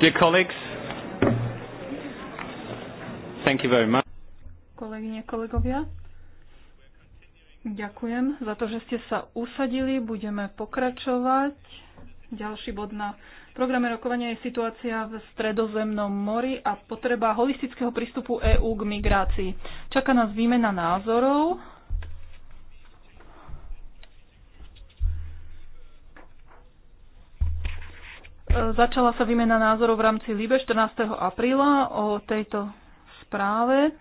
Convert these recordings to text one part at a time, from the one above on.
Dear colleagues, thank you very much. Kolegyne, kolegovia, ďakujem za to, že ste sa usadili. Budeme pokračovať. Ďalší bod na programe rokovania je situácia v stredozemnom mori a potreba holistického prístupu EÚ k migrácii. Čaká nás výmena názorov E, začala sa výmena názorov v rámci LIBE 14. apríla o tejto správe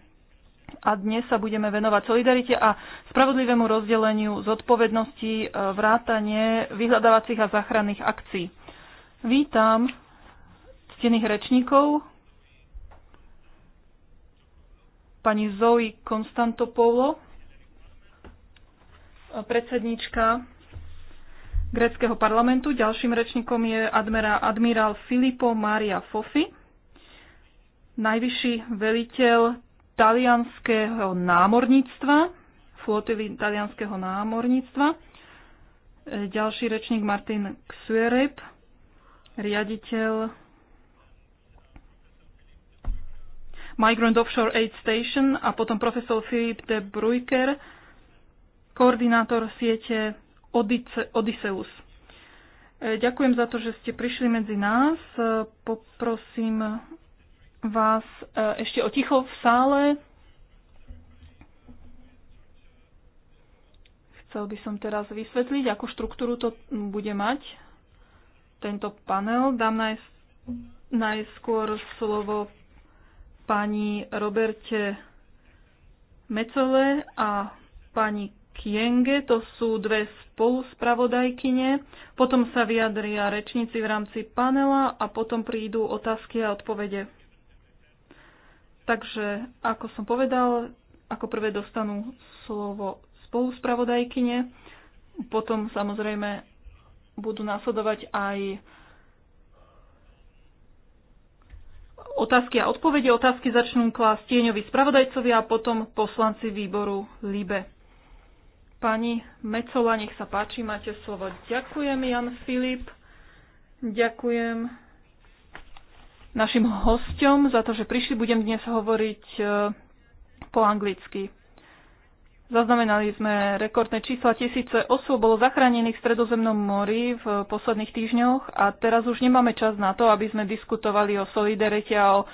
a dnes sa budeme venovať solidarite a spravodlivému rozdeleniu zodpovednosti e, vrátanie vyhľadávacích a záchranných akcií. Vítam ctených rečníkov, pani Zoe Konstantopoulo, predsednička greckého parlamentu. Ďalším rečníkom je admirál, admirál Filippo Maria Fofi, najvyšší veliteľ talianského námorníctva, flotily talianského námorníctva. Ďalší rečník Martin Ksuereb, riaditeľ Migrant Offshore Aid Station a potom profesor Filip de Bruyker, koordinátor siete Odysseus. E, ďakujem za to, že ste prišli medzi nás. E, poprosím vás e, ešte o ticho v sále. Chcel by som teraz vysvetliť, akú štruktúru to bude mať tento panel. Dám najskôr slovo pani Roberte Mecole a pani Kienge. To sú dve spoluspravodajkyne, potom sa vyjadria rečníci v rámci panela a potom prídu otázky a odpovede. Takže, ako som povedal, ako prvé dostanú slovo spoluspravodajkyne, potom samozrejme budú následovať aj otázky a odpovede. Otázky začnú klásť tieňoví spravodajcovia a potom poslanci výboru LIBE. Pani Mecola, nech sa páči, máte slovo. Ďakujem, Jan Filip. Ďakujem našim hostom za to, že prišli. Budem dnes hovoriť e, po anglicky. Zaznamenali sme rekordné čísla. Tisíce osôb bolo zachránených v Stredozemnom mori v posledných týždňoch a teraz už nemáme čas na to, aby sme diskutovali o solidarite a o e,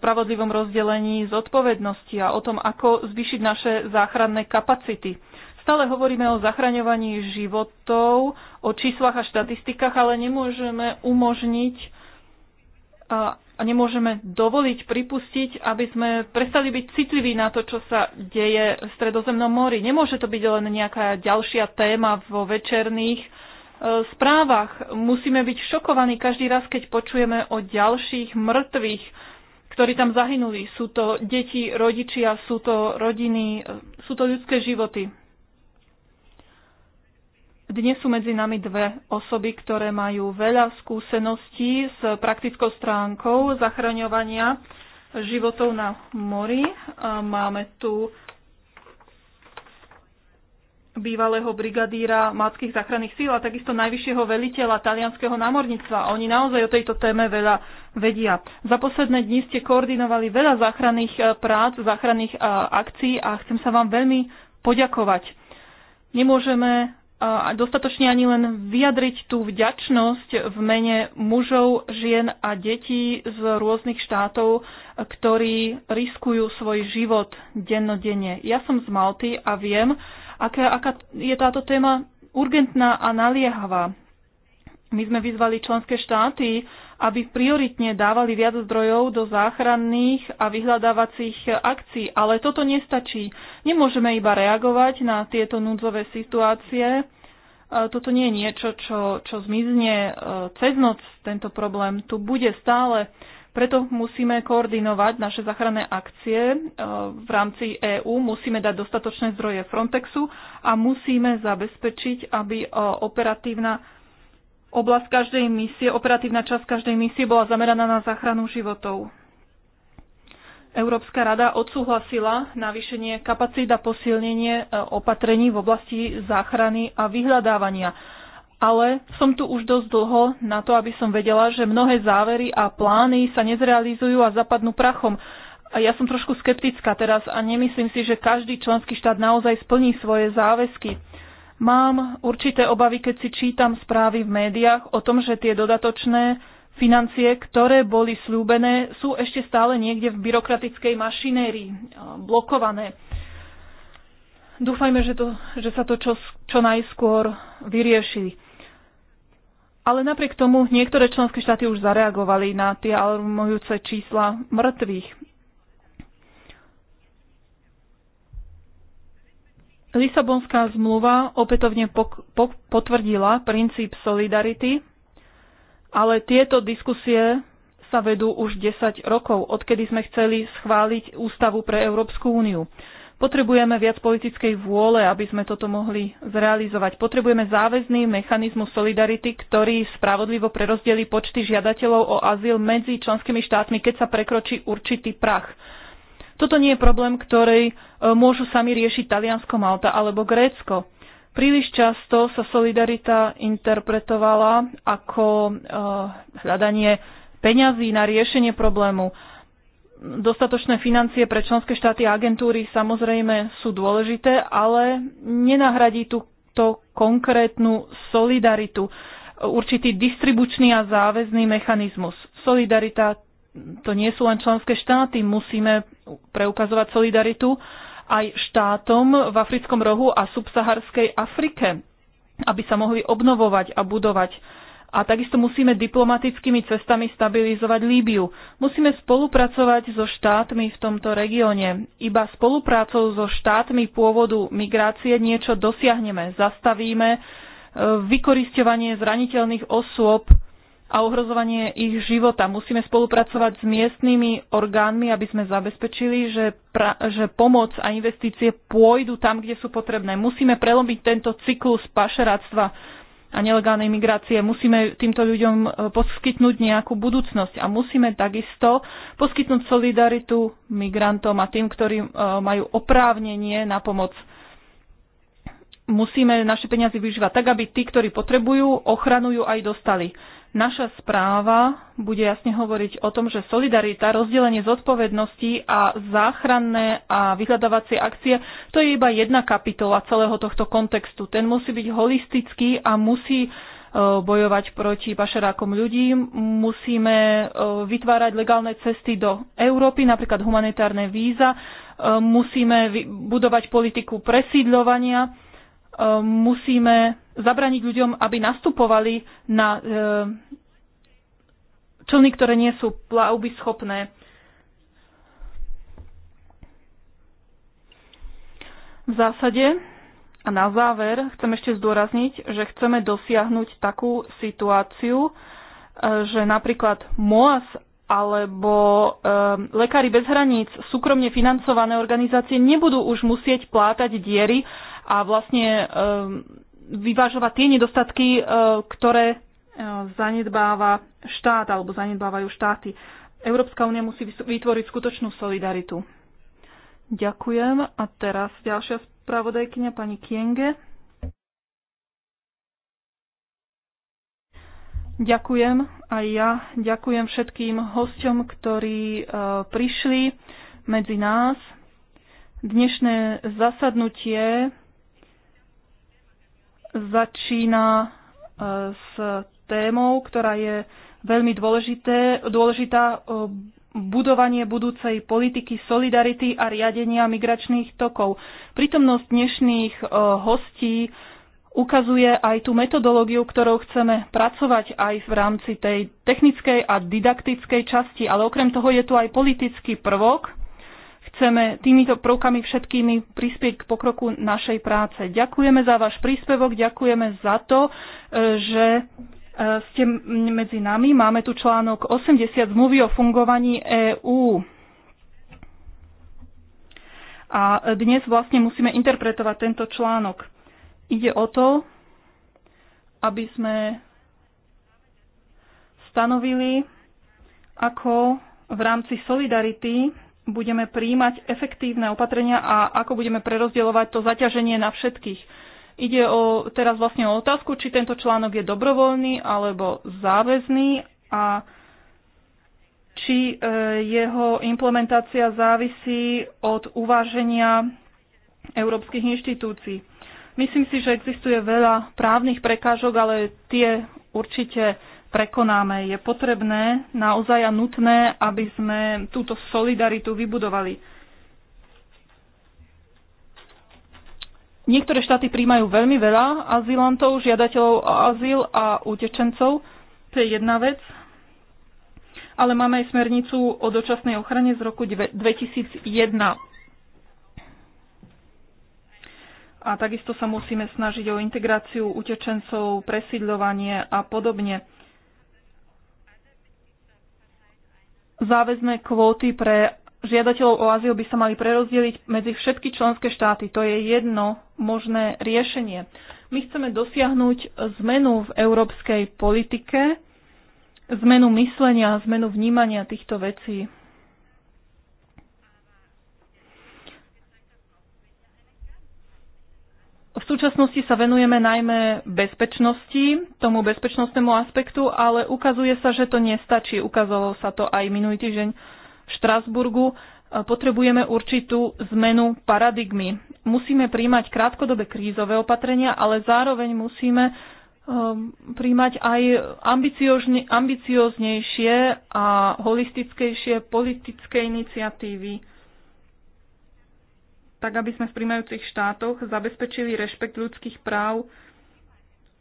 spravodlivom rozdelení zodpovednosti a o tom, ako zvýšiť naše záchranné kapacity. Stále hovoríme o zachraňovaní životov, o číslach a štatistikách, ale nemôžeme umožniť a, a nemôžeme dovoliť, pripustiť, aby sme prestali byť citliví na to, čo sa deje v Stredozemnom mori. Nemôže to byť len nejaká ďalšia téma vo večerných e, správach. Musíme byť šokovaní každý raz, keď počujeme o ďalších mŕtvych, ktorí tam zahynuli. Sú to deti, rodičia, sú to rodiny, e, sú to ľudské životy. Dnes sú medzi nami dve osoby, ktoré majú veľa skúseností s praktickou stránkou zachraňovania životov na mori. Máme tu bývalého brigadíra Mátskych záchranných síl a takisto najvyššieho veliteľa talianského námorníctva. Oni naozaj o tejto téme veľa vedia. Za posledné dni ste koordinovali veľa záchranných eh, prác, záchranných eh, akcií a chcem sa vám veľmi poďakovať. Nemôžeme dostatočne ani len vyjadriť tú vďačnosť v mene mužov, žien a detí z rôznych štátov, ktorí riskujú svoj život dennodenne. Ja som z Malty a viem, aká, aká je táto téma urgentná a naliehavá. My sme vyzvali členské štáty, aby prioritne dávali viac zdrojov do záchranných a vyhľadávacích akcií. Ale toto nestačí. Nemôžeme iba reagovať na tieto núdzové situácie. E, toto nie je niečo, čo, čo zmizne e, cez noc. Tento problém tu bude stále. Preto musíme koordinovať naše záchranné akcie e, v rámci EÚ, musíme dať dostatočné zdroje Frontexu a musíme zabezpečiť, aby operatívna Oblasť každej misie, operatívna časť každej misie bola zameraná na záchranu životov. Európska rada odsúhlasila navýšenie kapacít a posilnenie e, opatrení v oblasti záchrany a vyhľadávania. Ale som tu už dosť dlho na to, aby som vedela, že mnohé závery a plány sa nezrealizujú a zapadnú prachom. A ja som trošku skeptická teraz a nemyslím si, že každý členský štát naozaj splní svoje záväzky. Mám určité obavy, keď si čítam správy v médiách o tom, že tie dodatočné financie, ktoré boli slúbené, sú ešte stále niekde v byrokratickej mašinérii eh, blokované. Dúfajme, že, to, že sa to čo, čo najskôr vyrieši. Ale napriek tomu niektoré členské štáty už zareagovali na tie alarmujúce čísla mŕtvych. Lisabonská zmluva opätovne potvrdila princíp solidarity, ale tieto diskusie sa vedú už 10 rokov, odkedy sme chceli schváliť Ústavu pre Európsku úniu. Potrebujeme viac politickej vôle, aby sme toto mohli zrealizovať. Potrebujeme záväzný mechanizmus solidarity, ktorý spravodlivo prerozdeli počty žiadateľov o azyl medzi členskými štátmi, keď sa prekročí určitý prach. Toto nie je problém, ktorý e, môžu sami riešiť Taliansko, Malta alebo Grécko. Príliš často sa solidarita interpretovala ako e, hľadanie peňazí na riešenie problému. Dostatočné financie pre členské štáty a agentúry samozrejme sú dôležité, ale nenahradí túto konkrétnu solidaritu, určitý distribučný a záväzný mechanizmus. Solidarita to nie sú len členské štáty. Musíme preukazovať solidaritu aj štátom v africkom rohu a subsaharskej Afrike, aby sa mohli obnovovať a budovať. A takisto musíme diplomatickými cestami stabilizovať Líbiu. Musíme spolupracovať so štátmi v tomto regióne. Iba spoluprácou so štátmi pôvodu migrácie niečo dosiahneme, zastavíme e, vykoristovanie zraniteľných osôb a ohrozovanie ich života. Musíme spolupracovať s miestnymi orgánmi, aby sme zabezpečili, že, pra, že pomoc a investície pôjdu tam, kde sú potrebné. Musíme prelomiť tento cyklus pašeráctva a nelegálnej migrácie. Musíme týmto ľuďom e, poskytnúť nejakú budúcnosť a musíme takisto poskytnúť solidaritu migrantom a tým, ktorí e, majú oprávnenie na pomoc. Musíme naše peniaze využívať tak, aby tí, ktorí potrebujú, ochranujú aj dostali. Naša správa bude jasne hovoriť o tom, že solidarita, rozdelenie zodpovedností a záchranné a vyhľadávacie akcie, to je iba jedna kapitola celého tohto kontextu. Ten musí byť holistický a musí e, bojovať proti pašerákom ľudí. Musíme e, vytvárať legálne cesty do Európy, napríklad humanitárne víza. E, musíme budovať politiku presídľovania Ehm, musíme zabraniť ľuďom, aby nastupovali na ehm, člny, ktoré nie sú plavby schopné. V zásade a na záver chcem ešte zdôrazniť, že chceme dosiahnuť takú situáciu, ehm, že napríklad MOAS alebo e, Lekári bez hraníc, súkromne financované organizácie nebudú už musieť plátať diery a vlastne ehm, vyvážovať tie nedostatky, e, ktoré e, zanedbáva štát alebo zanedbávajú štáty. Európska únia musí vytvoriť skutočnú solidaritu. Ďakujem. A teraz ďalšia spravodajkynia, pani Kienge. Ďakujem aj ja. Ďakujem všetkým hosťom, ktorí e, prišli medzi nás. Dnešné zasadnutie začína e, s témou, ktorá je veľmi dôležité, dôležitá e, budovanie budúcej politiky solidarity a riadenia migračných tokov. Prítomnosť dnešných e, hostí ukazuje aj tú metodológiu, ktorou chceme pracovať aj v rámci tej technickej a didaktickej časti, ale okrem toho je tu aj politický prvok, Chceme týmito prvkami všetkými prispieť k pokroku našej práce. Ďakujeme za váš príspevok, ďakujeme za to, e, že e, ste medzi nami. Máme tu článok 80 zmluvy o fungovaní EÚ. A dnes vlastne musíme interpretovať tento článok. Ide o to, aby sme stanovili, ako v rámci solidarity budeme príjmať efektívne opatrenia a ako budeme prerozdielovať to zaťaženie na všetkých. Ide o, teraz vlastne o otázku, či tento článok je dobrovoľný alebo záväzný a či e, jeho implementácia závisí od uváženia európskych inštitúcií. Myslím si, že existuje veľa právnych prekážok, ale tie určite prekonáme. Je potrebné naozaj a nutné, aby sme túto solidaritu vybudovali. Niektoré štáty príjmajú veľmi veľa azylantov, žiadateľov o azyl a utečencov. To je jedna vec. Ale máme aj smernicu o dočasnej ochrane z roku 2001. A takisto sa musíme snažiť o integráciu utečencov, presídľovanie a podobne. záväzné kvóty pre žiadateľov o azyl by sa mali prerozdeliť medzi všetky členské štáty. To je jedno možné riešenie. My chceme dosiahnuť zmenu v európskej politike, zmenu myslenia, zmenu vnímania týchto vecí. V súčasnosti sa venujeme najmä bezpečnosti, tomu bezpečnostnému aspektu, ale ukazuje sa, že to nestačí. Ukázalo sa to aj minulý týždeň v Štrasburgu. E, potrebujeme určitú zmenu paradigmy. Musíme príjmať krátkodobé krízové opatrenia, ale zároveň musíme ehm, príjmať aj ambicioznejšie a holistickejšie politické iniciatívy tak aby sme v príjmajúcich štátoch zabezpečili rešpekt ľudských práv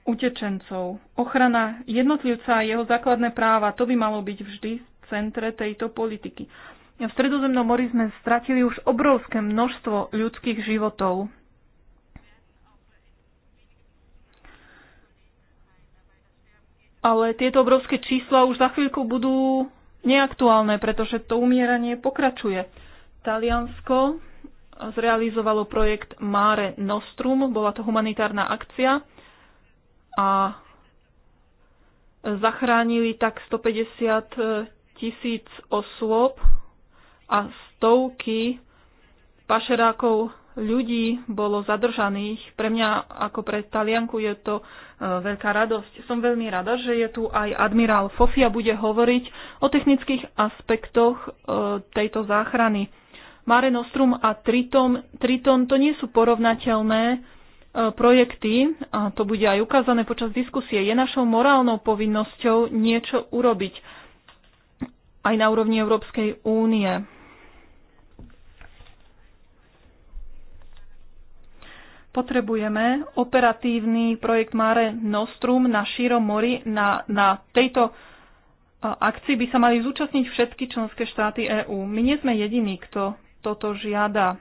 utečencov. Ochrana jednotlivca a jeho základné práva, to by malo byť vždy v centre tejto politiky. V Stredozemnom mori sme stratili už obrovské množstvo ľudských životov. Ale tieto obrovské čísla už za chvíľku budú neaktuálne, pretože to umieranie pokračuje. Taliansko zrealizovalo projekt Mare Nostrum. Bola to humanitárna akcia a zachránili tak 150 tisíc osôb a stovky pašerákov ľudí bolo zadržaných. Pre mňa ako pre Talianku je to e, veľká radosť. Som veľmi rada, že je tu aj admirál Fofia bude hovoriť o technických aspektoch e, tejto záchrany. Mare Nostrum a Triton, Triton to nie sú porovnateľné e, projekty, a to bude aj ukázané počas diskusie, je našou morálnou povinnosťou niečo urobiť aj na úrovni Európskej únie. Potrebujeme operatívny projekt Mare Nostrum na šírom mori. Na, na tejto e, akcii by sa mali zúčastniť všetky členské štáty EÚ. My nie sme jediní, kto toto žiada.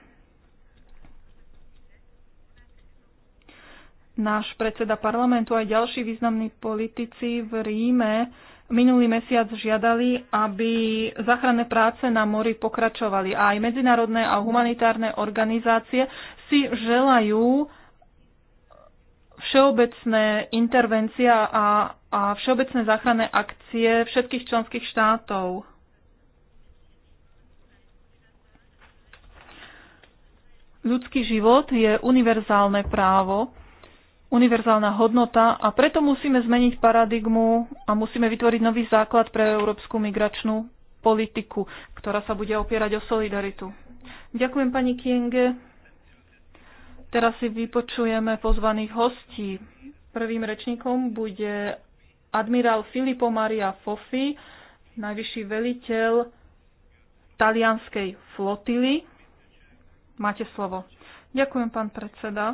Náš predseda parlamentu aj ďalší významní politici v Ríme minulý mesiac žiadali, aby záchranné práce na mori pokračovali. A aj medzinárodné a humanitárne organizácie si želajú všeobecné intervencia a, a všeobecné záchranné akcie všetkých členských štátov. Ľudský život je univerzálne právo, univerzálna hodnota a preto musíme zmeniť paradigmu a musíme vytvoriť nový základ pre európsku migračnú politiku, ktorá sa bude opierať o solidaritu. Ďakujem pani Kienge. Teraz si vypočujeme pozvaných hostí. Prvým rečníkom bude admirál Filippo Maria Fofi, najvyšší veliteľ talianskej flotily Máte slovo. Ďakujem, pán predseda.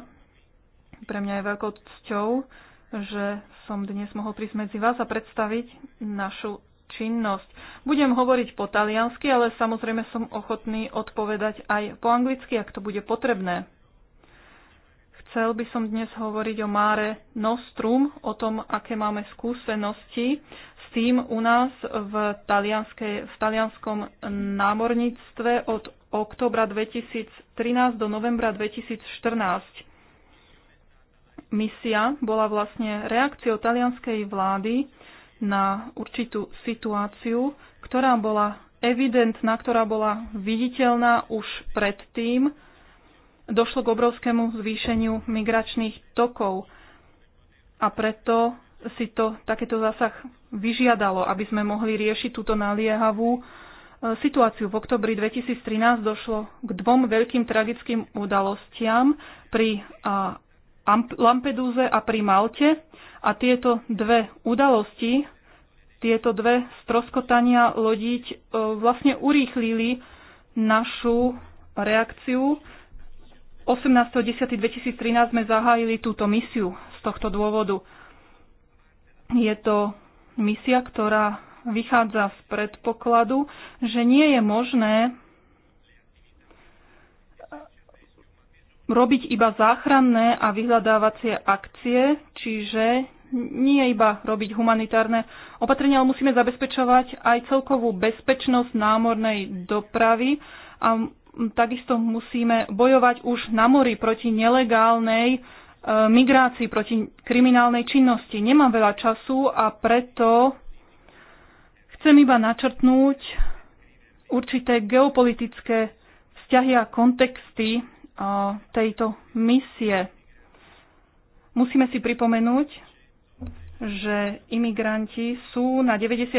Pre mňa je veľkou cťou, že som dnes mohol prísť medzi vás a predstaviť našu činnosť. Budem hovoriť po taliansky, ale samozrejme som ochotný odpovedať aj po anglicky, ak to bude potrebné. Chcel by som dnes hovoriť o Mare Nostrum, o tom, aké máme skúsenosti s tým u nás v, v talianskom námorníctve od oktobra 2013 do novembra 2014 misia bola vlastne reakciou talianskej vlády na určitú situáciu, ktorá bola evidentná, ktorá bola viditeľná už predtým. Došlo k obrovskému zvýšeniu migračných tokov a preto si to takéto zásah vyžiadalo, aby sme mohli riešiť túto naliehavú E, situáciu. V oktobri 2013 došlo k dvom veľkým tragickým udalostiam pri Lampedúze a pri Malte. A tieto dve udalosti, tieto dve stroskotania lodiť e, vlastne urýchlili našu reakciu. 18.10.2013 sme zahájili túto misiu z tohto dôvodu. Je to misia, ktorá vychádza z predpokladu, že nie je možné robiť iba záchranné a vyhľadávacie akcie, čiže nie iba robiť humanitárne opatrenia, ale musíme zabezpečovať aj celkovú bezpečnosť námornej dopravy a takisto musíme bojovať už na mori proti nelegálnej e, migrácii, proti kriminálnej činnosti. Nemám veľa času a preto Chcem iba načrtnúť určité geopolitické vzťahy a kontexty tejto misie. Musíme si pripomenúť, že imigranti sú na 99%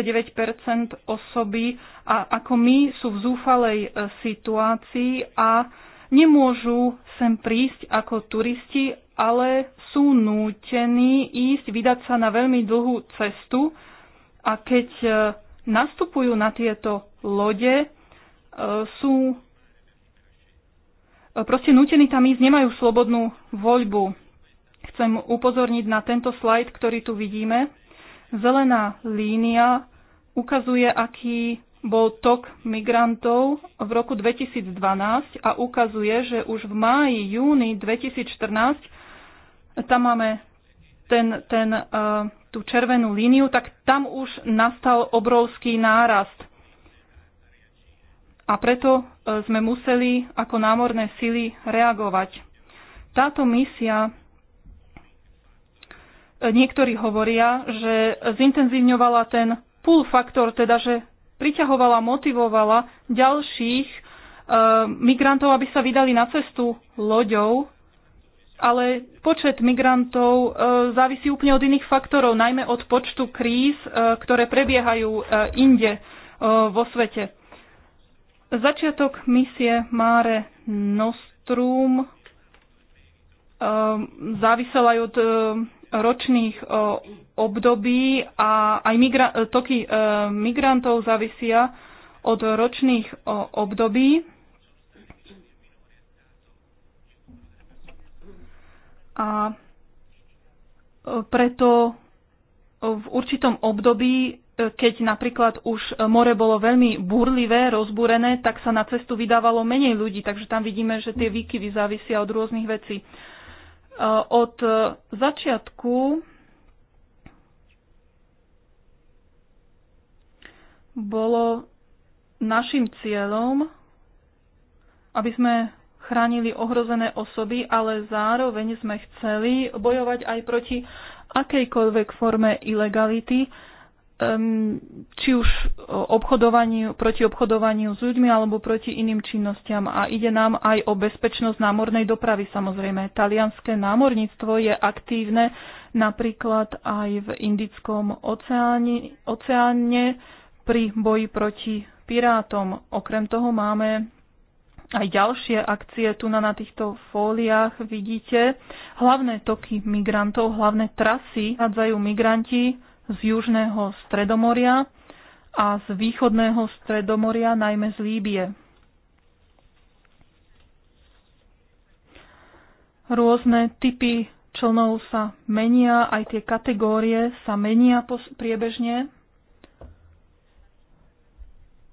osoby a ako my sú v zúfalej e, situácii a nemôžu sem prísť ako turisti, ale sú nútení ísť, vydať sa na veľmi dlhú cestu a keď e, nastupujú na tieto lode, e, sú e, proste nútení tam ísť, nemajú slobodnú voľbu. Chcem upozorniť na tento slajd, ktorý tu vidíme. Zelená línia ukazuje, aký bol tok migrantov v roku 2012 a ukazuje, že už v máji, júni 2014 tam máme ten, ten uh, tú červenú líniu, tak tam už nastal obrovský nárast. A preto e, sme museli ako námorné sily reagovať. Táto misia, e, niektorí hovoria, že zintenzívňovala ten pull faktor, teda že priťahovala, motivovala ďalších e, migrantov, aby sa vydali na cestu loďou ale počet migrantov e, závisí úplne od iných faktorov, najmä od počtu kríz, e, ktoré prebiehajú e, inde vo svete. Začiatok misie Mare Nostrum závisel aj od ročných období a aj migra- toky migrantov závisia od ročných období a e, preto v určitom období, e, keď napríklad už more bolo veľmi burlivé, rozbúrené, tak sa na cestu vydávalo menej ľudí, takže tam vidíme, že tie výkyvy závisia od rôznych vecí. E, od začiatku bolo našim cieľom, aby sme chránili ohrozené osoby, ale zároveň sme chceli bojovať aj proti akejkoľvek forme ilegality, či už obchodovaniu, proti obchodovaniu s ľuďmi alebo proti iným činnostiam. A ide nám aj o bezpečnosť námornej dopravy samozrejme. Talianské námorníctvo je aktívne napríklad aj v Indickom oceáni, oceáne pri boji proti pirátom. Okrem toho máme aj ďalšie akcie tu na, na týchto fóliách vidíte. Hlavné toky migrantov, hlavné trasy hádzajú migranti z južného stredomoria a z východného stredomoria, najmä z Líbie. Rôzne typy člnov sa menia, aj tie kategórie sa menia priebežne,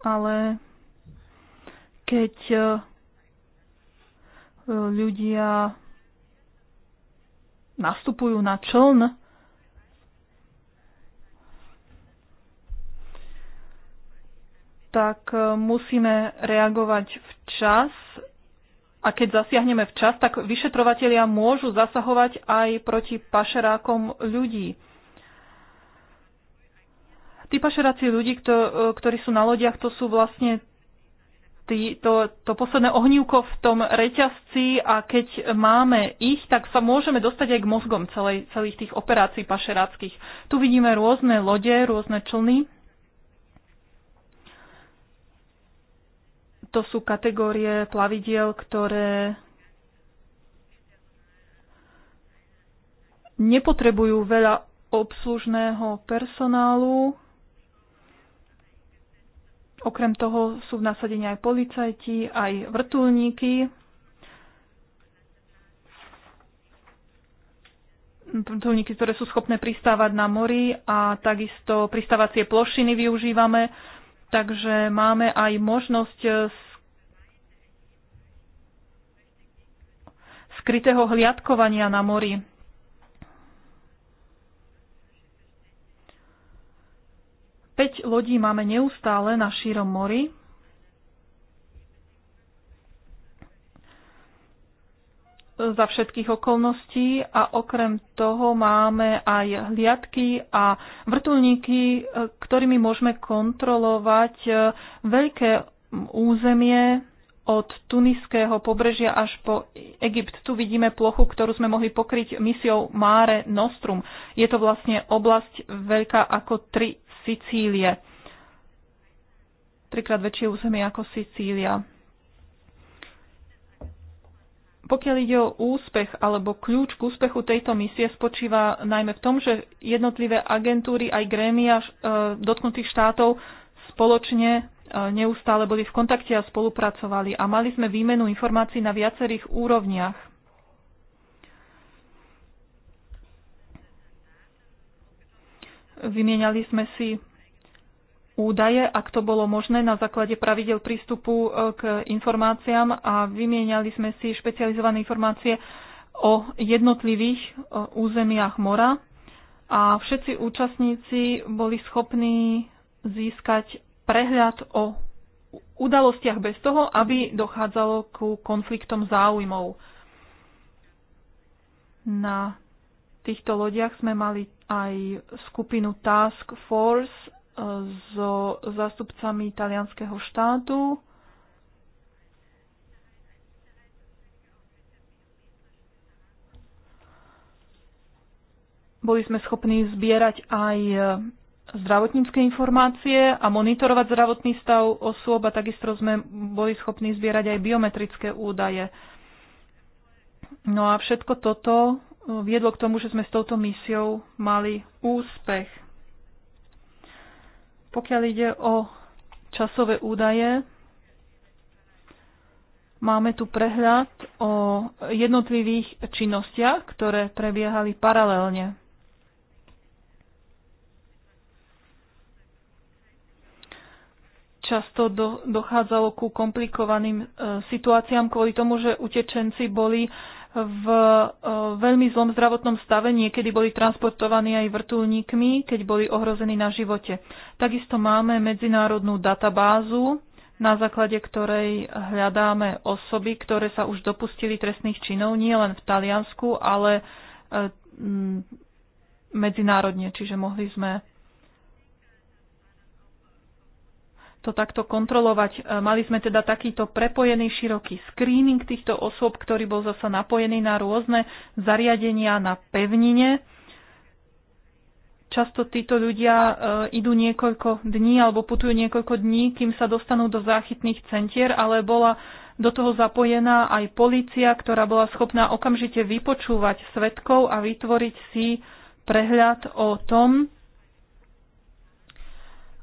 ale keď e, e, ľudia nastupujú na čln, tak e, musíme reagovať včas a keď zasiahneme včas, tak vyšetrovatelia môžu zasahovať aj proti pašerákom ľudí. Tí pašeráci ľudí, ktorí sú na lodiach, to sú vlastne tý, to, to posledné ohnívko v tom reťazci a keď máme ich, tak sa môžeme dostať aj k mozgom celej, celých tých operácií pašeráckých. Tu vidíme rôzne lode, rôzne člny. To sú kategórie plavidiel, ktoré nepotrebujú veľa obslužného personálu, Okrem toho sú v nasadení aj policajti, aj vrtulníky. Vrtulníky, ktoré sú schopné pristávať na mori a takisto pristávacie plošiny využívame. Takže máme aj možnosť skrytého hliadkovania na mori. 5 lodí máme neustále na šírom mori. za všetkých okolností a okrem toho máme aj hliadky a vrtulníky, ktorými môžeme kontrolovať e, veľké územie od tuniského pobrežia až po Egypt. Tu vidíme plochu, ktorú sme mohli pokryť misiou Mare Nostrum. Je to vlastne oblasť veľká ako tri Sicílie. Trikrát väčšie územie ako Sicília. Pokiaľ ide o úspech alebo kľúč k úspechu tejto misie spočíva najmä v tom, že jednotlivé agentúry aj grémia e, dotknutých štátov spoločne e, neustále boli v kontakte a spolupracovali a mali sme výmenu informácií na viacerých úrovniach. Vymieniali sme si údaje, ak to bolo možné, na základe pravidel prístupu e, k informáciám a vymieniali sme si špecializované informácie o jednotlivých e, územiach mora a všetci účastníci boli schopní získať prehľad o udalostiach bez toho, aby dochádzalo ku konfliktom záujmov. Na týchto lodiach sme mali aj skupinu Task Force e, so zástupcami italianského štátu. Boli sme schopní zbierať aj e, zdravotnícke informácie a monitorovať zdravotný stav osôb a takisto sme boli schopní zbierať aj biometrické údaje. No a všetko toto viedlo k tomu, že sme s touto misiou mali úspech. Pokiaľ ide o časové údaje, máme tu prehľad o jednotlivých činnostiach, ktoré prebiehali paralelne. často do, dochádzalo ku komplikovaným e, situáciám kvôli tomu, že utečenci boli v veľmi zlom zdravotnom stave, niekedy boli transportovaní aj vrtulníkmi, keď boli ohrození na živote. Takisto máme medzinárodnú databázu, na základe ktorej hľadáme osoby, ktoré sa už dopustili trestných činov nielen v Taliansku, ale e, medzinárodne, čiže mohli sme to takto kontrolovať. E, mali sme teda takýto prepojený široký screening týchto osôb, ktorý bol zasa napojený na rôzne zariadenia na pevnine. Často títo ľudia e, idú niekoľko dní alebo putujú niekoľko dní, kým sa dostanú do záchytných centier, ale bola do toho zapojená aj polícia, ktorá bola schopná okamžite vypočúvať svetkov a vytvoriť si prehľad o tom,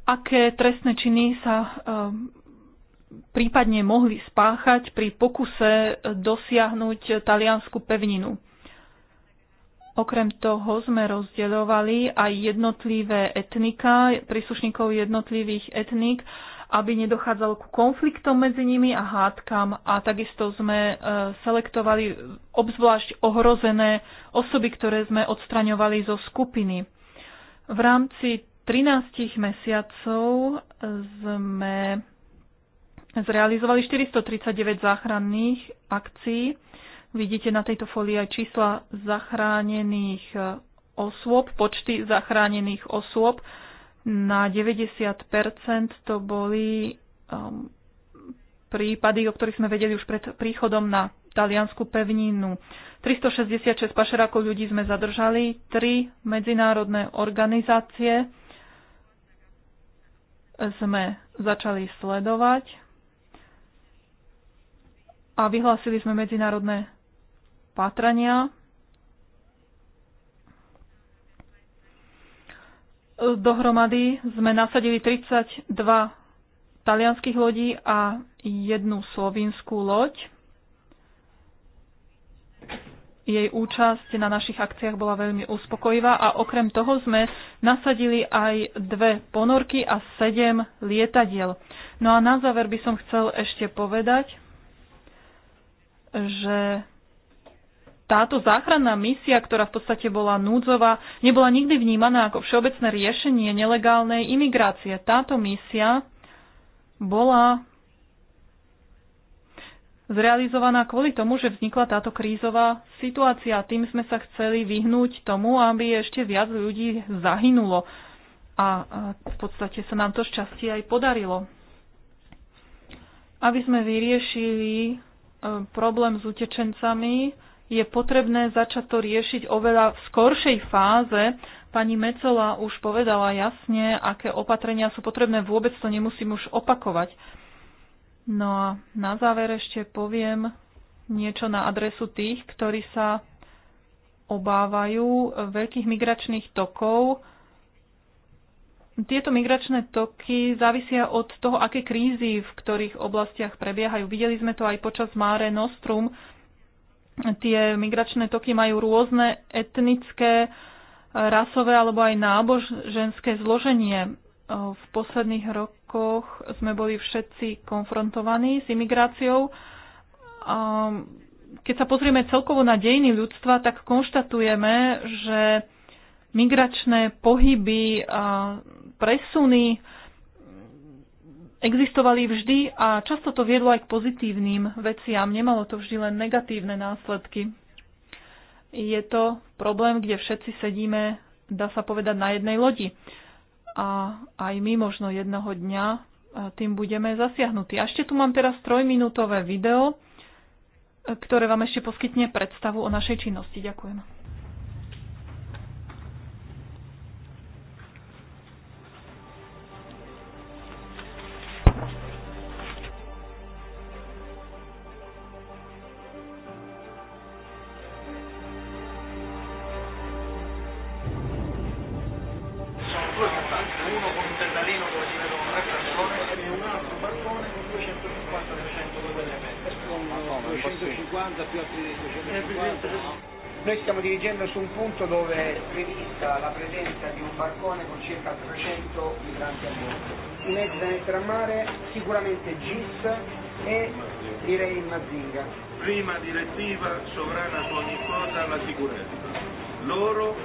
aké trestné činy sa ehm, prípadne mohli spáchať pri pokuse dosiahnuť taliansku pevninu. Okrem toho sme rozdeľovali aj jednotlivé etnika, príslušníkov jednotlivých etník, aby nedochádzalo ku konfliktom medzi nimi a hádkam. A takisto sme e, selektovali obzvlášť ohrozené osoby, ktoré sme odstraňovali zo skupiny. V rámci 13 mesiacov sme zrealizovali 439 záchranných akcií. Vidíte na tejto folii aj čísla zachránených osôb, počty zachránených osôb. Na 90% to boli um, prípady, o ktorých sme vedeli už pred príchodom na taliansku pevninu. 366 pašerákov ľudí sme zadržali, tri medzinárodné organizácie sme začali sledovať a vyhlásili sme medzinárodné pátrania. Dohromady sme nasadili 32 talianských lodí a jednu slovinskú loď jej účasť na našich akciách bola veľmi uspokojivá a okrem toho sme nasadili aj dve ponorky a sedem lietadiel. No a na záver by som chcel ešte povedať, že táto záchranná misia, ktorá v podstate bola núdzová, nebola nikdy vnímaná ako všeobecné riešenie nelegálnej imigrácie. Táto misia bola zrealizovaná kvôli tomu, že vznikla táto krízová situácia. Tým sme sa chceli vyhnúť tomu, aby ešte viac ľudí zahynulo. A v podstate sa nám to šťastie aj podarilo. Aby sme vyriešili e, problém s utečencami, je potrebné začať to riešiť oveľa v skoršej fáze. Pani Mecola už povedala jasne, aké opatrenia sú potrebné, vôbec to nemusím už opakovať. No a na záver ešte poviem niečo na adresu tých, ktorí sa obávajú veľkých migračných tokov. Tieto migračné toky závisia od toho, aké krízy v ktorých oblastiach prebiehajú. Videli sme to aj počas Máre Nostrum. Tie migračné toky majú rôzne etnické, rasové alebo aj náboženské zloženie. V posledných rokoch rokoch sme boli všetci konfrontovaní s imigráciou. A keď sa pozrieme celkovo na dejiny ľudstva, tak konštatujeme, že migračné pohyby a presuny existovali vždy a často to viedlo aj k pozitívnym veciam. Nemalo to vždy len negatívne následky. Je to problém, kde všetci sedíme, dá sa povedať, na jednej lodi a aj my možno jednoho dňa tým budeme zasiahnutí. A ešte tu mám teraz trojminútové video, e, ktoré vám ešte poskytne predstavu o našej činnosti. Ďakujem. Mazinga. Prima direttiva sovrana su ogni cosa la sicurezza. Loro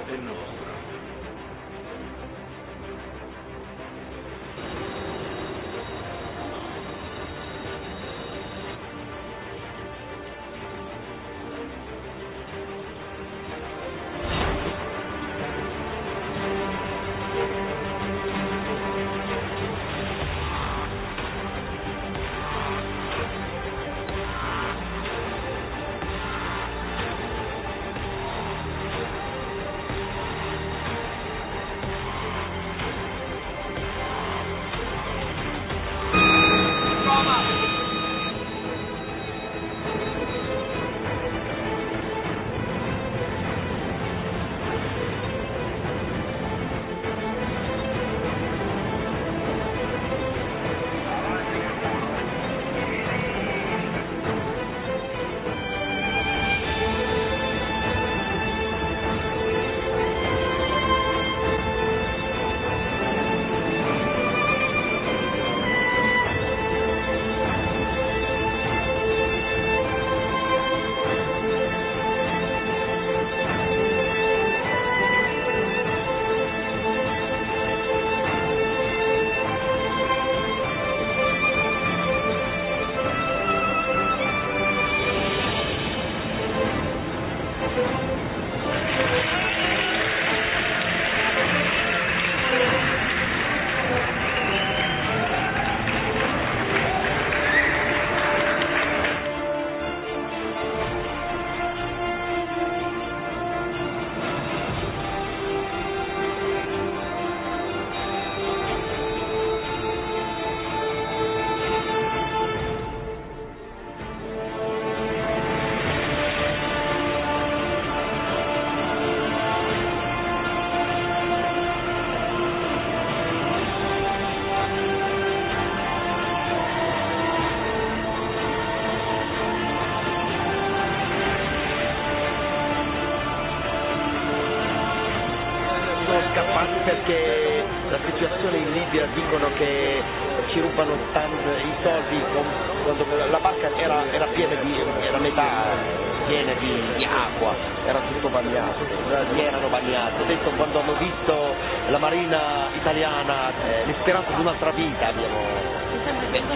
con una traviata abbiamo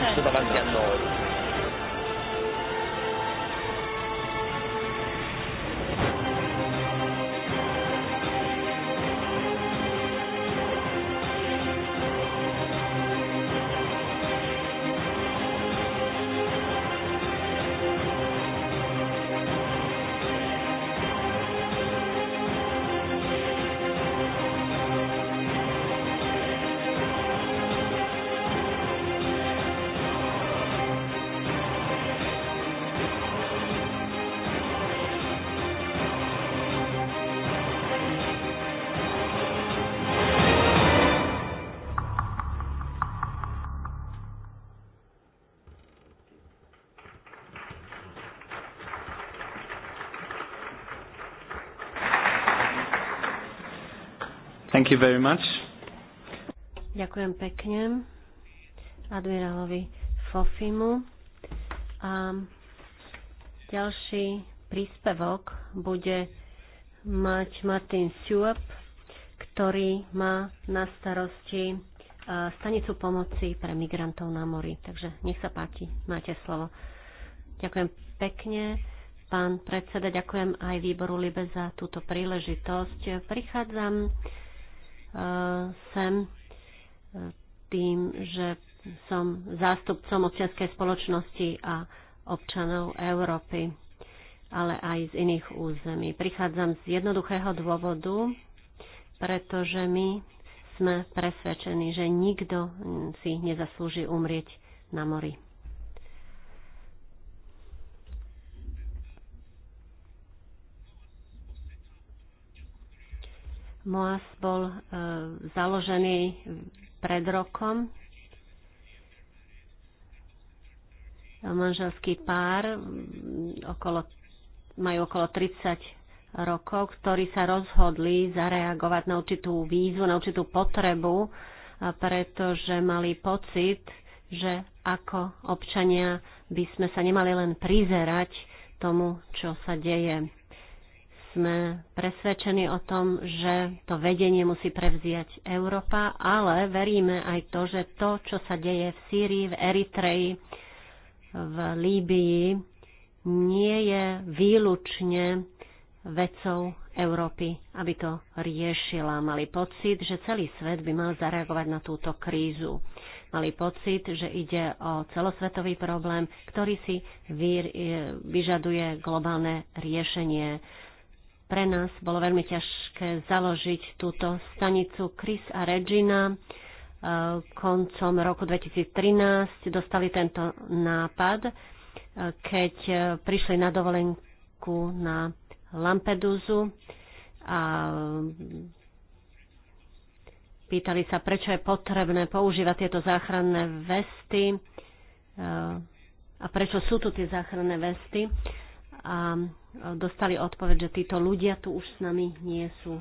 visto davanti a noi. Thank you very much. Ďakujem pekne admirálovi Fofimu. A ďalší príspevok bude mať Martin Suep, ktorý má na starosti e, stanicu pomoci pre migrantov na mori. Takže nech sa páti, máte slovo. Ďakujem pekne. Pán predseda, ďakujem aj výboru Libe za túto príležitosť. Prichádzam sem tým, že som zástupcom občianskej spoločnosti a občanov Európy, ale aj z iných území. Prichádzam z jednoduchého dôvodu, pretože my sme presvedčení, že nikto si nezaslúži umrieť na mori. MOAS bol e, založený pred rokom. E, manželský pár okolo, majú okolo 30 rokov, ktorí sa rozhodli zareagovať na určitú výzvu, na určitú potrebu, pretože mali pocit, že ako občania by sme sa nemali len prizerať tomu, čo sa deje sme presvedčení o tom, že to vedenie musí prevziať Európa, ale veríme aj to, že to, čo sa deje v Sýrii, v Eritreji, v Líbii, nie je výlučne vecou Európy, aby to riešila. Mali pocit, že celý svet by mal zareagovať na túto krízu. Mali pocit, že ide o celosvetový problém, ktorý si e, vyžaduje globálne riešenie pre nás bolo veľmi ťažké založiť túto stanicu Chris a Regina. E, koncom roku 2013 dostali tento nápad, e, keď e, prišli na dovolenku na Lampedusu a pýtali sa, prečo je potrebné používať tieto záchranné vesty a prečo sú tu tie záchranné vesty. A dostali odpoveď, že títo ľudia tu už s nami nie sú.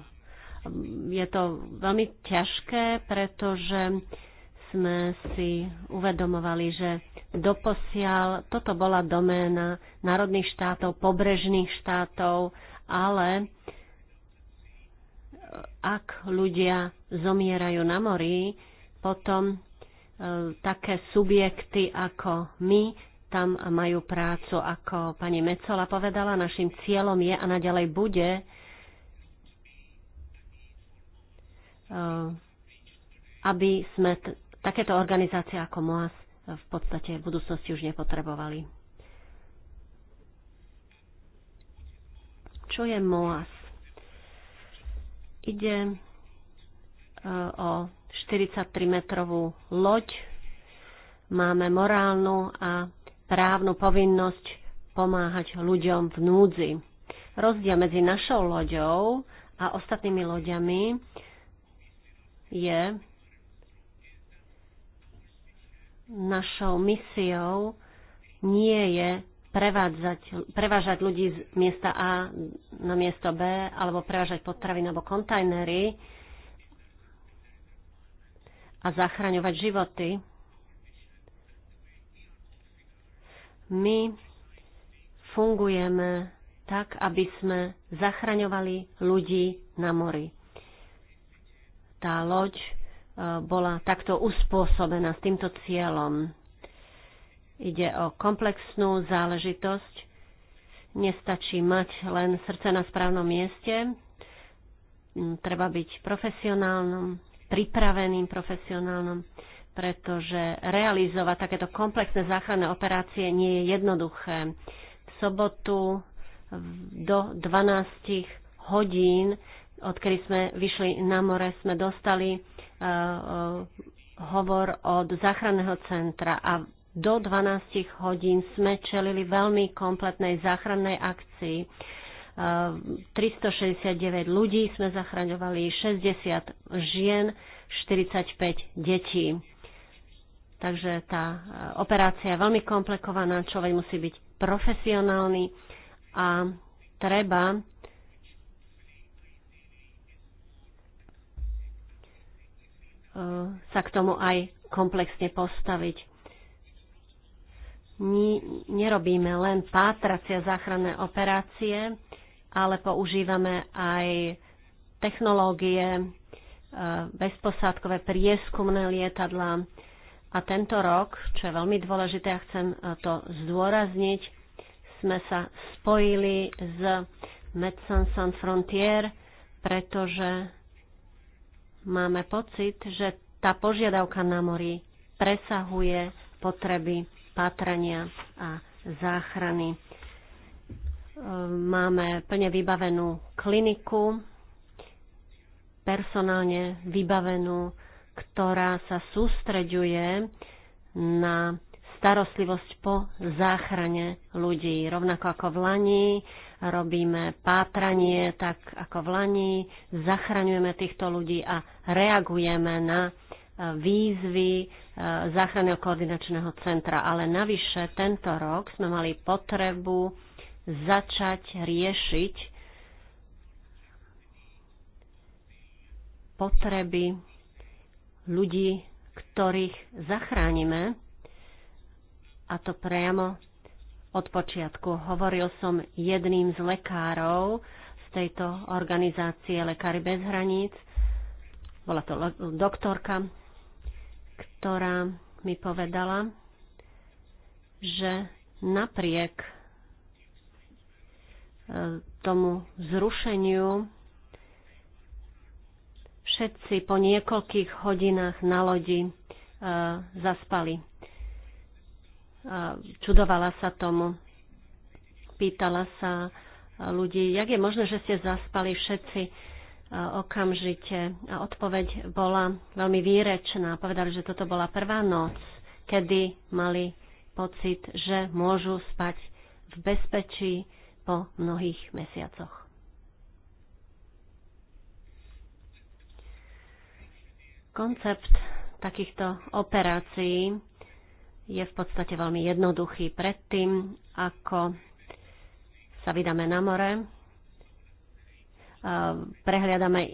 Je to veľmi ťažké, pretože sme si uvedomovali, že doposiaľ toto bola doména národných štátov, pobrežných štátov, ale ak ľudia zomierajú na mori, potom e, také subjekty ako my tam majú prácu. Ako pani Mecola povedala, našim cieľom je a naďalej bude eh, aby sme takéto organizácie ako MOAS v podstate v budúcnosti už nepotrebovali. Čo je MOAS? Ide eh, o 43-metrovú loď. Máme morálnu a právnu povinnosť pomáhať ľuďom v núdzi. Rozdiel medzi našou loďou a ostatnými loďami je našou misiou nie je prevádzať, prevážať ľudí z miesta A na miesto B alebo prevážať potraviny alebo kontajnery a zachraňovať životy. My fungujeme tak, aby sme zachraňovali ľudí na mori. Tá loď e, bola takto uspôsobená s týmto cieľom. Ide o komplexnú záležitosť. Nestačí mať len srdce na správnom mieste. Mm, treba byť profesionálnom, pripraveným profesionálnom pretože realizovať takéto komplexné záchranné operácie nie je jednoduché. V sobotu do 12 hodín, odkedy sme vyšli na more, sme dostali e, e, hovor od záchranného centra a do 12 hodín sme čelili veľmi kompletnej záchrannej akcii. 369 e, ľudí sme zachraňovali, 60 žien, 45 detí. Takže tá e, operácia je veľmi komplikovaná, človek musí byť profesionálny a treba e, sa k tomu aj komplexne postaviť nerobíme len pátracia záchranné operácie, ale používame aj technológie, e, bezposádkové prieskumné lietadla, a tento rok, čo je veľmi dôležité a chcem e, to zdôrazniť, sme sa spojili s Medicine Sans Frontier, pretože máme pocit, že tá požiadavka na mori presahuje potreby pátrania a záchrany. E, máme plne vybavenú kliniku, personálne vybavenú ktorá sa sústreďuje na starostlivosť po záchrane ľudí. Rovnako ako v Lani robíme pátranie, tak ako v Lani zachraňujeme týchto ľudí a reagujeme na e, výzvy e, záchranného koordinačného centra. Ale navyše tento rok sme mali potrebu začať riešiť potreby ľudí, ktorých zachránime, a to priamo od počiatku. Hovoril som jedným z lekárov z tejto organizácie Lekári bez hraníc. Bola to doktorka, ktorá mi povedala, že napriek e, tomu zrušeniu všetci po niekoľkých hodinách na lodi e, zaspali. E, čudovala sa tomu. Pýtala sa e, ľudí, jak je možné, že ste zaspali všetci okamžite. A odpoveď bola veľmi výrečná. Povedali, že toto bola prvá noc, kedy mali pocit, že môžu spať v bezpečí po mnohých mesiacoch. Koncept takýchto operácií je v podstate veľmi jednoduchý. Predtým, ako sa vydáme na more, e, prehliadame, e,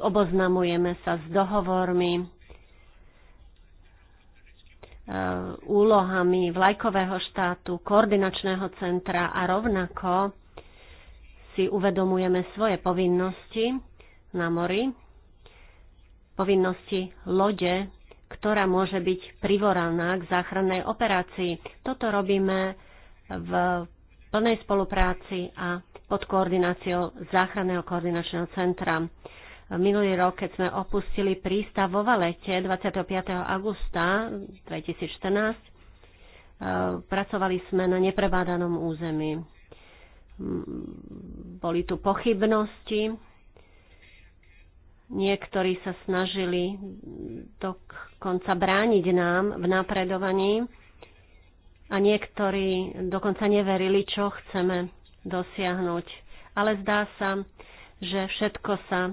oboznamujeme sa s dohovormi, e, úlohami vlajkového štátu, koordinačného centra a rovnako si uvedomujeme svoje povinnosti na mori povinnosti lode, ktorá môže byť privoraná k záchrannej operácii. Toto robíme v plnej spolupráci a pod koordináciou záchranného koordinačného centra. Minulý rok, keď sme opustili prístav vo Valete 25. augusta 2014, e, pracovali sme na neprebádanom území. Boli tu pochybnosti, Niektorí sa snažili dokonca brániť nám v napredovaní a niektorí dokonca neverili, čo chceme dosiahnuť. Ale zdá sa, že všetko sa e,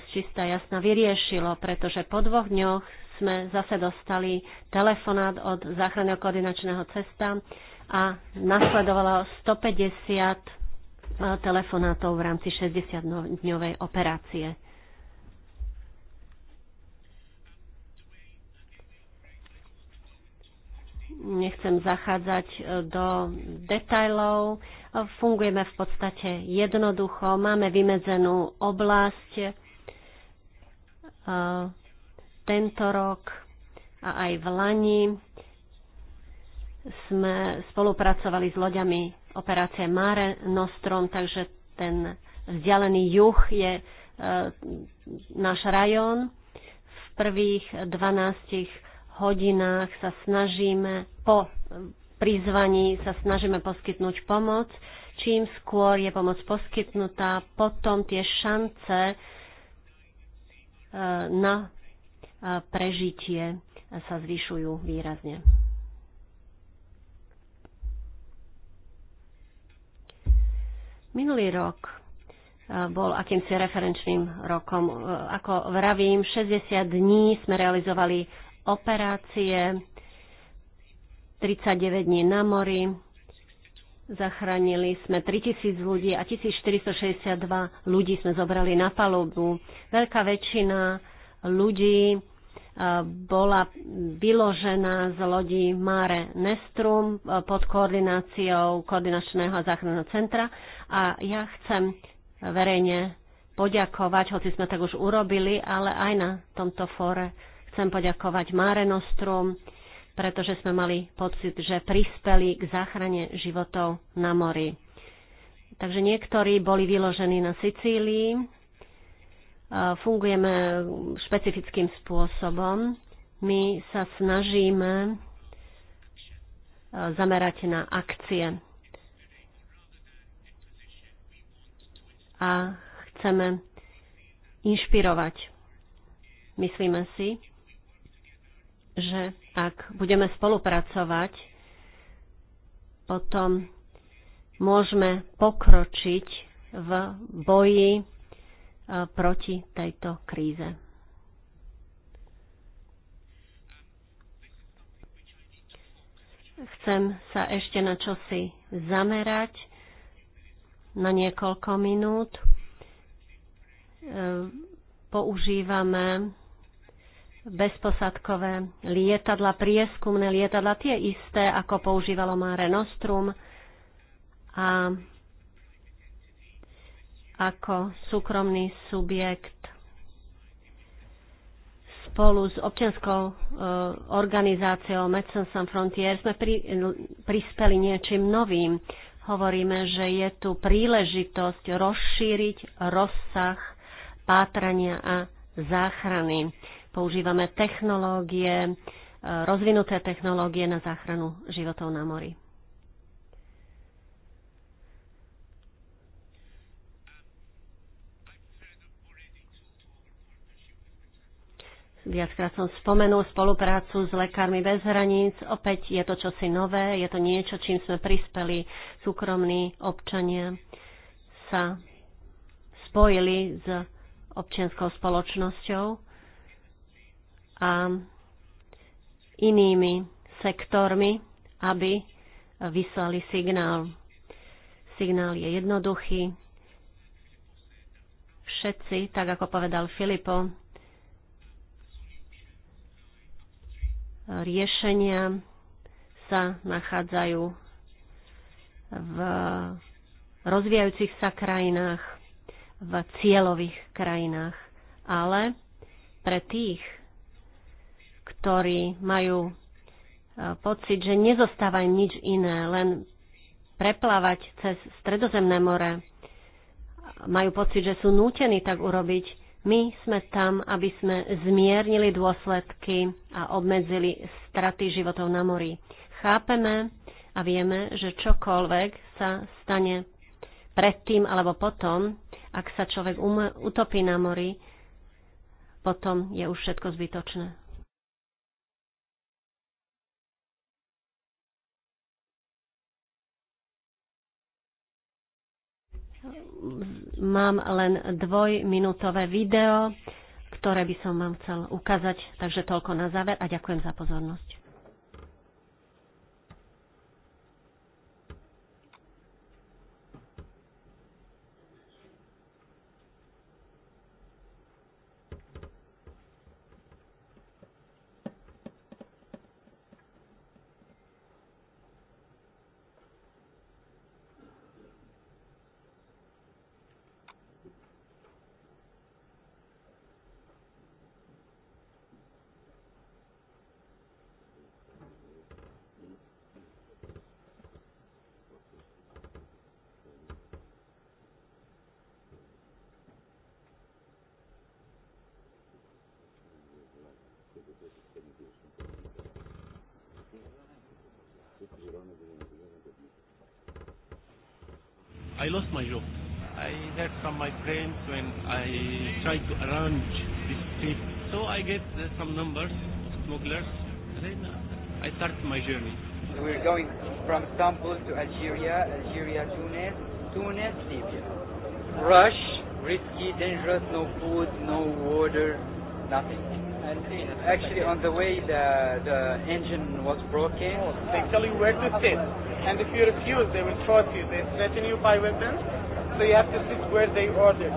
z čistá jasna vyriešilo, pretože po dvoch dňoch sme zase dostali telefonát od záchranného koordinačného cesta a nasledovalo 150 e, telefonátov v rámci 60-dňovej operácie. nechcem zachádzať e, do detajlov. E, fungujeme v podstate jednoducho, máme vymedzenú oblasť. E, tento rok a aj v Lani sme spolupracovali s loďami operácie Mare Nostrom, takže ten vzdialený juh je náš rajón. V prvých 12 hodinách sa snažíme po prizvaní sa snažíme poskytnúť pomoc. Čím skôr je pomoc poskytnutá, potom tie šance e, na e, prežitie sa zvyšujú výrazne. Minulý rok e, bol akýmsi referenčným rokom. Ako vravím, 60 dní sme realizovali operácie, 39 dní na mori, Zachránili sme 3000 ľudí a 1462 ľudí sme zobrali na palubu. Veľká väčšina ľudí e, bola vyložená z lodí Mare Nestrum e, pod koordináciou Koordinačného a záchranného centra a ja chcem verejne poďakovať, hoci sme tak už urobili, ale aj na tomto fóre Chcem poďakovať Mare Nostrum, pretože sme mali pocit, že prispeli k záchrane životov na mori. Takže niektorí boli vyložení na Sicílii. E, fungujeme špecifickým spôsobom. My sa snažíme e, zamerať na akcie. A chceme inšpirovať. Myslíme si, že ak budeme spolupracovať, potom môžeme pokročiť v boji e, proti tejto kríze. Chcem sa ešte na čosi zamerať na niekoľko minút. E, používame bezposadkové lietadla, prieskumné lietadla, tie isté, ako používalo Mare Nostrum a ako súkromný subjekt spolu s občianskou e, organizáciou Medicine Sans Frontier sme pri, prispeli niečím novým. Hovoríme, že je tu príležitosť rozšíriť rozsah pátrania a záchrany používame technológie, e, rozvinuté technológie na záchranu životov na mori. Viackrát som spomenul spoluprácu s Lekármi bez hraníc. Opäť je to čosi nové, je to niečo, čím sme prispeli súkromní občania sa spojili s občianskou spoločnosťou a inými sektormi, aby vyslali signál. Signál je jednoduchý. Všetci, tak ako povedal Filipo, riešenia sa nachádzajú v rozvíjajúcich sa krajinách, v cieľových krajinách. Ale pre tých, ktorí majú e, pocit, že nezostáva im nič iné, len preplávať cez Stredozemné more. Majú pocit, že sú nútení tak urobiť. My sme tam, aby sme zmiernili dôsledky a obmedzili straty životov na mori. Chápeme a vieme, že čokoľvek sa stane predtým alebo potom, ak sa človek utopí na mori, potom je už všetko zbytočné. mám len dvojminútové video, ktoré by som vám chcel ukázať. Takže toľko na záver a ďakujem za pozornosť. I try to arrange this trip. So I get uh, some numbers, smugglers, and then uh, I start my journey. So we're going from Istanbul to Algeria, Algeria, Tunis, Tunis, Libya. Rush, risky, dangerous, no food, no water, nothing. And actually, on the way, the, the engine was broken. Oh, they tell you where to sit, and if you refuse, they will throw you. They threaten you by weapons, so you have to sit where they ordered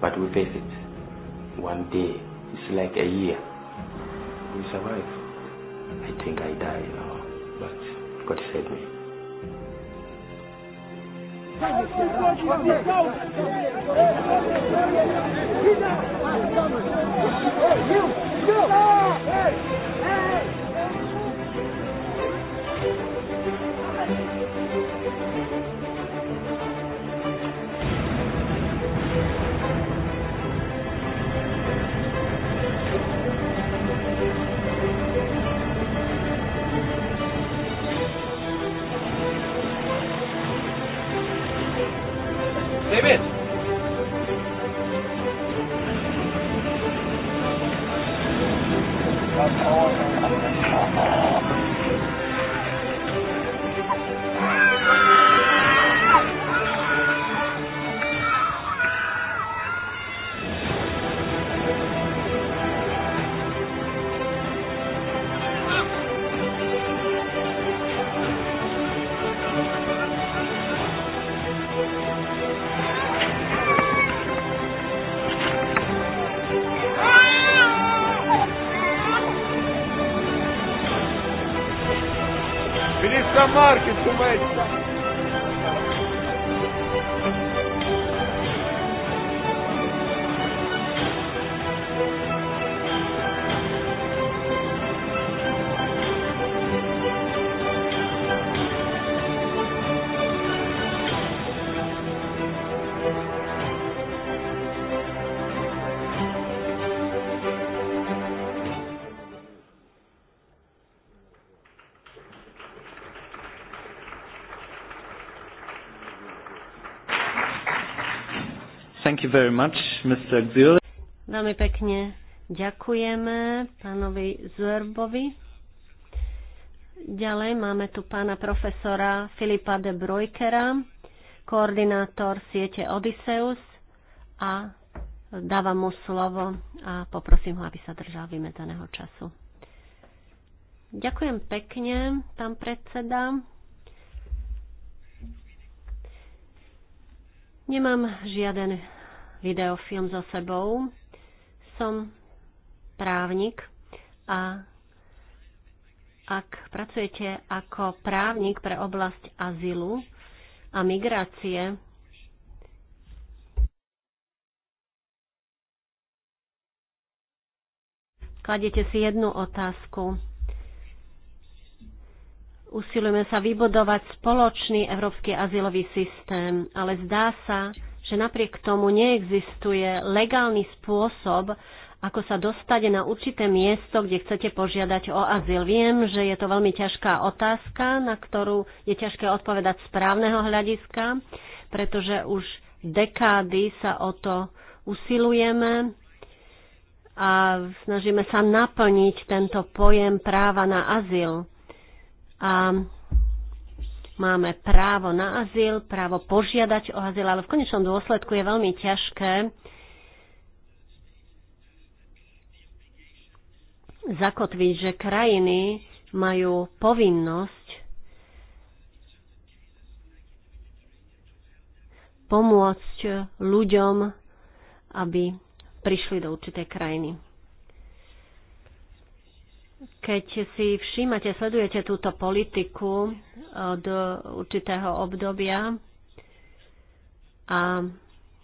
But we face it. One day, it's like a year. We survive. I think I die, you know, but God saved me. Hey, you, you. Thank you very much, Mr. Veľmi pekne ďakujeme pánovi Zurbovi. Ďalej máme tu pána profesora Filipa de Brojkera, koordinátor siete Odysseus a dávam mu slovo a poprosím ho, aby sa držal vymedzeného času. Ďakujem pekne, pán predseda. Nemám žiaden videofilm so sebou. Som právnik a ak pracujete ako právnik pre oblasť azylu a migrácie, kladete si jednu otázku. Usilujeme sa vybudovať spoločný európsky azylový systém, ale zdá sa, že napriek tomu neexistuje legálny spôsob, ako sa dostať na určité miesto, kde chcete požiadať o azyl. Viem, že je to veľmi ťažká otázka, na ktorú je ťažké odpovedať z právneho hľadiska, pretože už dekády sa o to usilujeme a snažíme sa naplniť tento pojem práva na azyl. A Máme právo na azyl, právo požiadať o azyl, ale v konečnom dôsledku je veľmi ťažké zakotviť, že krajiny majú povinnosť pomôcť ľuďom, aby prišli do určitej krajiny. Keď si všímate, sledujete túto politiku, do určitého obdobia a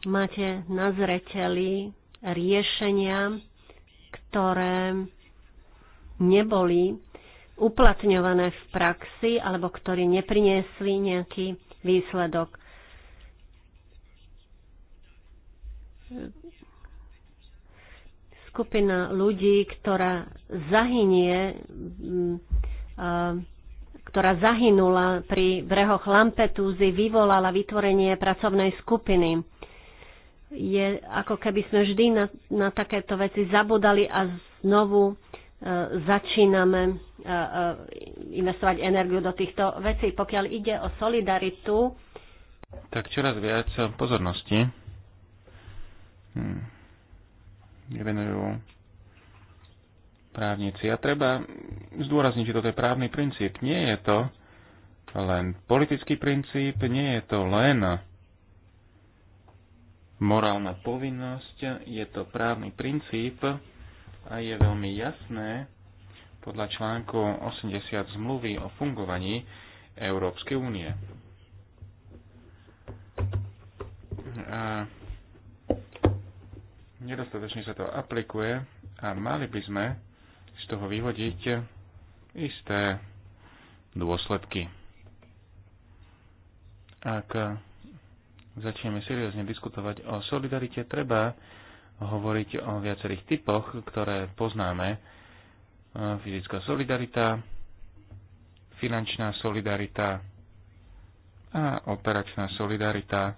máte na zreteli riešenia, ktoré neboli uplatňované v praxi alebo ktorí nepriniesli nejaký výsledok. skupina ľudí, ktorá zahynie ktorá zahynula pri brehoch Lampetúzy, vyvolala vytvorenie pracovnej skupiny. Je ako keby sme vždy na, na takéto veci zabudali a znovu e, začíname e, e, investovať energiu do týchto vecí. Pokiaľ ide o solidaritu, tak čoraz viac pozornosti hmm. venujú právnici. A treba zdôrazniť, že toto je právny princíp. Nie je to len politický princíp, nie je to len morálna povinnosť, je to právny princíp a je veľmi jasné podľa článku 80 zmluvy o fungovaní Európskej únie. A nedostatočne sa to aplikuje a mali by sme z toho vyvodiť isté dôsledky. Ak začneme seriózne diskutovať o solidarite, treba hovoriť o viacerých typoch, ktoré poznáme. Fyzická solidarita, finančná solidarita a operačná solidarita,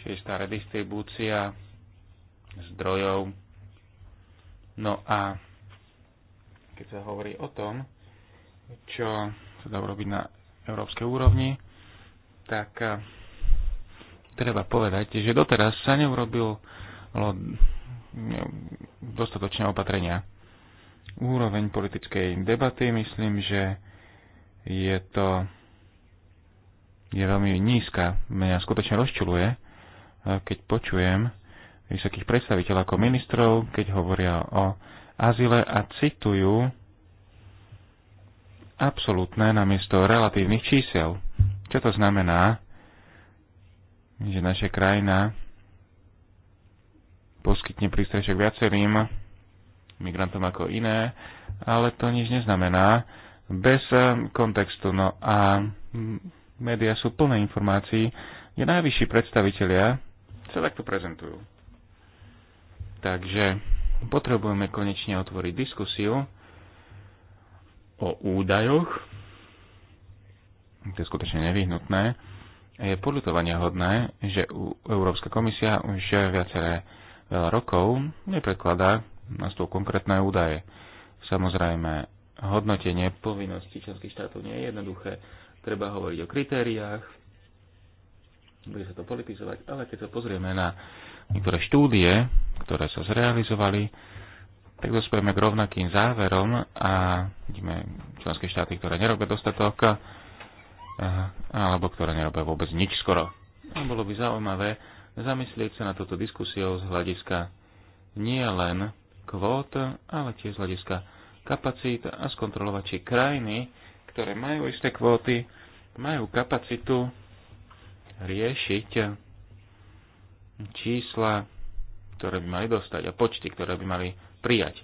čiže istá redistribúcia zdrojov. No a keď sa hovorí o tom, čo sa dá urobiť na európskej úrovni, tak eh, treba povedať, že doteraz sa neurobilo no, dostatočné opatrenia. Úroveň politickej debaty, myslím, že je to je veľmi nízka. Mňa skutočne rozčuluje, eh, keď počujem vysokých predstaviteľov ako ministrov, keď hovoria o azile a citujú absolútne namiesto relatívnych čísel. Čo to znamená? Že naša krajina poskytne prístrešok viacerým migrantom ako iné, ale to nič neznamená bez eh, kontextu. No a médiá sú plné informácií, kde najvyšší predstavitelia sa takto prezentujú. Takže Potrebujeme konečne otvoriť diskusiu o údajoch. To je skutočne nevyhnutné. Je podľutovania hodné, že Európska komisia už viaceré veľa rokov nepredkladá na stôl konkrétne údaje. Samozrejme, hodnotenie povinností členských štátov nie je jednoduché. Treba hovoriť o kritériách, bude sa to politizovať, ale keď sa pozrieme na niektoré štúdie, ktoré sa zrealizovali, tak dospojeme k rovnakým záverom a vidíme členské štáty, ktoré nerobia dostatok eh, alebo ktoré nerobia vôbec nič skoro. A bolo by zaujímavé zamyslieť sa na túto diskusiu z hľadiska nie len kvót, ale tiež z hľadiska kapacít a skontrolovať, či krajiny, ktoré majú isté kvóty, majú kapacitu riešiť čísla, ktoré by mali dostať a počty, ktoré by mali prijať.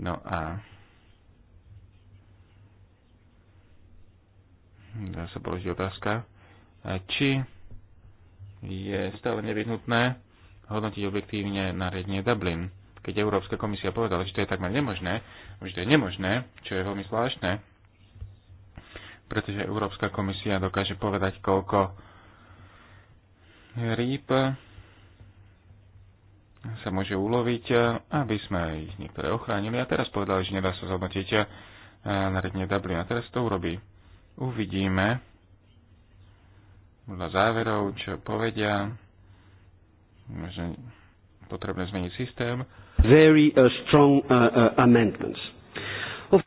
No a dá sa položiť otázka, či je stále nevyhnutné hodnotiť objektívne nariadenie Dublin. Keď Európska komisia povedala, že to je takmer nemožné, že to je nemožné, čo je veľmi zvláštne, pretože Európska komisia dokáže povedať, koľko rýb sa môže uloviť, eh, aby sme ich niektoré ochránili. A teraz povedali, že nedá sa zhodnotiť eh, redne Dublin. A teraz to urobí. Uvidíme podľa záverov, čo povedia. Možno potrebné zmeniť systém. Very uh, strong uh, amendments. Of...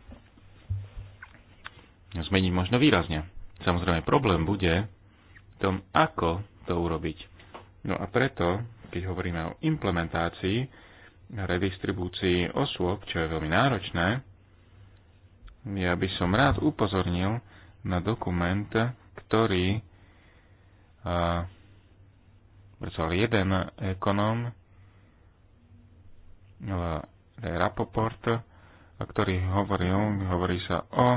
Zmeniť možno výrazne. Samozrejme, problém bude v tom, ako to urobiť. No a preto keď hovoríme o implementácii, redistribúcii osôb, čo je veľmi náročné, ja by som rád upozornil na dokument, ktorý pracoval jeden ekonóm Rapoport, ktorý hovoril, hovorí sa o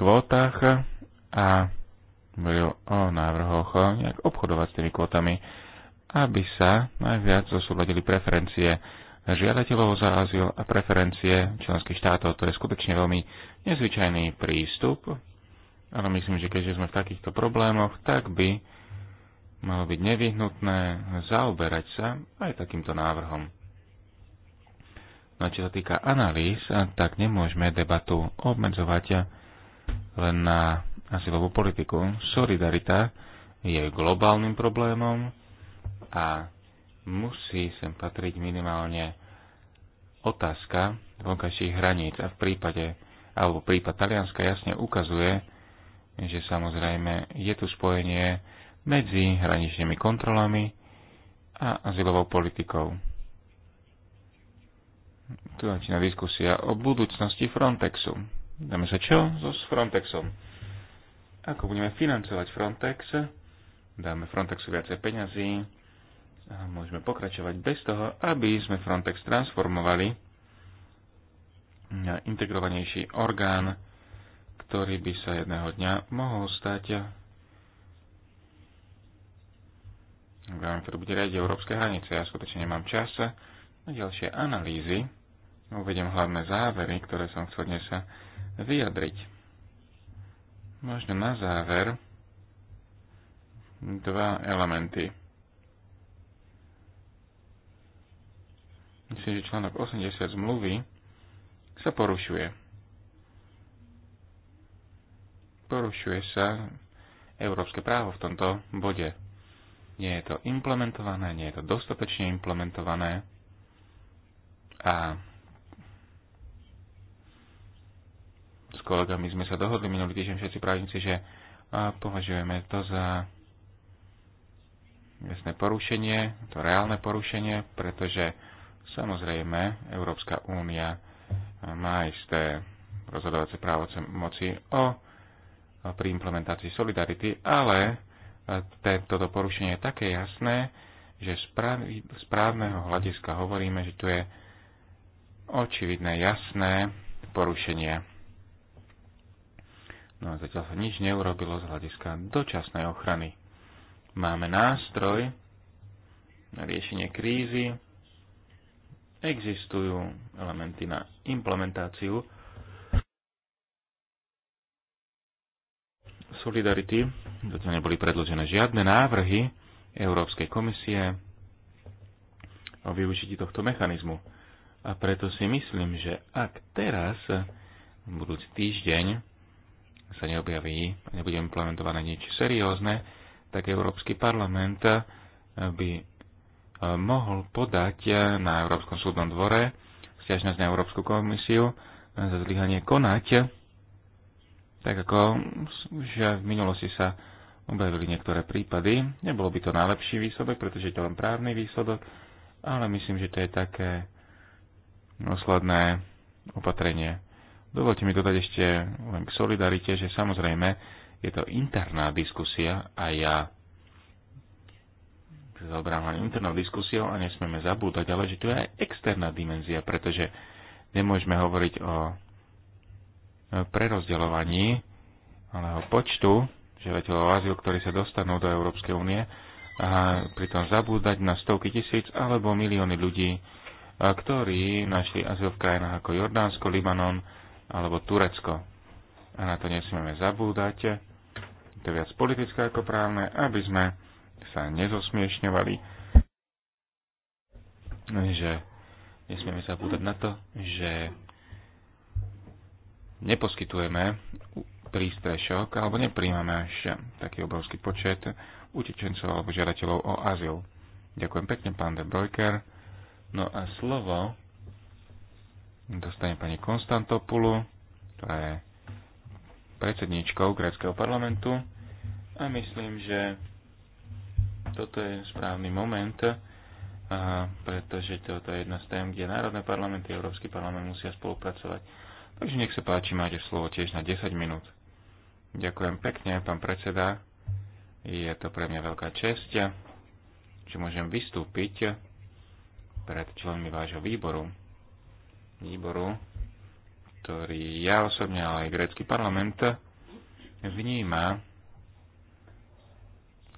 kvótach a hovoril o návrhoch, nejak obchodovať s tými kvotami, aby sa najviac zosúladili preferencie žiadateľov za azyl a preferencie členských štátov. To je skutočne veľmi nezvyčajný prístup, ale myslím, že keďže sme v takýchto problémoch, tak by malo byť nevyhnutné zaoberať sa aj takýmto návrhom. No a čo sa týka analýz, tak nemôžeme debatu obmedzovať len na azylovú politiku. Solidarita je globálnym problémom a musí sem patriť minimálne otázka vonkajších hraníc a v prípade, alebo prípad Talianska jasne ukazuje, že samozrejme je tu spojenie medzi hraničnými kontrolami a azylovou politikou. Tu začína diskusia o budúcnosti Frontexu. Dáme sa čo so s Frontexom? ako budeme financovať Frontex. Dáme Frontexu viacej peňazí a môžeme pokračovať bez toho, aby sme Frontex transformovali na integrovanejší orgán, ktorý by sa jedného dňa mohol stať orgán, ktorý bude riadiť európske hranice. Ja skutočne nemám čas na ďalšie analýzy. Uvediem hlavné závery, ktoré som chcel dnes vyjadriť. Možno na záver dva elementy. Myslím, že článok 80 zmluvy sa porušuje. Porušuje sa európske právo v tomto bode. Nie je to implementované, nie je to dostatečne implementované a S kolegami sme sa dohodli minulý týždeň všetci právnici, že považujeme to za jasné porušenie, to reálne porušenie, pretože samozrejme Európska únia má isté rozhodovacie právo moci o pri implementácii solidarity, ale toto porušenie je také jasné, že z právneho hľadiska hovoríme, že tu je očividné, jasné porušenie. No a zatiaľ sa nič neurobilo z hľadiska dočasnej ochrany. Máme nástroj na riešenie krízy, existujú elementy na implementáciu Solidarity, zatiaľ neboli predložené žiadne návrhy Európskej komisie o využití tohto mechanizmu. A preto si myslím, že ak teraz, budúci týždeň, sa neobjaví a nebude implementované nič seriózne, tak Európsky parlament eh, by eh, mohol podať eh, na Európskom súdnom dvore stiažnosť na Európsku komisiu za zlyhanie konať, tak ako že v minulosti sa objavili niektoré prípady. Nebolo by to najlepší výsledok, pretože je to len právny výsledok, ale myslím, že to je také následné opatrenie. Dovolte mi dodať ešte len k solidarite, že samozrejme je to interná diskusia a ja sa zaoberám len internou diskusiou a nesmieme zabúdať, ale že tu je aj externá dimenzia, pretože nemôžeme hovoriť o prerozdeľovaní, ale o počtu žiadateľov azyl, ktorí sa dostanú do Európskej únie a pritom zabúdať na stovky tisíc alebo milióny ľudí, ktorí našli azyl v krajinách ako Jordánsko, Libanon, alebo Turecko. A na to nesmieme zabúdať, to je viac politické ako právne, aby sme sa nezosmiešňovali, že nesmieme zabúdať na to, že neposkytujeme prístrešok alebo nepríjmame až taký obrovský počet utečencov alebo žiadateľov o azyl. Ďakujem pekne, pán de Brojker. No a slovo dostane pani Konstantopulu, ktorá je predsedníčkou greckého parlamentu a myslím, že toto je správny moment, a pretože toto je jedna z tém, kde národné parlamenty a Európsky parlament musia spolupracovať. Takže nech sa páči, máte slovo tiež na 10 minút. Ďakujem pekne, pán predseda. Je to pre mňa veľká česť, že môžem vystúpiť pred členmi vášho výboru výboru, ktorý ja osobne, ale aj grécky parlament vníma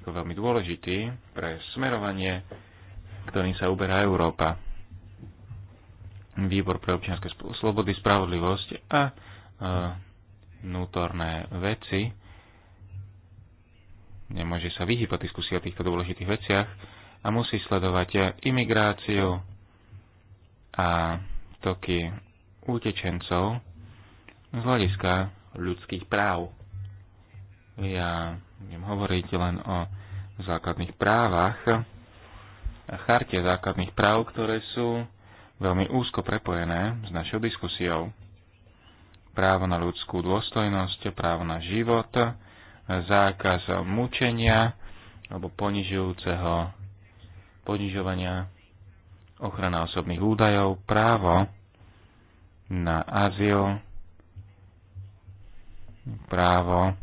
ako veľmi dôležitý pre smerovanie, ktorým sa uberá Európa. Výbor pre občianske slobody, spravodlivosť a e, vnútorné veci. Nemôže sa vyhybať diskusia o týchto dôležitých veciach a musí sledovať imigráciu a toky utečencov z hľadiska ľudských práv. Ja budem hovoriť len o základných právach a charte základných práv, ktoré sú veľmi úzko prepojené s našou diskusiou. Právo na ľudskú dôstojnosť, právo na život, zákaz mučenia alebo ponižujúceho ponižovania ochrana osobných údajov, právo na azyl, právo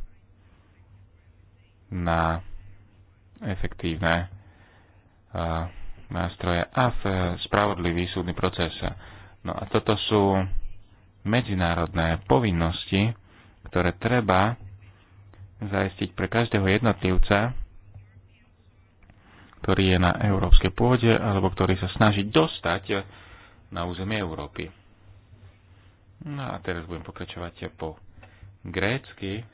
na efektívne nástroje a spravodlivý súdny proces. No a toto sú medzinárodné povinnosti, ktoré treba zaistiť pre každého jednotlivca ktorý je na európskej pôde alebo ktorý sa snaží dostať na územie Európy. No a teraz budem pokračovať po grécky.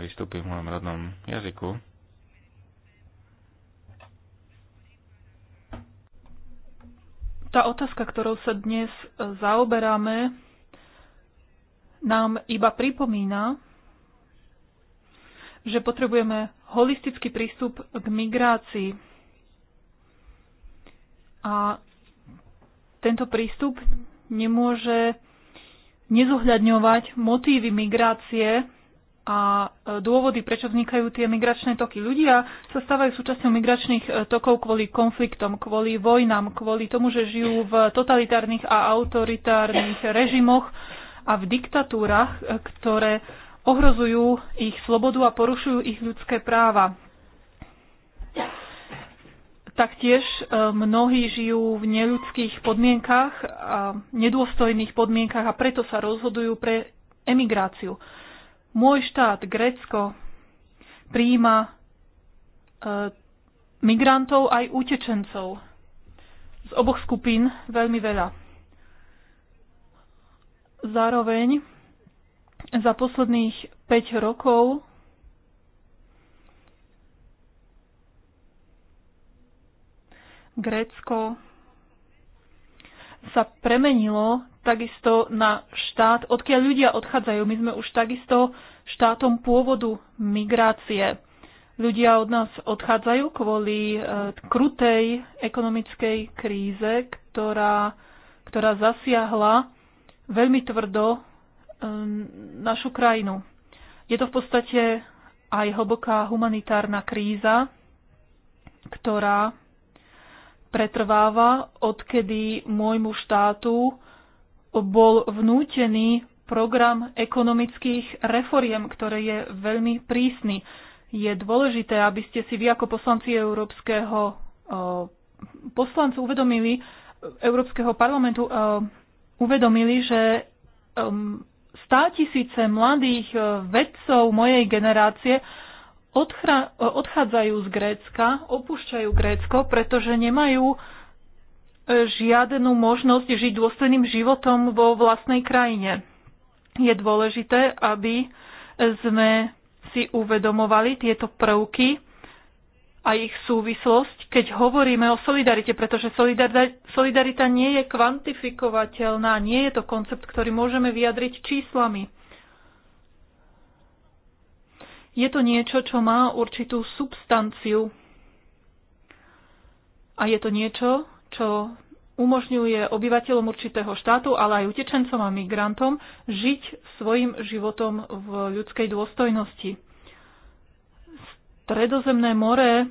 Vystúpim v mojom rodnom jazyku. Tá otázka, ktorou sa dnes e, zaoberáme, nám iba pripomína, že potrebujeme holistický prístup k migrácii. A tento prístup nemôže nezohľadňovať motívy migrácie a e, dôvody, prečo vznikajú tie migračné toky. Ľudia sa stávajú súčasťou migračných e, tokov kvôli konfliktom, kvôli vojnám, kvôli tomu, že žijú v totalitárnych a autoritárnych režimoch a v diktatúrach, e, ktoré ohrozujú ich slobodu a porušujú ich ľudské práva. Taktiež e, mnohí žijú v neľudských podmienkach a nedôstojných podmienkach a preto sa rozhodujú pre emigráciu. Môj štát, Grécko, príjima e, migrantov aj utečencov. Z oboch skupín veľmi veľa. Zároveň za posledných 5 rokov Grécko sa premenilo takisto na štát, odkiaľ ľudia odchádzajú. My sme už takisto štátom pôvodu migrácie. Ľudia od nás odchádzajú kvôli e, krutej ekonomickej kríze, ktorá, ktorá zasiahla veľmi tvrdo Um, našu krajinu. Je to v podstate aj hlboká humanitárna kríza, ktorá pretrváva, odkedy môjmu štátu bol vnútený program ekonomických reforiem, ktoré je veľmi prísny. Je dôležité, aby ste si vy ako poslanci Európskeho poslancu uvedomili, Európskeho parlamentu uvedomili, že um, stá tisíce mladých e, vedcov mojej generácie e, odchádzajú z Grécka, opúšťajú Grécko, pretože nemajú e, žiadnu možnosť žiť dôstojným životom vo vlastnej krajine. Je dôležité, aby sme si uvedomovali tieto prvky a ich súvislosť keď hovoríme o solidarite, pretože solidarita, solidarita nie je kvantifikovateľná, nie je to koncept, ktorý môžeme vyjadriť číslami. Je to niečo, čo má určitú substanciu a je to niečo, čo umožňuje obyvateľom určitého štátu, ale aj utečencom a migrantom žiť svojim životom v ľudskej dôstojnosti. Stredozemné more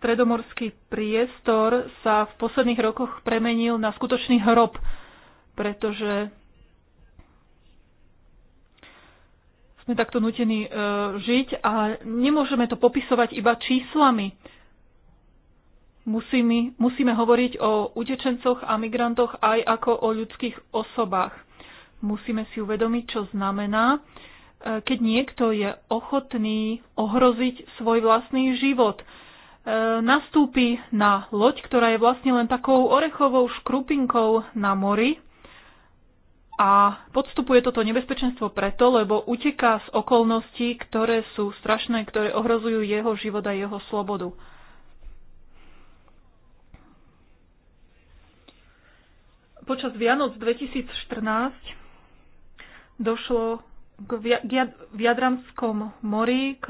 stredomorský priestor sa v posledných rokoch premenil na skutočný hrob, pretože sme takto nutení e, žiť a nemôžeme to popisovať iba číslami. Musíme, musíme hovoriť o utečencoch a migrantoch aj ako o ľudských osobách. Musíme si uvedomiť, čo znamená, e, keď niekto je ochotný ohroziť svoj vlastný život E, nastúpi na loď, ktorá je vlastne len takou orechovou škrupinkou na mori a podstupuje toto nebezpečenstvo preto, lebo uteká z okolností, ktoré sú strašné, ktoré ohrozujú jeho život a jeho slobodu. Počas Vianoc 2014 došlo k Viadramskom mori k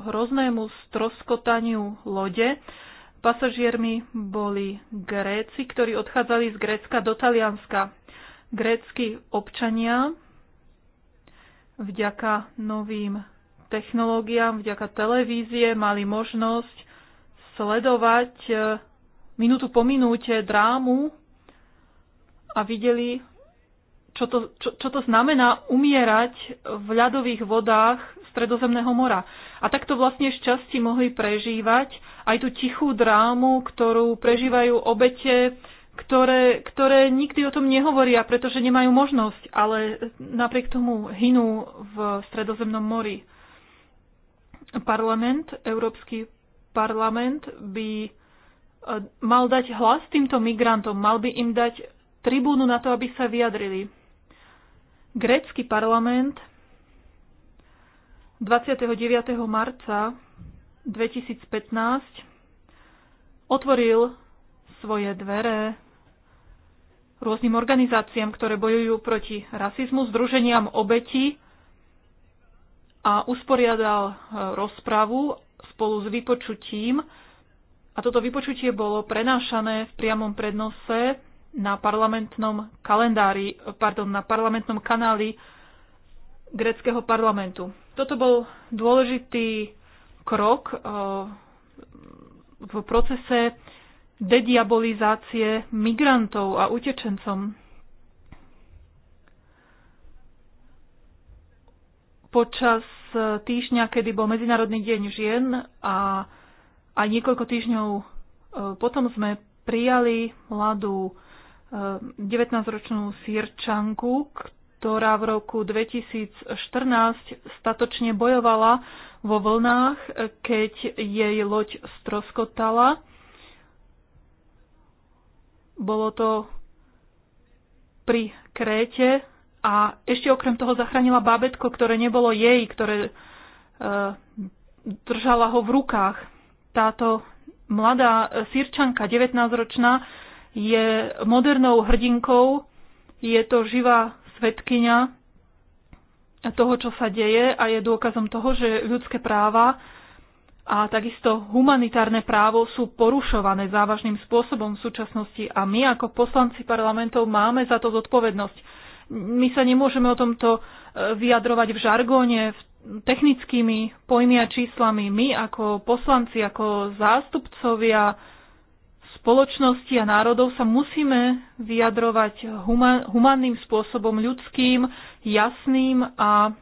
hroznému stroskotaniu lode. Pasažiermi boli Gréci, ktorí odchádzali z Grécka do Talianska. Grécky občania vďaka novým technológiám, vďaka televízie mali možnosť sledovať eh, minútu po minúte drámu a videli čo to, čo, čo to znamená umierať v ľadových vodách Stredozemného mora. A takto vlastne šťastie mohli prežívať aj tú tichú drámu, ktorú prežívajú obete, ktoré, ktoré nikdy o tom nehovoria, pretože nemajú možnosť, ale napriek tomu hynú v Stredozemnom mori. Parlament, Európsky parlament by e, mal dať hlas týmto migrantom, mal by im dať tribúnu na to, aby sa vyjadrili. Grécky parlament 29. marca 2015 otvoril svoje dvere rôznym organizáciám, ktoré bojujú proti rasizmu, združeniam obeti a usporiadal e, rozpravu spolu s vypočutím. A toto vypočutie bolo prenášané v priamom prednose na parlamentnom kalendári, pardon, na parlamentnom kanáli greckého parlamentu. Toto bol dôležitý krok eh, v procese dediabolizácie migrantov a utečencom. Počas týždňa, kedy bol Medzinárodný deň žien a aj niekoľko týždňov eh, potom sme prijali mladú 19-ročnú sírčanku, ktorá v roku 2014 statočne bojovala vo vlnách, keď jej loď stroskotala. Bolo to pri Kréte a ešte okrem toho zachránila bábetko, ktoré nebolo jej, ktoré e, držala ho v rukách. Táto mladá sírčanka, 19-ročná, je modernou hrdinkou, je to živá svetkynia toho, čo sa deje a je dôkazom toho, že ľudské práva a takisto humanitárne právo sú porušované závažným spôsobom v súčasnosti a my ako poslanci parlamentov máme za to zodpovednosť. My sa nemôžeme o tomto e, vyjadrovať v žargóne, v technickými pojmy a číslami. My ako poslanci, ako zástupcovia spoločnosti a národov sa musíme vyjadrovať humanným spôsobom, ľudským, jasným a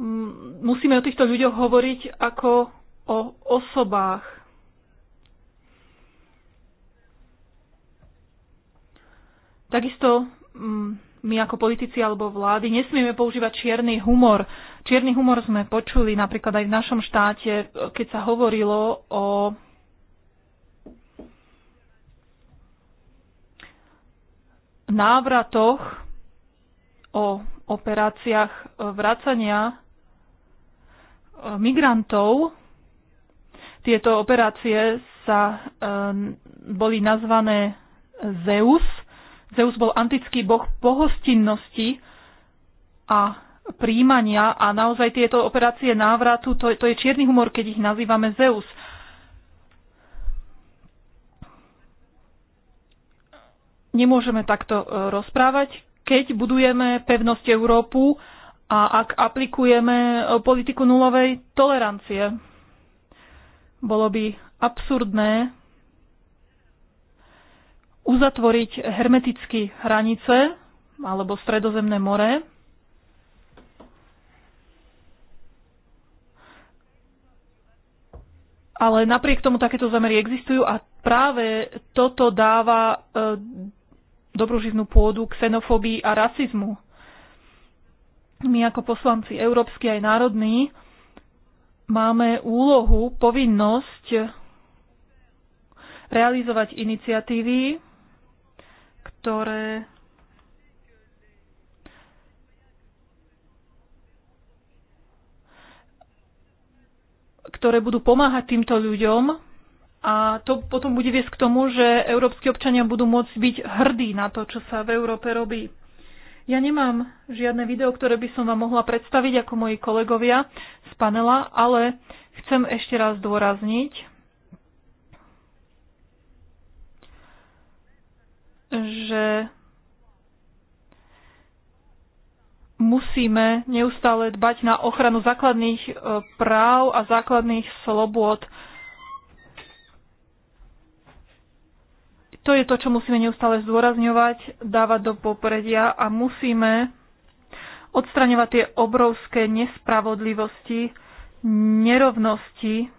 mm, musíme o týchto ľuďoch hovoriť ako o osobách. Takisto mm, my ako politici alebo vlády nesmieme používať čierny humor. Čierny humor sme počuli napríklad aj v našom štáte, keď sa hovorilo o návratoch, o operáciách vracania eh, migrantov. Tieto operácie sa eh, boli nazvané Zeus. Zeus bol antický boh pohostinnosti a príjmania a naozaj tieto operácie návratu, to, to je čierny humor, keď ich nazývame Zeus. Nemôžeme takto e, rozprávať, keď budujeme pevnosť Európu a ak aplikujeme e, politiku nulovej tolerancie. Bolo by absurdné uzatvoriť hermeticky hranice alebo stredozemné more Ale napriek tomu takéto zámery existujú a práve toto dáva e, dobroživnú pôdu xenofóbii a rasizmu. My ako poslanci európsky aj národní máme úlohu, povinnosť realizovať iniciatívy, ktoré ktoré budú pomáhať týmto ľuďom a to potom bude viesť k tomu, že európsky občania budú môcť byť hrdí na to, čo sa v Európe robí. Ja nemám žiadne video, ktoré by som vám mohla predstaviť ako moji kolegovia z panela, ale chcem ešte raz dôrazniť, že musíme neustále dbať na ochranu základných e, práv a základných slobôd. To je to, čo musíme neustále zdôrazňovať, dávať do popredia a musíme odstraňovať tie obrovské nespravodlivosti, nerovnosti,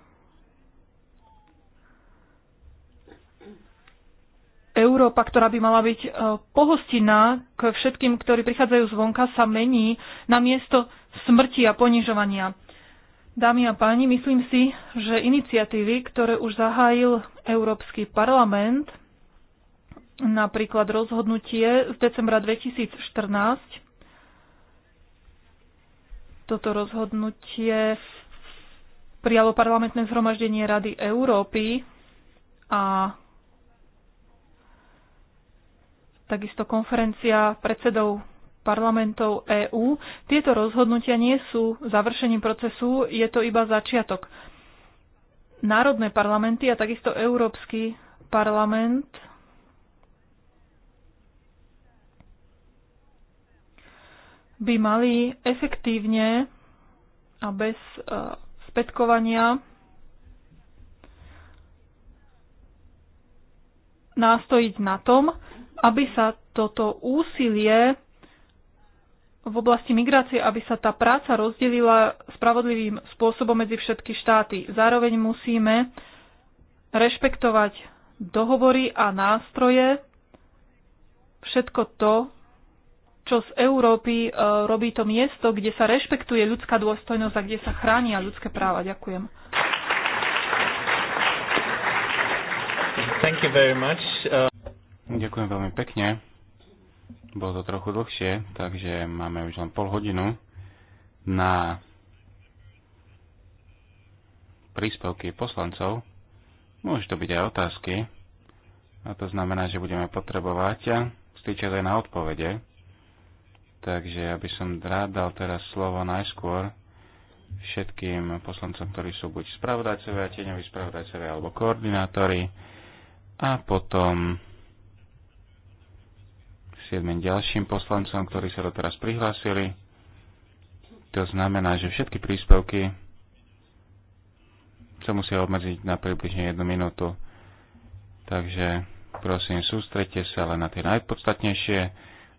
Európa, ktorá by mala byť e, pohostinná k všetkým, ktorí prichádzajú zvonka, sa mení na miesto smrti a ponižovania. Dámy a páni, myslím si, že iniciatívy, ktoré už zahájil Európsky parlament, napríklad rozhodnutie z decembra 2014, toto rozhodnutie prijalo parlamentné zhromaždenie Rady Európy a takisto konferencia predsedov parlamentov EÚ. Tieto rozhodnutia nie sú završením procesu, je to iba začiatok. Národné parlamenty a takisto Európsky parlament by mali efektívne a bez e, spätkovania nástojiť na tom, aby sa toto úsilie v oblasti migrácie, aby sa tá práca rozdelila spravodlivým spôsobom medzi všetky štáty. Zároveň musíme rešpektovať dohovory a nástroje, všetko to, čo z Európy e, robí to miesto, kde sa rešpektuje ľudská dôstojnosť a kde sa chránia ľudské práva. Ďakujem. Thank you very much. Uh... Ďakujem veľmi pekne. Bolo to trochu dlhšie, takže máme už len pol hodinu na príspevky poslancov. Môžu to byť aj otázky. A to znamená, že budeme potrebovať stýčať aj na odpovede. Takže ja by som rád dal teraz slovo najskôr všetkým poslancom, ktorí sú buď spravodajcovia, tieňoví spravodajcovia alebo koordinátori. A potom siedmim ďalším poslancom, ktorí sa doteraz prihlásili. To znamená, že všetky príspevky sa musia obmedziť na približne jednu minútu. Takže prosím, sústrete sa len na tie najpodstatnejšie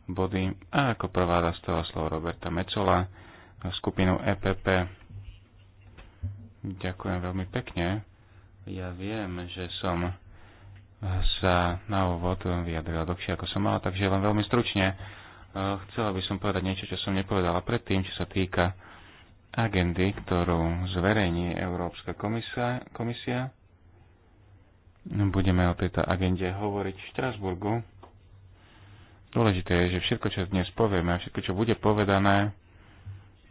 body a ako prvá z toho slovo Roberta Mecola skupinu EPP. Ďakujem veľmi pekne. Ja viem, že som sa na úvod vyjadrila dlhšie, ako som mal, takže len veľmi stručne e, chcela by som povedať niečo, čo som nepovedala predtým, čo sa týka agendy, ktorú zverejní Európska komisia. komisia. Budeme o tejto agende hovoriť v Štrasburgu. Dôležité je, že všetko, čo dnes povieme a všetko, čo bude povedané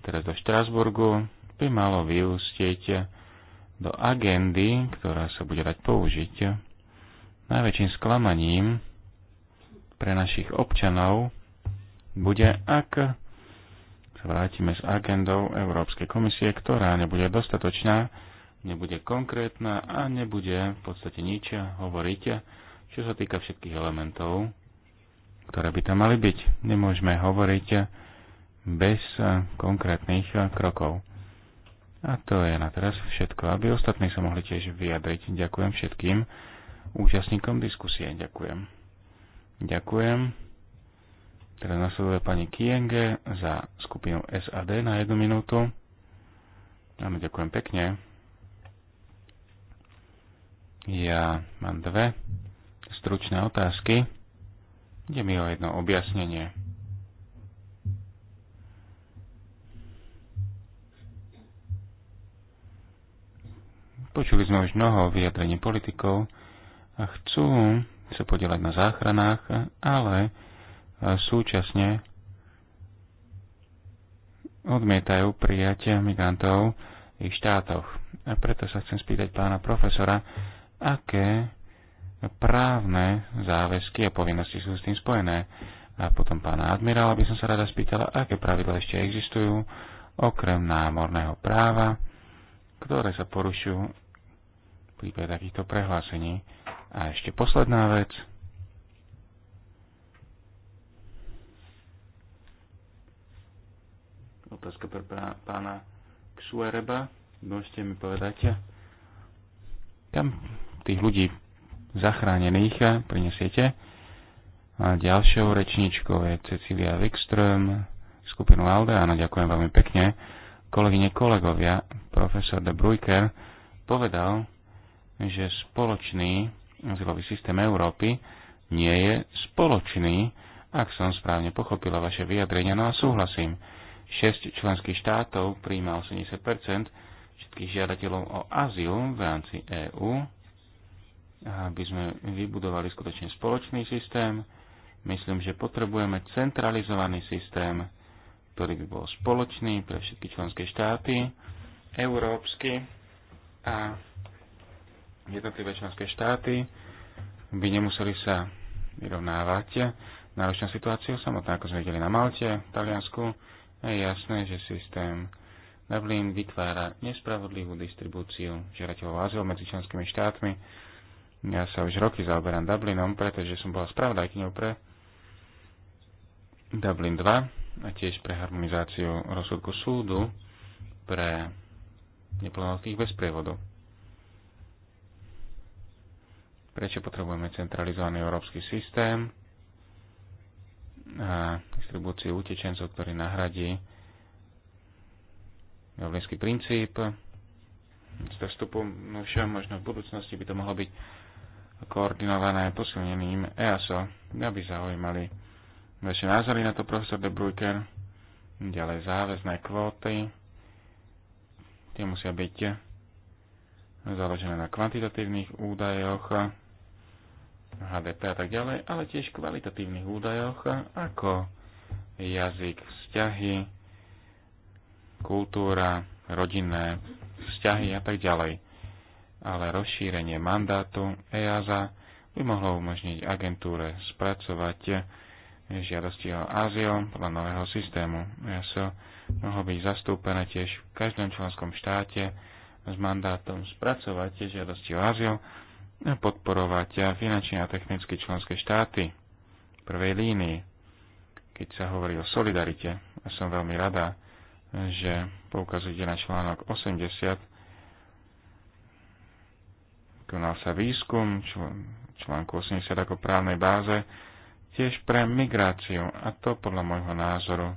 teraz do Štrasburgu, by malo vyústiť do agendy, ktorá sa bude dať použiť Najväčším sklamaním pre našich občanov bude, ak sa vrátime s agendou Európskej komisie, ktorá nebude dostatočná, nebude konkrétna a nebude v podstate nič hovoriť, čo sa týka všetkých elementov, ktoré by tam mali byť. Nemôžeme hovoriť bez konkrétnych krokov. A to je na teraz všetko, aby ostatní sa mohli tiež vyjadriť. Ďakujem všetkým účastníkom diskusie. Ďakujem. Ďakujem. Teraz nasleduje pani Kienge za skupinu SAD na jednu minútu. Áno, ďakujem pekne. Ja mám dve stručné otázky. Ide mi o jedno objasnenie. Počuli sme už mnoho vyjadrení politikov, chcú sa podielať na záchranách, ale e, súčasne odmietajú prijatie migrantov v ich štátoch. A preto sa chcem spýtať pána profesora, aké právne záväzky a povinnosti sú s tým spojené. A potom pána admirála by som sa rada spýtala, aké pravidla ešte existujú, okrem námorného práva, ktoré sa porušujú v prípade takýchto prehlásení a ešte posledná vec. Otázka pre pána Ksuereba. Môžete mi povedať, kam tých ľudí zachránených prinesiete? A ďalšou rečničkou je Cecilia Wikström, skupinu Alde. Áno, ďakujem veľmi pekne. Kolegyne, kolegovia, profesor de Brujker povedal, že spoločný azylový systém Európy nie je spoločný, ak som správne pochopila vaše vyjadrenia, no a súhlasím. 6 členských štátov príjma 80 všetkých žiadateľov o azyl v rámci EÚ, aby sme vybudovali skutočne spoločný systém. Myslím, že potrebujeme centralizovaný systém, ktorý by bol spoločný pre všetky členské štáty, európsky a jednotlivé členské štáty by nemuseli sa vyrovnávať náročnou situáciou samotná, ako sme videli na Malte, v Taliansku. Je jasné, že systém Dublin vytvára nespravodlivú distribúciu žiadateľov azyl medzi členskými štátmi. Ja sa už roky zaoberám Dublinom, pretože som bola spravodajkňou pre Dublin 2 a tiež pre harmonizáciu rozsudku súdu pre neplnoletých bez prievodu prečo potrebujeme centralizovaný európsky systém a distribúciu utečencov, ktorý nahradí dublinský princíp z dostupu, no všem, možno v budúcnosti by to mohlo byť koordinované posilneným EASO. aby by zaujímali vaše názory na to, profesor De Bruyker. Ďalej záväzné kvóty. Tie musia byť založené na kvantitatívnych údajoch, HDP a tak ďalej, ale tiež kvalitatívnych údajoch ako jazyk, vzťahy, kultúra, rodinné vzťahy a tak ďalej. Ale rozšírenie mandátu EASA by mohlo umožniť agentúre spracovať žiadosti o azyl podľa nového systému. ESO mohlo byť zastúpené tiež v každom členskom štáte s mandátom spracovať žiadosti o azyl podporovať finančne a technicky členské štáty v prvej línii, keď sa hovorí o solidarite. a som veľmi rada, že poukazujete na článok 80. Konal sa výskum článku 80 ako právnej báze tiež pre migráciu a to podľa môjho názoru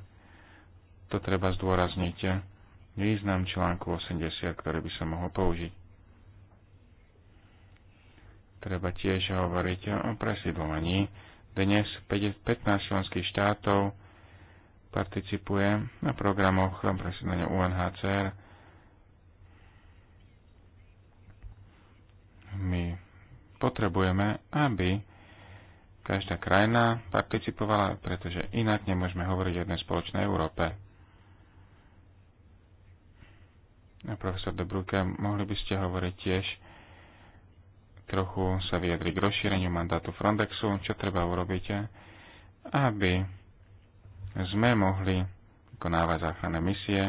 to treba zdôrazniť význam článku 80, ktorý by sa mohol použiť Treba tiež hovoriť o presídlovaní. Dnes 15 členských štátov participuje na programoch presídlenia UNHCR. My potrebujeme, aby každá krajina participovala, pretože inak nemôžeme hovoriť o jednej spoločnej Európe. A profesor Dobrúke, mohli by ste hovoriť tiež trochu sa vyjadri k rozšíreniu mandátu Frontexu, čo treba urobiť, aby sme mohli vykonávať záchranné misie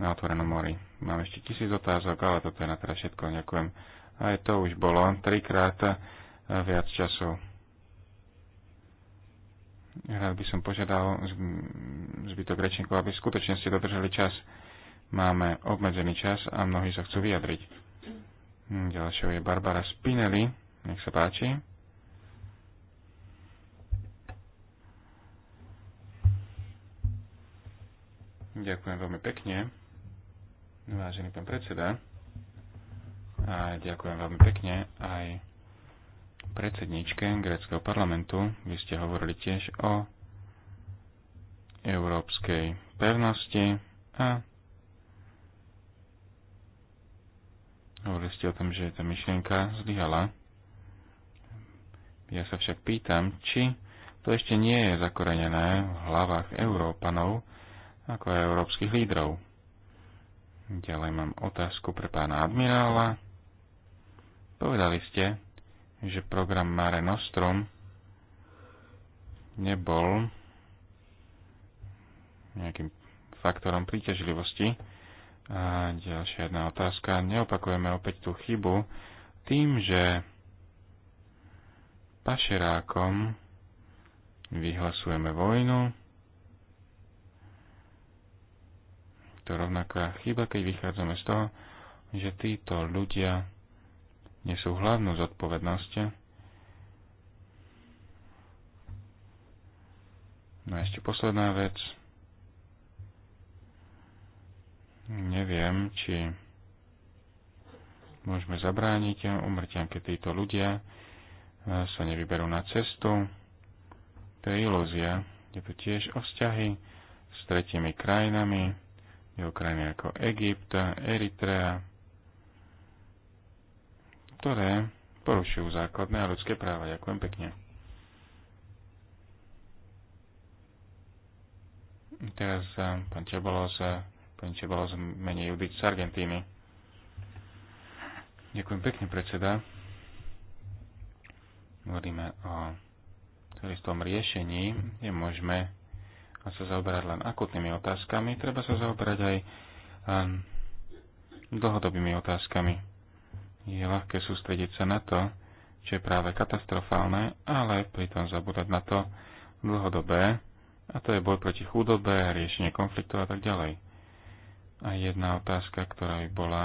na otvorenom mori. Mám ešte tisíc otázok, ale toto je na teraz všetko. Ďakujem. Aj to už bolo trikrát viac času. Rád by som požiadal zbytok rečníkov, aby skutočne ste dodržali čas. Máme obmedzený čas a mnohí sa chcú vyjadriť. Hm, ďalšou je Barbara Spinelli. Nech sa páči. Ďakujem veľmi pekne, vážený pán predseda. A ďakujem veľmi pekne aj predsedničke gréckého parlamentu. Vy ste hovorili tiež o európskej pevnosti a Hovorili ste o tom, že tá myšlienka zlyhala. Ja sa však pýtam, či to ešte nie je zakorenené v hlavách Európanov ako aj európskych lídrov. Ďalej mám otázku pre pána admirála. Povedali ste, že program Mare Nostrum nebol nejakým faktorom príťažlivosti a ďalšia jedna otázka. Neopakujeme opäť tú chybu tým, že pašerákom vyhlasujeme vojnu. To rovnaká chyba, keď vychádzame z toho, že títo ľudia nesú hlavnú zodpovednosť. No a ešte posledná vec – neviem, či môžeme zabrániť umrtiam, keď títo ľudia eh, sa nevyberú na cestu. To je ilúzia. Je to tiež o vzťahy s tretimi krajinami, je o krajiny ako Egypt, Eritrea, ktoré porušujú základné a ľudské práva. Ďakujem pekne. Teraz eh, pán Čebolo sa eh, Pani bolo z mene Judith z Argentíny. Ďakujem pekne, predseda. Hovoríme o celistom riešení, kde môžeme sa zaoberať len akutnými otázkami, treba sa zaoberať aj ehm, dlhodobými otázkami. Je ľahké sústrediť sa na to, čo je práve katastrofálne, ale pritom zabúdať na to dlhodobé, a to je boj proti chudobe, riešenie konfliktov a tak ďalej. A jedna otázka, ktorá by bola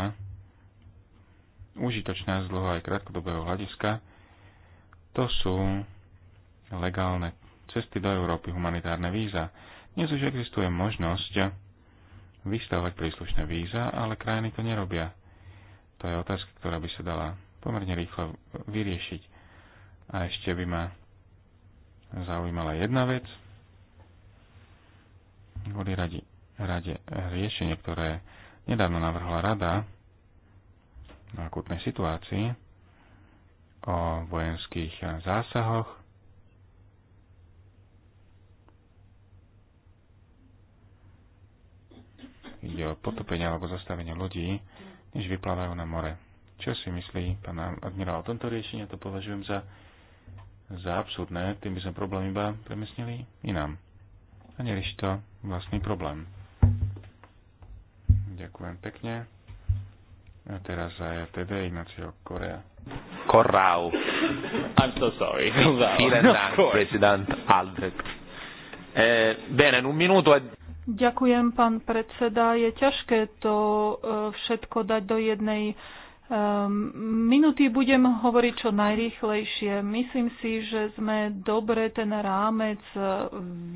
užitočná z dlho aj krátkodobého hľadiska, to sú legálne cesty do Európy, humanitárne víza. Dnes už existuje možnosť vystavovať príslušné víza, ale krajiny to nerobia. To je otázka, ktorá by sa dala pomerne rýchlo vyriešiť. A ešte by ma zaujímala jedna vec. Boli radi rade riešenie, ktoré nedávno navrhla rada na akutnej situácii o vojenských zásahoch. Ide o potopenie alebo zastavenie ľudí než vyplávajú na more. Čo si myslí pán admirál o tomto riešení? To považujem za, za absurdné. Tým by sme problém iba premestnili inám. A nerieši to vlastný problém. Ďakujem pekne. A teraz aj e TD Ignacio Korea. Korau. I'm so sorry. Vielen Dank, prezident Albrecht. Eh, bene, un minuto... Ďakujem, pán predseda. Je ťažké to eh, všetko dať do jednej ehm, minúty. Budem hovoriť čo najrýchlejšie. Myslím si, že sme dobre ten rámec eh,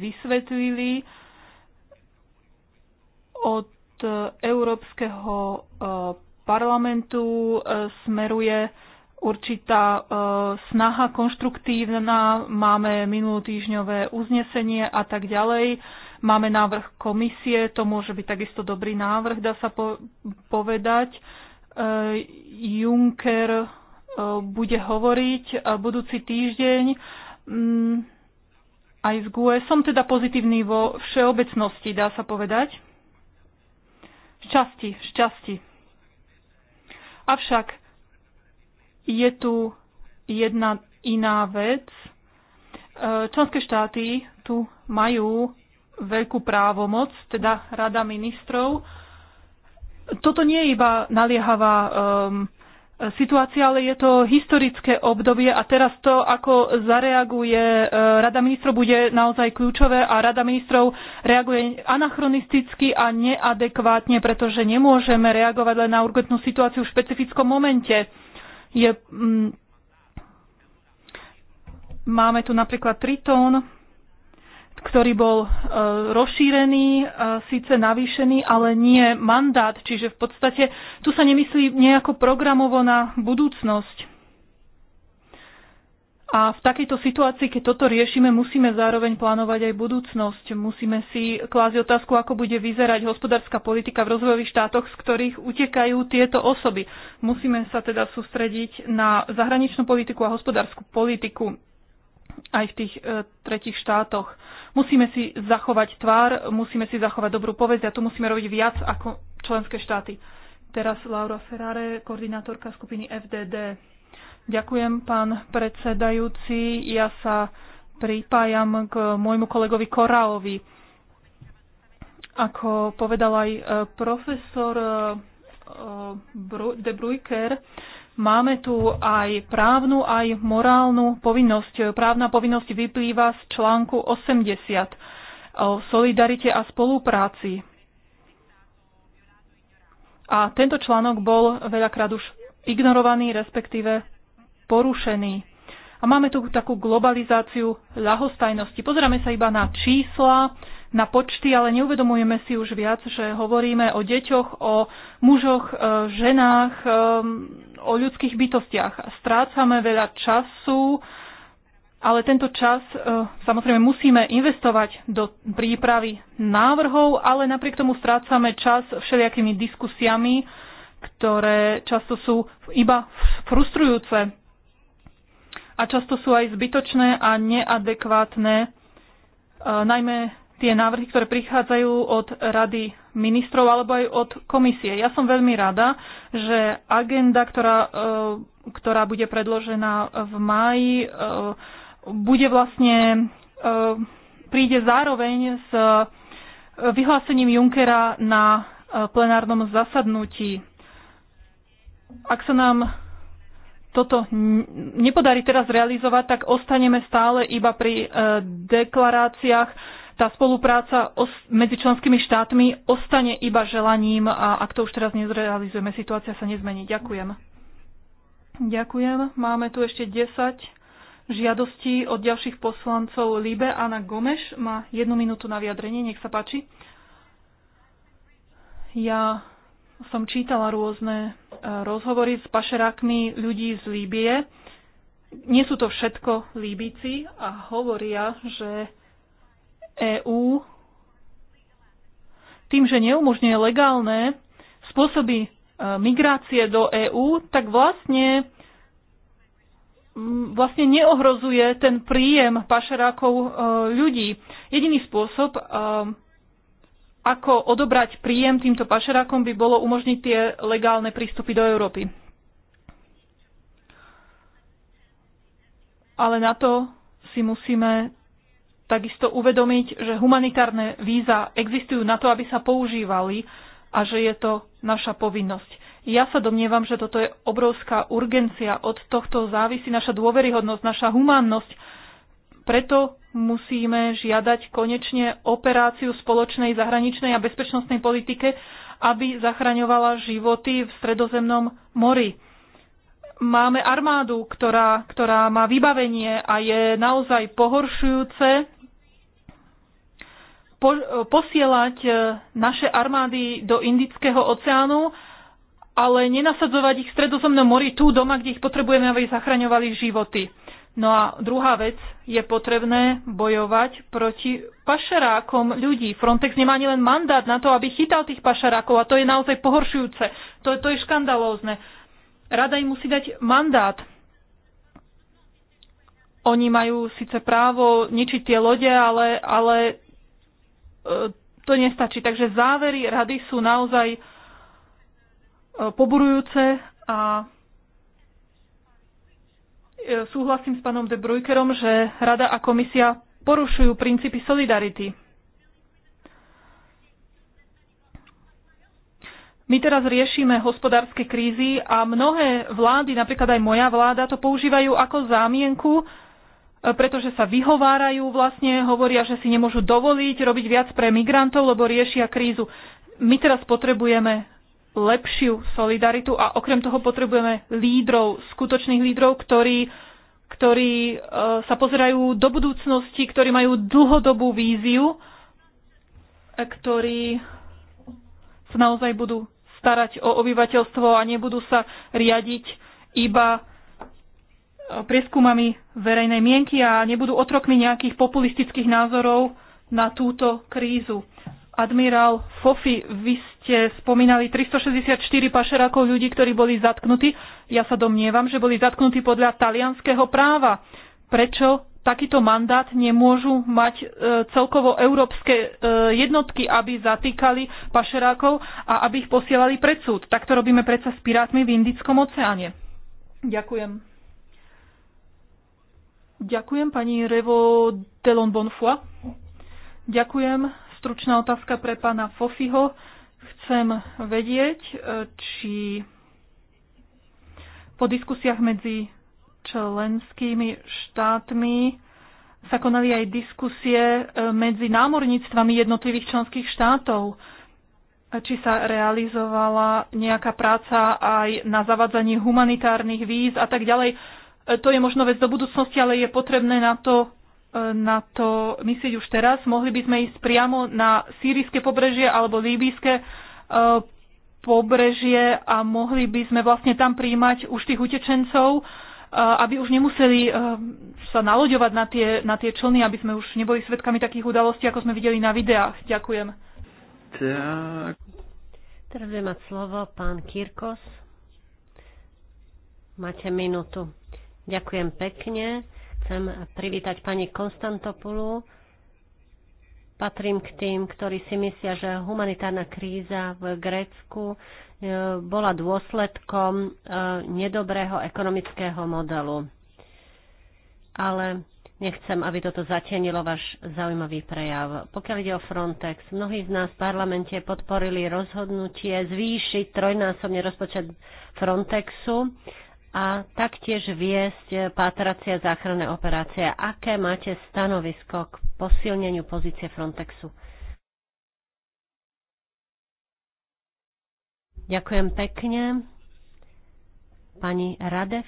vysvetlili od Európskeho e, parlamentu e, smeruje určitá e, snaha konštruktívna, máme minulotýžňové uznesenie a tak ďalej. Máme návrh komisie, to môže byť takisto dobrý návrh, dá sa povedať. Juncker bude hovoriť budúci týždeň mm, aj z GUE. Som teda pozitívny vo všeobecnosti, dá sa povedať šťastí, šťastí. Avšak je tu jedna iná vec. E, členské štáty tu majú veľkú právomoc, teda Rada ministrov. Toto nie je iba naliehavá um, situácia, ale je to historické obdobie a teraz to, ako zareaguje e, Rada ministrov, bude naozaj kľúčové a Rada ministrov reaguje anachronisticky a neadekvátne, pretože nemôžeme reagovať len na urgentnú situáciu v špecifickom momente. Je, mm, máme tu napríklad Tritón, ktorý bol e, rozšírený, e, síce navýšený, ale nie mandát. Čiže v podstate tu sa nemyslí nejako programovo na budúcnosť. A v takejto situácii, keď toto riešime, musíme zároveň plánovať aj budúcnosť. Musíme si klásť otázku, ako bude vyzerať hospodárska politika v rozvojových štátoch, z ktorých utekajú tieto osoby. Musíme sa teda sústrediť na zahraničnú politiku a hospodárskú politiku aj v tých e, tretich štátoch. Musíme si zachovať tvár, musíme si zachovať dobrú povesť a tu musíme robiť viac ako členské štáty. Teraz Laura Ferrare, koordinátorka skupiny FDD. Ďakujem, pán predsedajúci. Ja sa pripájam k môjmu kolegovi Koraovi. Ako povedal aj e, profesor e, e, De Bruyker, Máme tu aj právnu, aj morálnu povinnosť. Právna povinnosť vyplýva z článku 80 o solidarite a spolupráci. A tento článok bol veľakrát už ignorovaný, respektíve porušený. A máme tu takú globalizáciu ľahostajnosti. Pozeráme sa iba na čísla, na počty, ale neuvedomujeme si už viac, že hovoríme o deťoch, o mužoch, e, ženách, e, o ľudských bytostiach. Strácame veľa času, ale tento čas e, samozrejme musíme investovať do prípravy návrhov, ale napriek tomu strácame čas všelijakými diskusiami, ktoré často sú iba frustrujúce a často sú aj zbytočné a neadekvátne, e, najmä tie návrhy, ktoré prichádzajú od Rady ministrov alebo aj od komisie. Ja som veľmi rada, že agenda, ktorá, e, ktorá bude predložená v máji, e, bude vlastne e, príde zároveň s vyhlásením Junckera na plenárnom zasadnutí. Ak sa nám toto nepodarí teraz realizovať, tak ostaneme stále iba pri deklaráciách tá spolupráca medzi členskými štátmi ostane iba želaním a ak to už teraz nezrealizujeme, situácia sa nezmení. Ďakujem. Ďakujem. Máme tu ešte 10 žiadostí od ďalších poslancov Libe. Anna Gomeš má jednu minútu na vyjadrenie. Nech sa páči. Ja som čítala rôzne e, rozhovory s pašerákmi ľudí z Líbie. Nie sú to všetko Líbici a hovoria, že EÚ tým, že neumožňuje legálne spôsoby e, migrácie do EÚ, tak vlastne vlastne neohrozuje ten príjem pašerákov e, ľudí. Jediný spôsob, e, ako odobrať príjem týmto pašerákom, by bolo umožniť tie legálne prístupy do Európy. Ale na to si musíme takisto uvedomiť, že humanitárne víza existujú na to, aby sa používali a že je to naša povinnosť. Ja sa domnievam, že toto je obrovská urgencia. Od tohto závisí naša dôveryhodnosť, naša humánnosť. Preto musíme žiadať konečne operáciu spoločnej zahraničnej a bezpečnostnej politike, aby zachraňovala životy v stredozemnom mori. Máme armádu, ktorá, ktorá má vybavenie a je naozaj pohoršujúce, po, posielať e, naše armády do Indického oceánu, ale nenasadzovať ich v stredozemnom mori tu doma, kde ich potrebujeme, aby zachraňovali životy. No a druhá vec, je potrebné bojovať proti pašerákom ľudí. Frontex nemá ani len mandát na to, aby chytal tých pašerákov a to je naozaj pohoršujúce. To, to je škandalózne. Rada im musí dať mandát. Oni majú síce právo ničiť tie lode, ale, ale to nestačí. Takže závery rady sú naozaj e, poburujúce a e, súhlasím s pánom De Brujkerom, že rada a komisia porušujú princípy solidarity. My teraz riešime hospodárske krízy a mnohé vlády, napríklad aj moja vláda, to používajú ako zámienku, E, pretože sa vyhovárajú vlastne, hovoria, že si nemôžu dovoliť robiť viac pre migrantov, lebo riešia krízu. My teraz potrebujeme lepšiu solidaritu a okrem toho potrebujeme lídrov, skutočných lídrov, ktorí, ktorí e, sa pozerajú do budúcnosti, ktorí majú dlhodobú víziu, e, ktorí sa naozaj budú starať o obyvateľstvo a nebudú sa riadiť iba prieskumami verejnej mienky a nebudú otrokmi nejakých populistických názorov na túto krízu. Admirál Fofi, vy ste spomínali 364 pašerákov ľudí, ktorí boli zatknutí. Ja sa domnievam, že boli zatknutí podľa talianského práva. Prečo takýto mandát nemôžu mať e, celkovo európske e, jednotky, aby zatýkali pašerákov a aby ich posielali pred súd? Tak to robíme predsa s pirátmi v Indickom oceáne. Ďakujem. Ďakujem pani Revo Delon Bonfoy. Ďakujem. Stručná otázka pre pána Fofiho. Chcem vedieť, e, či po diskusiách medzi členskými štátmi sa konali aj diskusie e, medzi námorníctvami jednotlivých členských štátov, či sa realizovala nejaká práca aj na zavadzaní humanitárnych víz a tak ďalej E, to je možno vec do budúcnosti, ale je potrebné na to, e, na to myslieť už teraz. Mohli by sme ísť priamo na sírijské pobrežie alebo líbijské e, pobrežie a mohli by sme vlastne tam príjmať už tých utečencov, aby už nemuseli sa naloďovať na tie, na tie člny, aby sme už neboli svedkami takých udalostí, ako sme videli na videách. Ďakujem. Tak. Teraz bude mať slovo pán Kirkos. Máte minútu. Ďakujem pekne. Chcem privítať pani Konstantopulu. Patrím k tým, ktorí si myslia, že humanitárna kríza v Grécku e, bola dôsledkom e, nedobrého ekonomického modelu. Ale nechcem, aby toto zatenilo váš zaujímavý prejav. Pokiaľ ide o Frontex, mnohí z nás v parlamente podporili rozhodnutie zvýšiť trojnásobne rozpočet Frontexu a taktiež viesť e, pátracie záchranné operácie. Aké máte stanovisko k posilneniu pozície Frontexu? Ďakujem pekne. Pani Radev?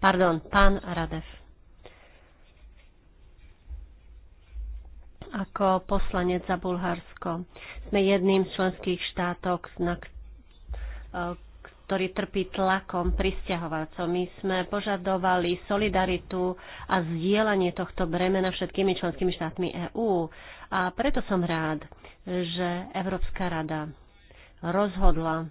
Pardon, pán Radev. Ako poslanec za Bulharsko sme jedným z členských štátok, ktorý trpí tlakom pristahovalcov. My sme požadovali solidaritu a zdieľanie tohto bremena všetkými členskými štátmi EÚ. A preto som rád, že Európska rada rozhodla,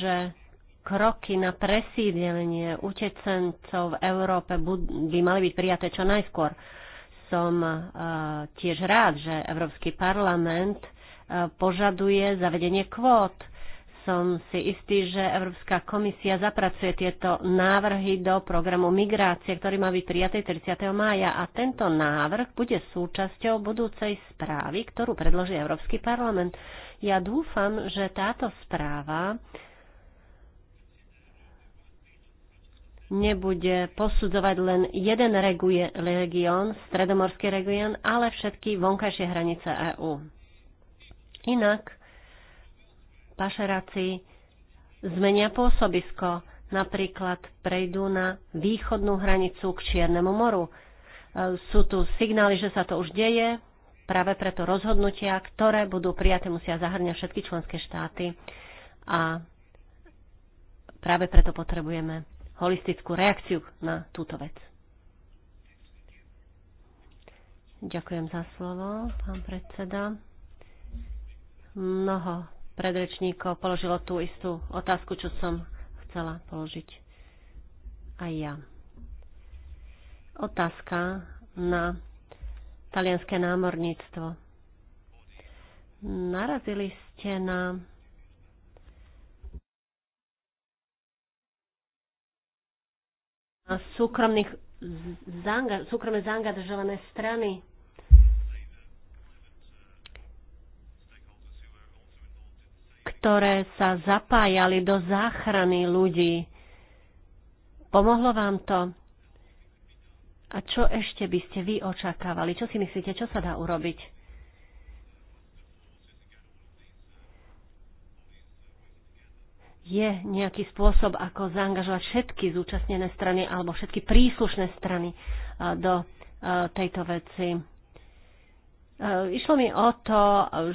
že kroky na presídlenie utečencov v Európe by mali byť prijaté čo najskôr. Som e, tiež rád, že Európsky parlament e, požaduje zavedenie kvót som si istý, že Európska komisia zapracuje tieto návrhy do programu migrácie, ktorý má byť prijatý 30. mája a tento návrh bude súčasťou budúcej správy, ktorú predloží Európsky parlament. Ja dúfam, že táto správa nebude posudzovať len jeden región, stredomorský región, ale všetky vonkajšie hranice EÚ. Inak pašeráci zmenia pôsobisko. Napríklad prejdú na východnú hranicu k Čiernemu moru. E, sú tu signály, že sa to už deje. Práve preto rozhodnutia, ktoré budú prijaté, musia zahrňať všetky členské štáty. A práve preto potrebujeme holistickú reakciu na túto vec. Ďakujem za slovo, pán predseda. Mnoho predrečníkov položilo tú istú otázku, čo som chcela položiť aj ja. Otázka na talianské námorníctvo. Narazili ste na súkromných, súkromné zaangažované strany ktoré sa zapájali do záchrany ľudí. Pomohlo vám to? A čo ešte by ste vy očakávali? Čo si myslíte, čo sa dá urobiť? Je nejaký spôsob, ako zaangažovať všetky zúčastnené strany alebo všetky príslušné strany do tejto veci? Eh, išlo mi o to,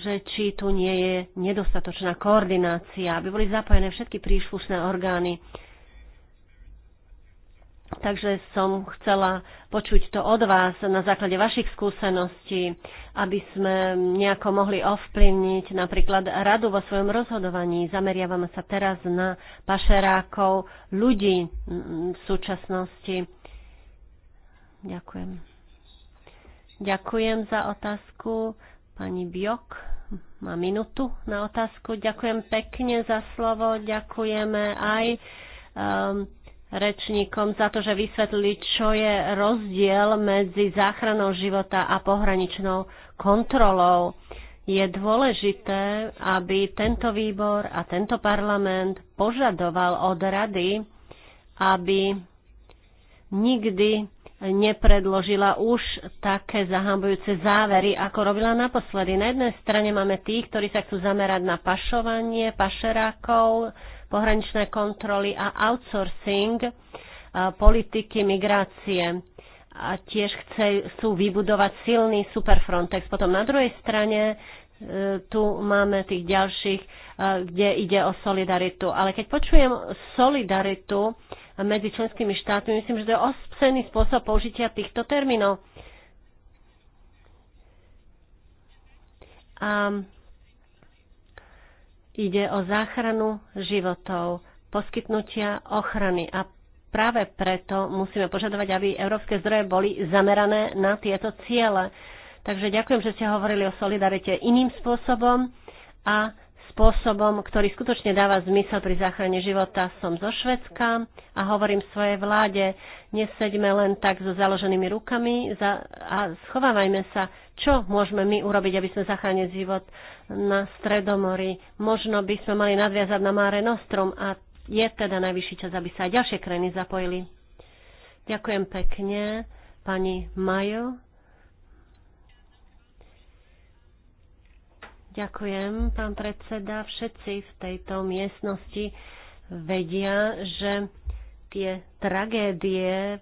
že či tu nie je nedostatočná koordinácia, aby boli zapojené všetky príslušné orgány. Takže som chcela počuť to od vás na základe vašich skúseností, aby sme nejako mohli ovplyvniť napríklad radu vo svojom rozhodovaní. Zameriavame sa teraz na pašerákov ľudí mm, mm, v súčasnosti. Ďakujem. Ďakujem za otázku. Pani Biok má minutu na otázku. Ďakujem pekne za slovo. Ďakujeme aj um, rečníkom za to, že vysvetlili, čo je rozdiel medzi záchranou života a pohraničnou kontrolou. Je dôležité, aby tento výbor a tento parlament požadoval od rady, aby nikdy nepredložila už také zahambujúce závery, ako robila naposledy. Na jednej strane máme tých, ktorí sa chcú zamerať na pašovanie pašerákov, pohraničné kontroly a outsourcing politiky migrácie a tiež chce, chcú vybudovať silný super Frontex. Potom na druhej strane e, tu máme tých ďalších, e, kde ide o solidaritu. Ale keď počujem solidaritu, medzi členskými štátmi. Myslím, že to je obscený spôsob použitia týchto termínov. A ide o záchranu životov, poskytnutia ochrany a práve preto musíme požadovať, aby európske zdroje boli zamerané na tieto ciele. Takže ďakujem, že ste hovorili o solidarite iným spôsobom a spôsobom, ktorý skutočne dáva zmysel pri záchrane života. Som zo Švedska a hovorím svojej vláde, neseďme len tak so založenými rukami a schovávajme sa, čo môžeme my urobiť, aby sme zachránili život na Stredomori. Možno by sme mali nadviazať na Mare Nostrum a je teda najvyšší čas, aby sa aj ďalšie krajiny zapojili. Ďakujem pekne, pani Majo. Ďakujem, pán predseda. Všetci v tejto miestnosti vedia, že tie tragédie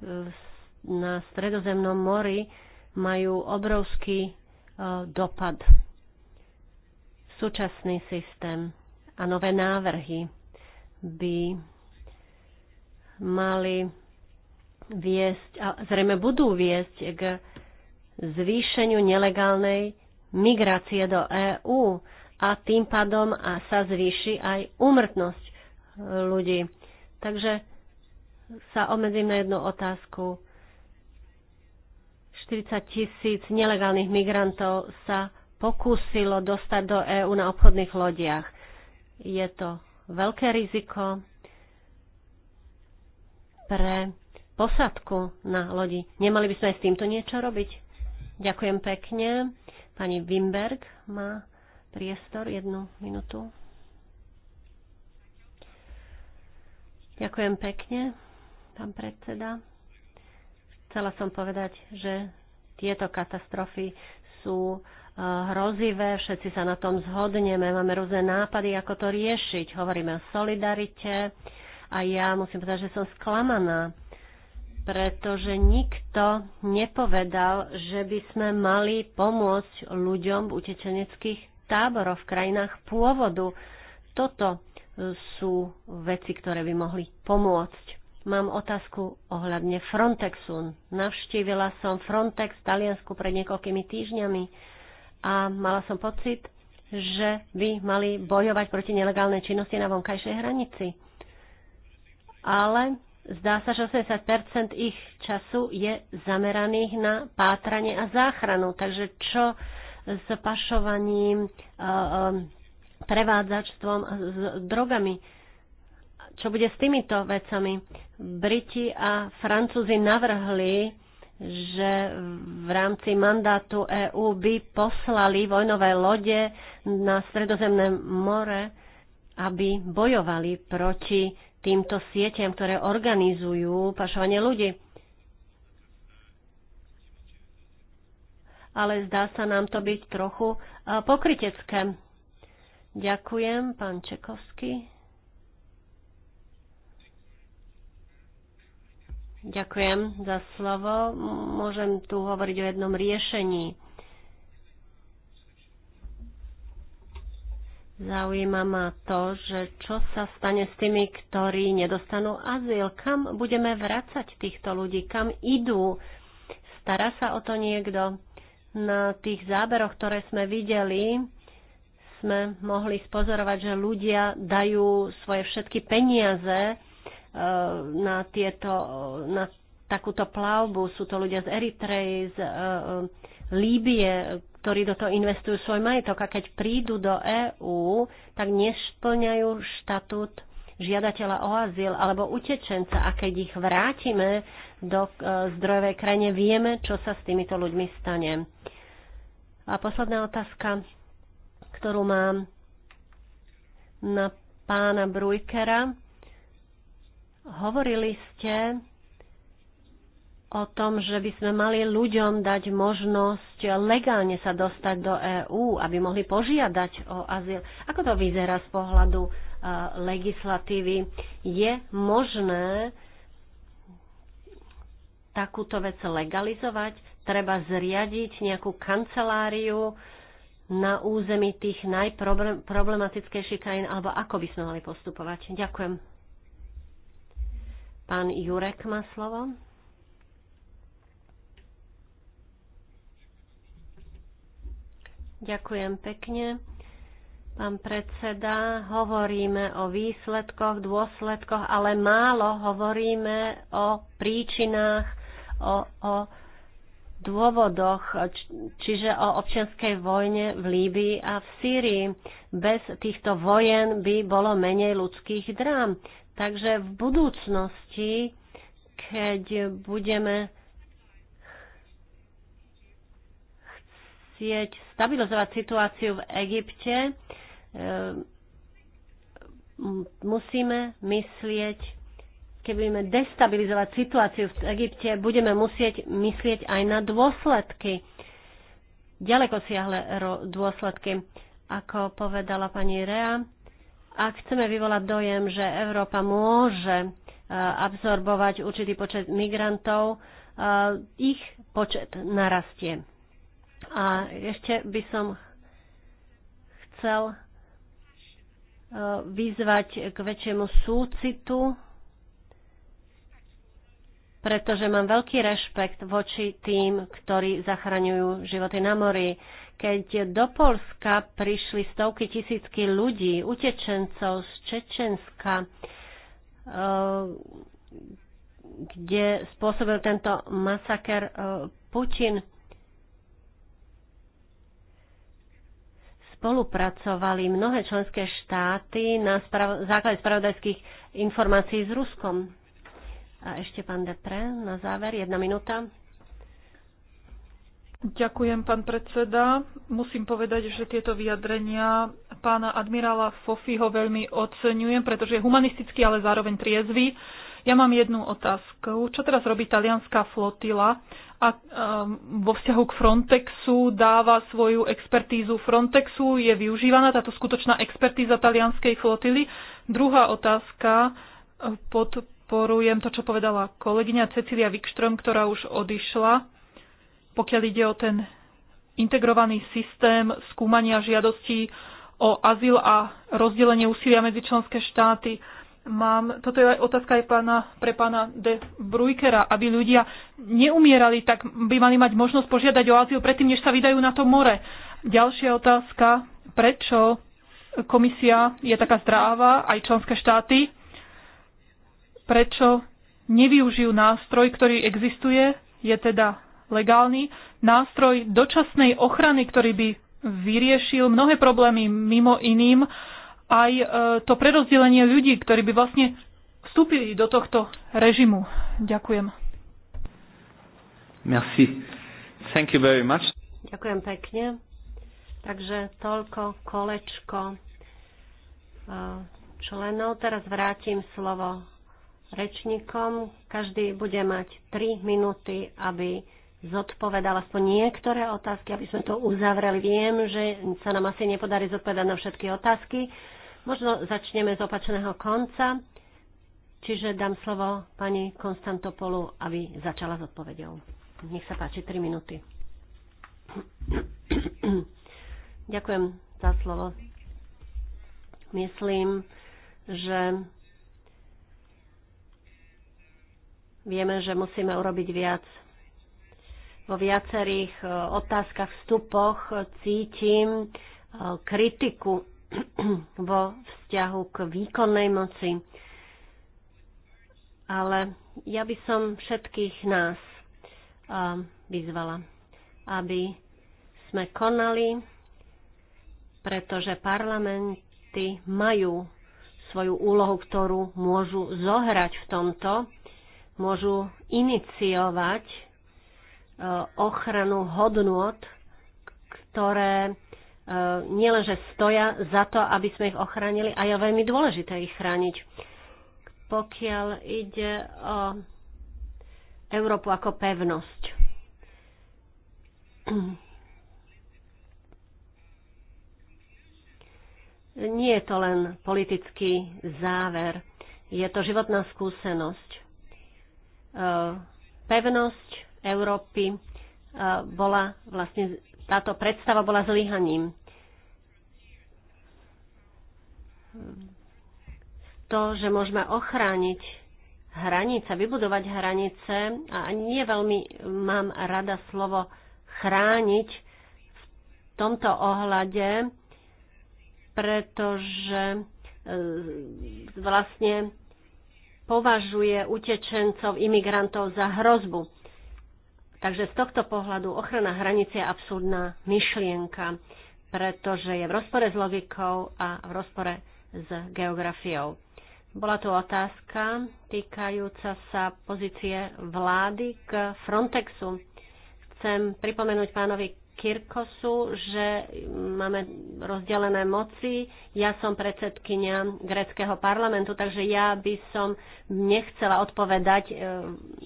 na Stredozemnom mori majú obrovský e, dopad. Súčasný systém a nové návrhy by mali viesť, a zrejme budú viesť k zvýšeniu nelegálnej migrácie do EÚ a tým pádom a sa zvýši aj úmrtnosť e, ľudí. Takže sa obmedzím na jednu otázku. 40 tisíc nelegálnych migrantov sa pokúsilo dostať do EÚ na obchodných lodiach. Je to veľké riziko pre posadku na lodi. Nemali by sme aj s týmto niečo robiť? Ďakujem pekne. Pani Wimberg má priestor, jednu minútu. Ďakujem pekne, pán predseda. Chcela som povedať, že tieto katastrofy sú eh, hrozivé, všetci sa na tom zhodneme, máme rôzne nápady, ako to riešiť. Hovoríme o solidarite a ja musím povedať, že som sklamaná pretože nikto nepovedal, že by sme mali pomôcť ľuďom v utečeneckých táboroch v krajinách pôvodu. Toto e, sú veci, ktoré by mohli pomôcť. Mám otázku ohľadne Frontexu. Navštívila som Frontex v Taliansku pred niekoľkými týždňami a mala som pocit, že by mali bojovať proti nelegálnej činnosti na vonkajšej hranici. Ale Zdá sa, že 80 ich času je zameraných na pátranie a záchranu. Takže čo s pašovaním, e, e, prevádzačstvom, s drogami? Čo bude s týmito vecami? Briti a Francúzi navrhli, že v rámci mandátu EÚ by poslali vojnové lode na Stredozemné more, aby bojovali proti týmto sieťam, ktoré organizujú pašovanie ľudí. Ale zdá sa nám to byť trochu pokrytecké. Ďakujem, pán Čekovský. Ďakujem za slovo. Môžem tu hovoriť o jednom riešení Zaujíma ma to, že čo sa stane s tými, ktorí nedostanú azyl. Kam budeme vracať týchto ľudí? Kam idú? Stará sa o to niekto? Na tých záberoch, ktoré sme videli, sme mohli spozorovať, že ľudia dajú svoje všetky peniaze e, na, tieto, na takúto plavbu. Sú to ľudia z Eritreji, z e, e, Líbie, ktorí do toho investujú svoj majetok a keď prídu do EÚ, tak nesplňajú štatút žiadateľa o azyl alebo utečenca a keď ich vrátime do e, zdrojovej krajine, vieme, čo sa s týmito ľuďmi stane. A posledná otázka, ktorú mám na pána Brujkera. Hovorili ste o tom, že by sme mali ľuďom dať možnosť legálne sa dostať do EÚ, aby mohli požiadať o azyl. Ako to vyzerá z pohľadu e, legislatívy? Je možné takúto vec legalizovať? Treba zriadiť nejakú kanceláriu na území tých najproblematickejších krajín, alebo ako by sme mali postupovať? Ďakujem. Pán Jurek má slovo. Ďakujem pekne. Pán predseda, hovoríme o výsledkoch, dôsledkoch, ale málo hovoríme o príčinách, o, o dôvodoch, čiže o občianskej vojne v Líbii a v Sýrii. Bez týchto vojen by bolo menej ľudských drám. Takže v budúcnosti, keď budeme chcieť stabilizovať situáciu v Egypte, e, musíme myslieť, keby budeme destabilizovať situáciu v Egypte, budeme musieť myslieť aj na dôsledky, ďaleko siahle dôsledky. Ako povedala pani Rea, ak chceme vyvolať dojem, že Európa môže e, absorbovať určitý počet migrantov, e, ich počet narastie. A ešte by som chcel e, vyzvať k väčšiemu súcitu, pretože mám veľký rešpekt voči tým, ktorí zachraňujú životy na mori. Keď do Polska prišli stovky tisícky ľudí, utečencov z Čečenska, e, kde spôsobil tento masaker e, Putin, spolupracovali mnohé členské štáty na sprav- základe spravodajských informácií s Ruskom. A ešte pán Depre, na záver, jedna minúta. Ďakujem, pán predseda. Musím povedať, že tieto vyjadrenia pána admirála Fofiho veľmi oceňujem, pretože je humanistický, ale zároveň triezvy. Ja mám jednu otázku. Čo teraz robí talianská flotila a um, vo vzťahu k Frontexu dáva svoju expertízu Frontexu, je využívaná táto skutočná expertíza talianskej flotily. Druhá otázka, uh, podporujem to, čo povedala kolegyňa Cecilia Wikström, ktorá už odišla, pokiaľ ide o ten integrovaný systém skúmania žiadostí o azyl a rozdelenie úsilia medzi členské štáty mám, toto je aj otázka aj pána, pre pána de Brujkera, aby ľudia neumierali, tak by mali mať možnosť požiadať o azyl predtým, než sa vydajú na to more. Ďalšia otázka, prečo komisia je taká zdráva, aj členské štáty, prečo nevyužijú nástroj, ktorý existuje, je teda legálny, nástroj dočasnej ochrany, ktorý by vyriešil mnohé problémy mimo iným, uh, aj e, to prerozdelenie ľudí, ktorí by vlastne vstúpili do tohto režimu. Ďakujem. Merci. Thank you very much. Ďakujem pekne. Takže toľko kolečko e, členov. Teraz vrátim slovo rečníkom. Každý bude mať 3 minúty, aby zodpovedal aspoň niektoré otázky, aby sme to uzavreli. Viem, že sa nám asi nepodarí zodpovedať na všetky otázky, Možno začneme z opačného konca, čiže dám slovo pani Konstantopolu, aby začala s odpovedou. Nech sa páči, 3 minúty. Ďakujem za slovo. Myslím, že vieme, že musíme urobiť viac. Vo viacerých eh, otázkach, vstupoch eh, cítim eh, kritiku vo vzťahu k výkonnej moci. Ale ja by som všetkých nás vyzvala, aby sme konali, pretože parlamenty majú svoju úlohu, ktorú môžu zohrať v tomto, môžu iniciovať e, ochranu hodnot, ktoré E, nielenže stoja za to, aby sme ich ochránili, a je veľmi dôležité ich chrániť. Pokiaľ ide o Európu ako pevnosť. Nie je to len politický záver, je to životná skúsenosť. E, pevnosť Európy e, bola vlastne táto predstava bola zlyhaním. To, že môžeme ochrániť hranice, vybudovať hranice, a nie veľmi mám rada slovo chrániť v tomto ohľade, pretože e, vlastne považuje utečencov, imigrantov za hrozbu. Takže z tohto pohľadu ochrana hranice je absurdná myšlienka, pretože je v rozpore s logikou a v rozpore s geografiou. Bola tu otázka týkajúca sa pozície vlády k Frontexu. Chcem pripomenúť pánovi Kirkosu, že máme rozdelené moci. Ja som predsedkynia greckého parlamentu, takže ja by som nechcela odpovedať e,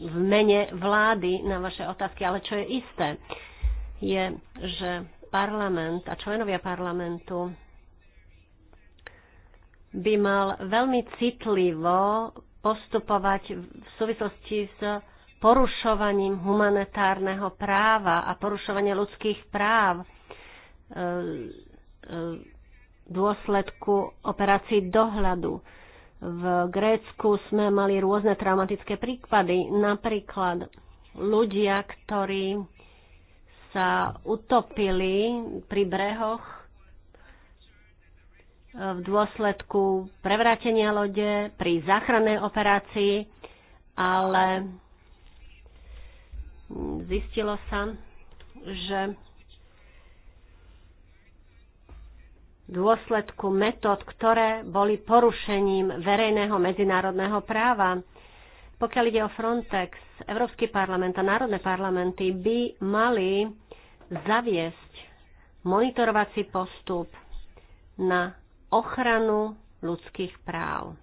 v mene vlády na vaše otázky, ale čo je isté, je, že parlament a členovia parlamentu by mal veľmi citlivo postupovať v súvislosti s porušovaním humanitárneho práva a porušovanie ľudských práv e, e, v dôsledku operácií dohľadu. V Grécku sme mali rôzne traumatické prípady, napríklad ľudia, ktorí sa utopili pri brehoch e, v dôsledku prevrátenia lode pri záchrannej operácii, ale Zistilo sa, že dôsledku metód, ktoré boli porušením verejného medzinárodného práva. Pokiaľ ide o Frontex, Európsky parlament a národné parlamenty by mali zaviesť monitorovací postup na ochranu ľudských práv.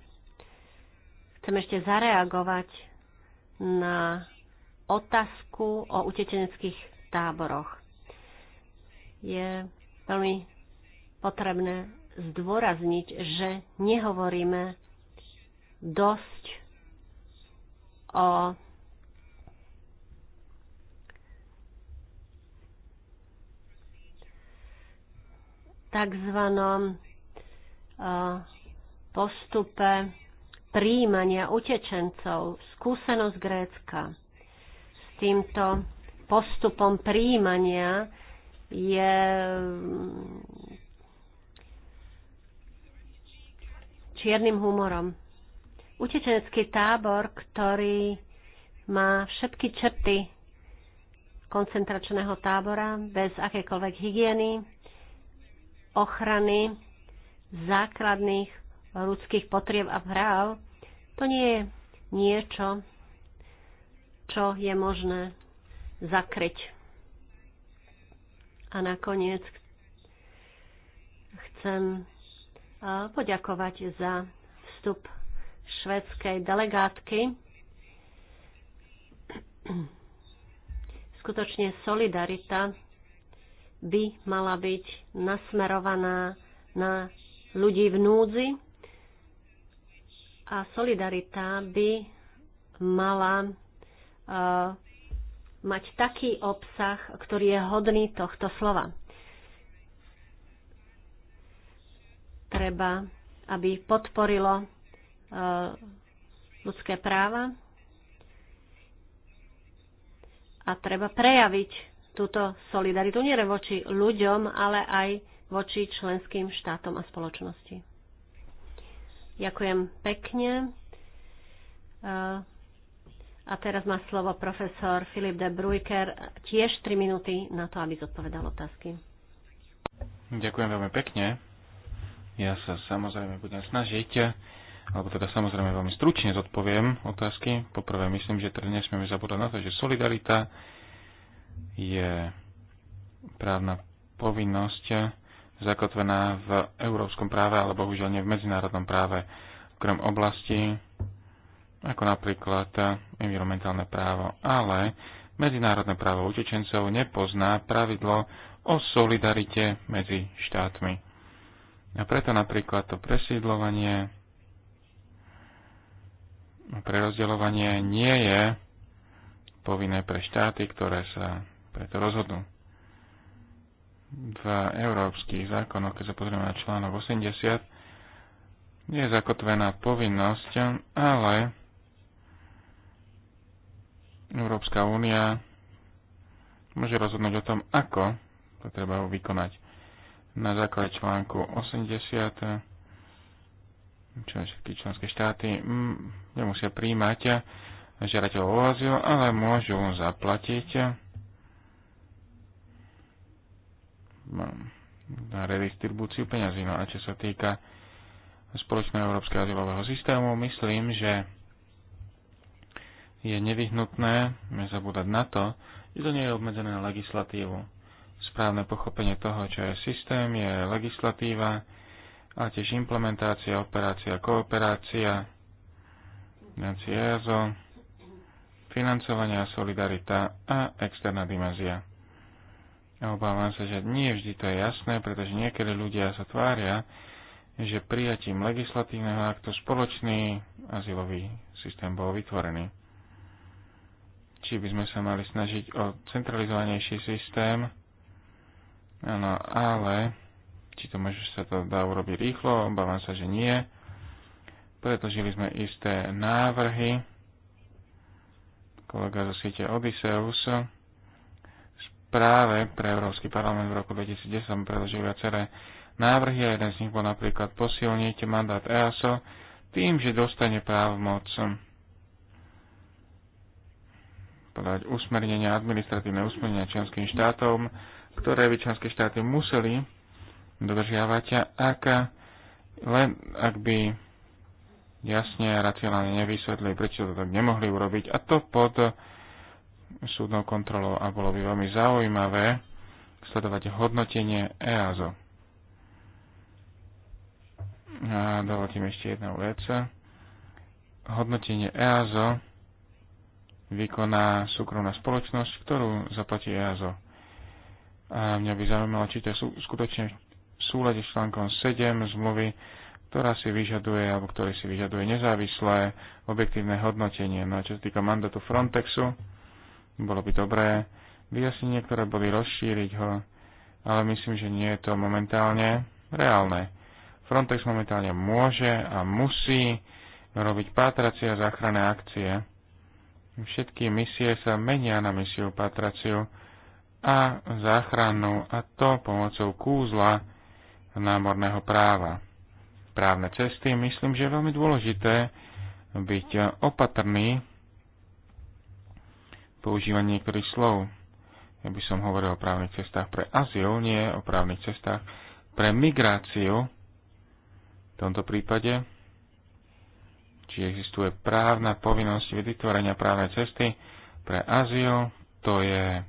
Chcem ešte zareagovať na otázku o utečeneckých táboroch. Je veľmi potrebné zdôrazniť, že nehovoríme dosť o takzvanom e, postupe príjmania utečencov, skúsenosť Grécka týmto postupom príjmania je mm, čiernym humorom. Utečenecký tábor, ktorý má všetky črty koncentračného tábora bez akékoľvek hygieny, ochrany základných ľudských potrieb a práv, to nie je niečo, čo je možné zakryť. A nakoniec chcem poďakovať za vstup švedskej delegátky. Skutočne solidarita by mala byť nasmerovaná na ľudí v núdzi a solidarita by mala Uh, mať taký obsah, ktorý je hodný tohto slova. Treba, aby podporilo uh, ľudské práva a treba prejaviť túto solidaritu nie voči ľuďom, ale aj voči členským štátom a spoločnosti. Ďakujem pekne. Uh, a teraz má slovo profesor Filip de Brujker, tiež 3 minúty na to, aby zodpovedal otázky. Ďakujem veľmi pekne. Ja sa samozrejme budem snažiť, alebo teda samozrejme veľmi stručne zodpoviem otázky. Poprvé, myslím, že teda nesmieme zabúdať na to, že solidarita je právna povinnosť zakotvená v európskom práve, ale bohužiaľ nie v medzinárodnom práve. Okrem oblasti ako napríklad environmentálne právo, ale medzinárodné právo utečencov nepozná pravidlo o solidarite medzi štátmi. A preto napríklad to presídlovanie, prerozdeľovanie nie je povinné pre štáty, ktoré sa preto rozhodnú. V európskych zákonoch, keď sa pozrieme na článok 80, je zakotvená povinnosť, ale Európska únia môže rozhodnúť o tom, ako to treba vykonať. Na základe článku 80 čo všetky členské štáty mm, nemusia príjmať žiadateľov o azyl, ale môžu zaplatiť mm, na redistribúciu peňazí. No a čo sa týka spoločného európskeho azylového systému, myslím, že je nevyhnutné nezabúdať na to, že to nie je obmedzené na legislatívu. Správne pochopenie toho, čo je systém, je legislatíva a tiež implementácia, operácia, kooperácia, financie EASO, financovania, solidarita a externá dimenzia. A obávam sa, že nie vždy to je jasné, pretože niekedy ľudia sa tvária, že prijatím legislatívneho aktu spoločný azylový systém bol vytvorený či by sme sa mali snažiť o centralizovanejší systém, áno, ale či to môže sa to dá urobiť rýchlo, obávam sa, že nie. Predložili sme isté návrhy. Kolega zo siete Odysseus práve pre Európsky parlament v roku 2010 predložil viaceré návrhy a jeden z nich bol napríklad posilniť mandát EASO tým, že dostane právomoc povedať, usmernenia, administratívne usmernenia členským štátom, ktoré by členské štáty museli dodržiavať, ak, len ak by jasne a racionálne nevysvetlili, prečo to tak nemohli urobiť. A to pod súdnou kontrolou a bolo by veľmi zaujímavé sledovať hodnotenie EASO. A dovolte mi ešte jednu vec. Hodnotenie EASO vykoná súkromná spoločnosť, ktorú zaplatí EASO. A mňa by zaujímalo, či to je skutočne v súlade s článkom 7 zmluvy, ktorá si vyžaduje, alebo ktorý si vyžaduje nezávislé objektívne hodnotenie. No a čo sa týka mandátu Frontexu, bolo by dobré vyjasniť niektoré boli rozšíriť ho, ale myslím, že nie je to momentálne reálne. Frontex momentálne môže a musí robiť pátracie a záchranné akcie, Všetky misie sa menia na misiu patraciu a záchranu, a to pomocou kúzla námorného práva. Právne cesty myslím, že je veľmi dôležité byť opatrný používaní niektorých slov. Ja by som hovoril o právnych cestách pre azyl, nie o právnych cestách pre migráciu v tomto prípade či existuje právna povinnosť vytvorenia právnej cesty pre azyl. To je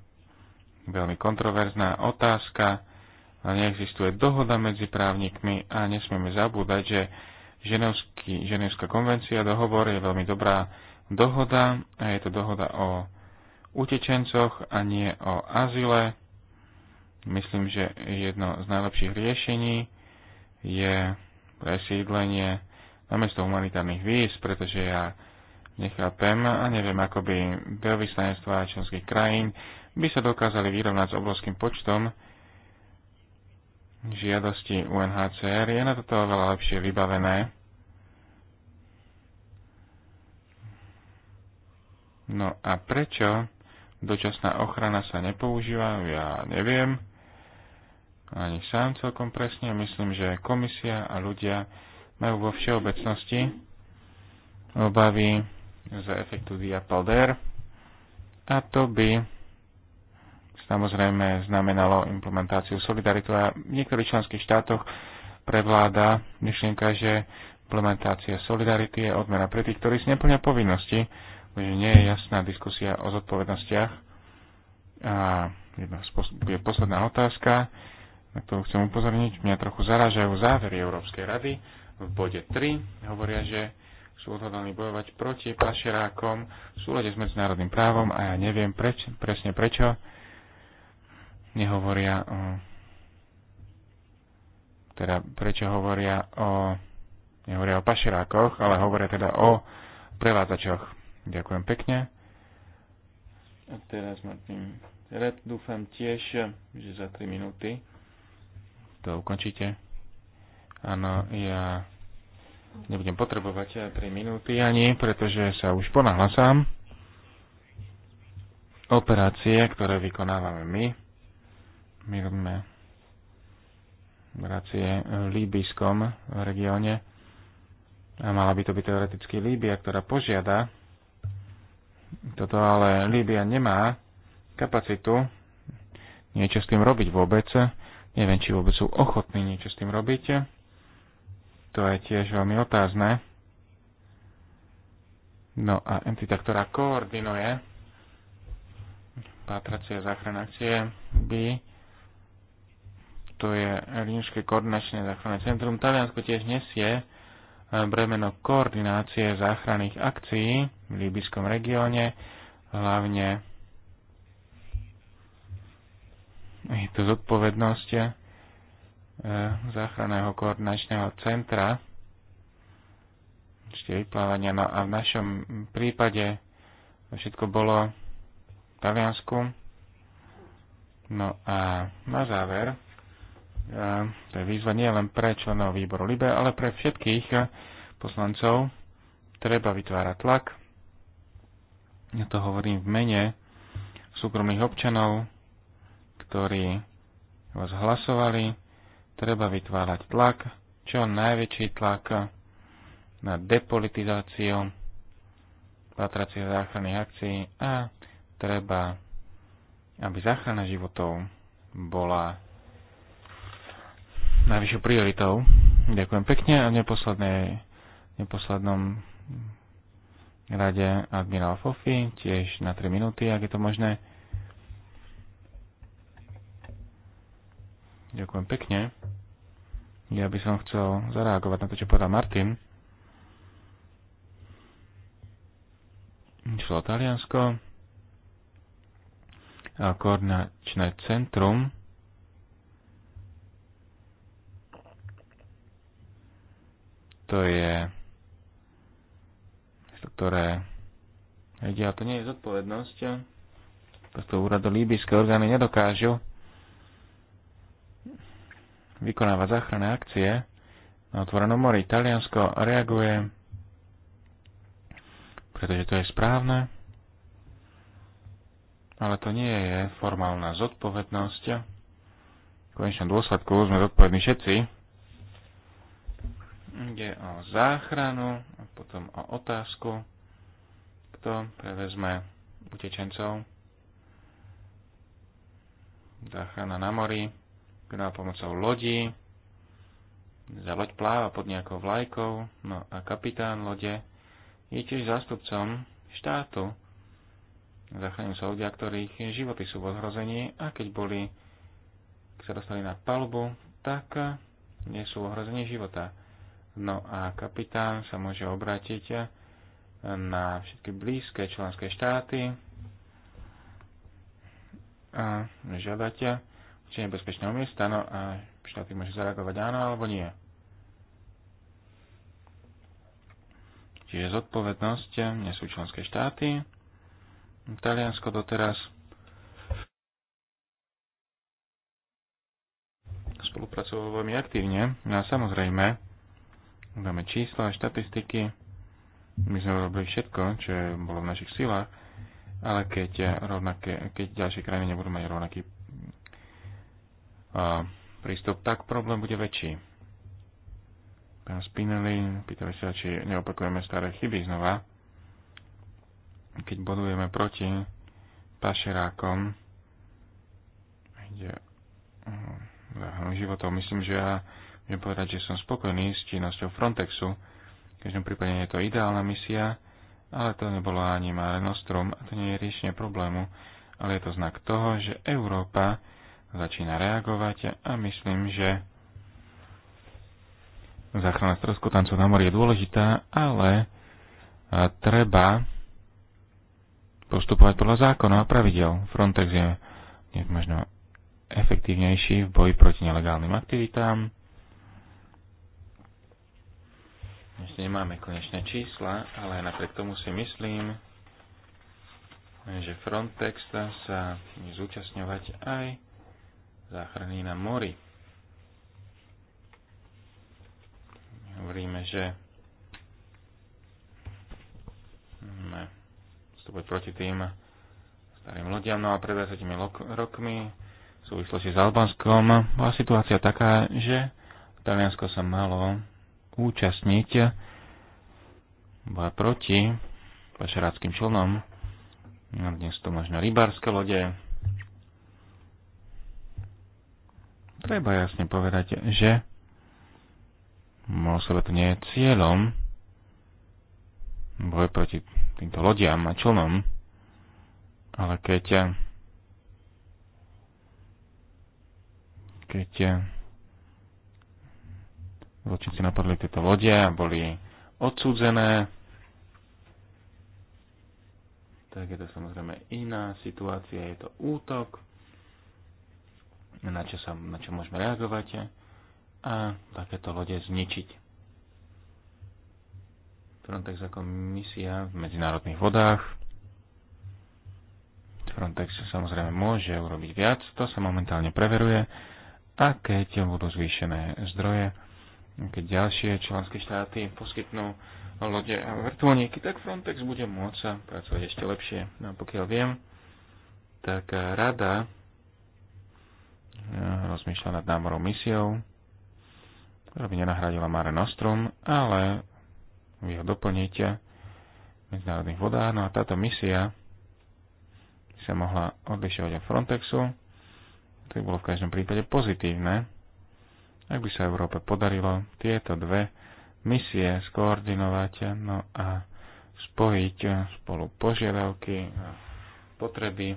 veľmi kontroverzná otázka. Neexistuje dohoda medzi právnikmi a nesmieme zabúdať, že Ženevský, Ženevská konvencia dohovor je veľmi dobrá dohoda a je to dohoda o utečencoch a nie o azile. Myslím, že jedno z najlepších riešení je presídlenie namiesto humanitárnych víz, pretože ja nechápem a neviem, ako by veľvyslanectvá členských krajín by sa dokázali vyrovnať s obrovským počtom žiadosti UNHCR. Je na toto oveľa lepšie vybavené. No a prečo dočasná ochrana sa nepoužíva, ja neviem. Ani sám celkom presne. Myslím, že komisia a ľudia majú vo všeobecnosti obavy z efektu diapoder a to by samozrejme znamenalo implementáciu solidaritu a v niektorých členských štátoch prevláda myšlienka, že implementácia solidarity je odmena pre tých, ktorí si neplňa povinnosti, že nie je jasná diskusia o zodpovednostiach. A jedna je posledná otázka, na ktorú chcem upozorniť. Mňa trochu zarážajú závery Európskej rady, v bode 3 hovoria, že sú odhodlaní bojovať proti pašerákom v súlade s medzinárodným právom a ja neviem preč, presne prečo nehovoria o teda prečo hovoria o nehovoria o pašerákoch, ale hovoria teda o prevádzačoch. Ďakujem pekne. A teraz Martin Red dúfam tiež, že za 3 minúty to ukončíte. Áno, ja nebudem potrebovať 3 minúty ani, pretože sa už ponahlasám. Operácie, ktoré vykonávame my, my robíme operácie v líbyskom regióne a mala by to byť teoreticky Líbia, ktorá požiada toto, ale Líbia nemá kapacitu niečo s tým robiť vôbec. Neviem, či vôbec sú ochotní niečo s tým robiť to je tiež veľmi otázne. No a entita, ktorá koordinuje pátracie a záchranné akcie, by to je Rímske koordinačné záchranné centrum. Taliansko tiež nesie eh, bremeno koordinácie záchranných akcií v líbyskom regióne, hlavne je to zodpovednosť eh, Eh, záchranného koordinačného centra, ešte vyplávania. No a v našom prípade všetko bolo v Taliansku. No a na záver, eh, to je výzva nie len pre členov výboru LIBE, ale pre všetkých poslancov, treba vytvárať tlak. Ja to hovorím v mene súkromných občanov, ktorí vás hlasovali, Treba vytvárať tlak, čo najväčší tlak na depolitizáciu patracie záchranných akcií a treba, aby záchrana životov bola najvyššou prioritou. Ďakujem pekne a v neposlednom rade admirál Fofi, tiež na 3 minúty, ak je to možné. Ďakujem pekne. Ja by som chcel zareagovať na to, čo povedal Martin. Išlo Taliansko a koordinačné centrum to je ktoré Ja, to nie je zodpovednosť. Prosto úrado líbyské orgány nedokážu vykonáva záchranné akcie na otvorenom mori. Taliansko reaguje, pretože to je správne, ale to nie je formálna zodpovednosť. V konečnom dôsledku sme zodpovední všetci. Ide o záchranu a potom o otázku, kto prevezme utečencov. Záchrana na mori ktorá pomocou lodi. za loď pláva pod nejakou vlajkou, no a kapitán lode je tiež zástupcom štátu. Zachránil sa ľudia, ktorých životy sú v ohrození a keď boli, keď sa dostali na palubu, tak nie sú ohrození života. No a kapitán sa môže obrátiť na všetky blízke členské štáty a žiadate či nebezpečného miesta, no a štáty môže zareagovať áno alebo nie. Čiže zodpovednosť nie sú členské štáty. Taliansko doteraz spolupracovalo veľmi aktívne. No a samozrejme, dáme čísla a štatistiky. My sme robili všetko, čo bolo v našich silách, ale keď, rovnaké, keď ďalšie krajiny nebudú mať rovnaký prístup, tak problém bude väčší. Pán Spinelli, pýtali sa, či neopakujeme staré chyby znova. Keď bodujeme proti pašerákom, ide hm, životov. Myslím, že ja môžem povedať, že som spokojný s činnosťou Frontexu. V každom prípade je to ideálna misia, ale to nebolo ani Mare Nostrum a to nie je riešenie problému, ale je to znak toho, že Európa začína reagovať a myslím, že záchrana stroskotancov na mori je dôležitá, ale treba postupovať podľa zákona a pravidel. Frontex je možno efektívnejší v boji proti nelegálnym aktivitám. Ešte nemáme konečné čísla, ale napriek tomu si myslím, že Frontex sa zúčastňovať aj záchrany na mori. Hovoríme, že máme vstúpať proti tým starým lodiam. No a pred 20 rokmi v súvislosti s Albánskom bola situácia taká, že Taliansko sa malo účastniť bola proti pašeráckým člnom. No, dnes to možno rybárske lode, treba jasne povedať, že nie je cieľom boj proti týmto lodiam a člnom, ale keď keď zločinci napadli tieto lode a boli odsudzené, tak je to samozrejme iná situácia, je to útok, na čo, sa, na čo môžeme reagovať a takéto lode zničiť. Frontex ako misia v medzinárodných vodách. Frontex samozrejme môže urobiť viac, to sa momentálne preveruje. A keď budú zvýšené zdroje, keď ďalšie členské štáty poskytnú lode a vrtulníky, tak Frontex bude môcť pracovať ešte lepšie. No a pokiaľ viem, tak rada rozmýšľa nad námorou misiou, ktorá by nenahradila Mare Nostrum, ale vy ho doplníte v medzinárodných vodách. No a táto misia sa mohla odlišovať od Frontexu. To by bolo v každom prípade pozitívne, ak by sa Európe podarilo tieto dve misie skoordinovať no a spojiť spolu požiadavky a potreby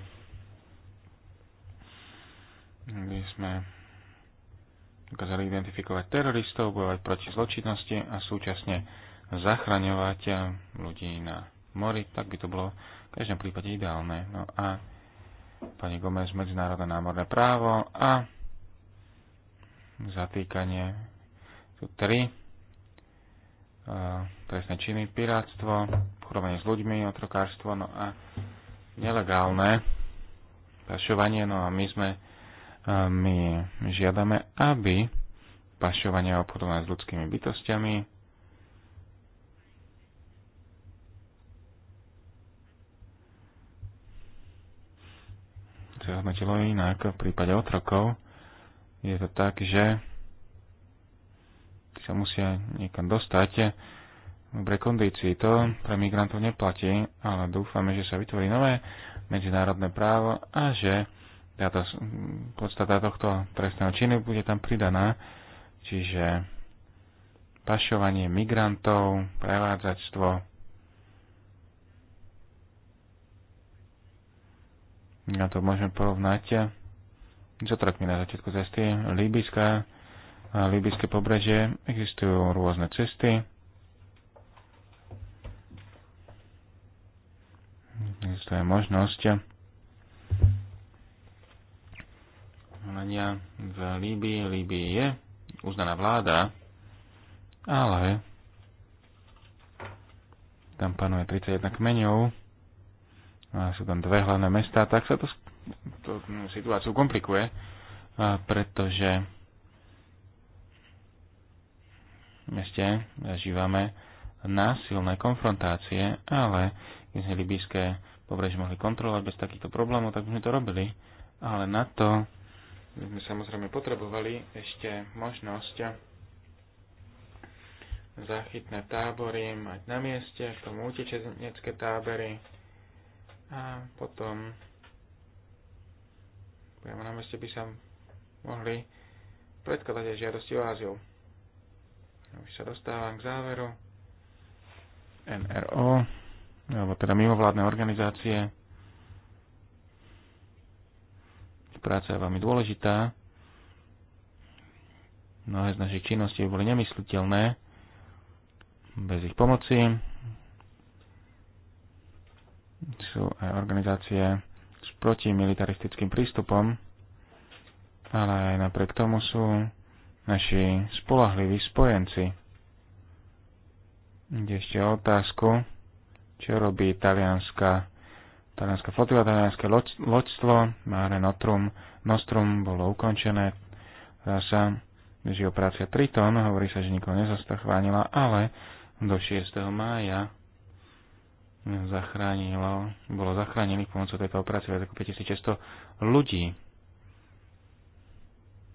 kde sme dokázali identifikovať teroristov, bojovať proti zločinnosti a súčasne zachraňovať ľudí na mori, tak by to bolo v každom prípade ideálne. No a pani Gomez, medzinárodné námorné právo a zatýkanie sú tri e, trestné činy, pirátstvo, chorovanie s ľuďmi, otrokárstvo, no a nelegálne pašovanie, no a my sme my žiadame, aby pašovanie a obchodovanie s ľudskými bytostiami sa hodnotilo inak v prípade otrokov. Je to tak, že sa musia niekam dostať v dobrej kondícii. To pre migrantov neplatí, ale dúfame, že sa vytvorí nové medzinárodné právo a že táto, podstata tohto trestného činu bude tam pridaná, čiže pašovanie migrantov, prevádzačstvo, na to môžeme porovnať s otrokmi na začiatku cesty. Líbyska, Líbyské pobrežie, existujú rôzne cesty, existuje možnosť Lenia v Líbii. Líbii je uznaná vláda, ale tam panuje 31 kmeňov a sú tam dve hlavné mestá, tak sa to, to situáciu komplikuje, pretože v meste zažívame násilné konfrontácie, ale keď sme libijské pobrežie mohli kontrolovať bez takýchto problémov, tak by sme to robili. Ale na to my sme samozrejme potrebovali ešte možnosť záchytné tábory mať na mieste, k tomu utečenecké tábory a potom priamo na mieste by sa mohli predkladať aj žiadosti o Áziu. Už sa dostávam k záveru. NRO, alebo teda mimovládne organizácie, práca je veľmi dôležitá. Mnohé z našich činností boli nemysliteľné bez ich pomoci. Sú aj organizácie s protimilitaristickým prístupom, ale aj napriek tomu sú naši spolahliví spojenci. Ide ešte o otázku, čo robí talianská talianská flotila, talianské loď, loďstvo, Mare Notrum, Nostrum bolo ukončené. Sa beží operácia Triton, hovorí sa, že nikoho nezastachvánila, ale do 6. mája zachránilo, bolo zachránených pomocou tejto operácie viac ako 5600 ľudí.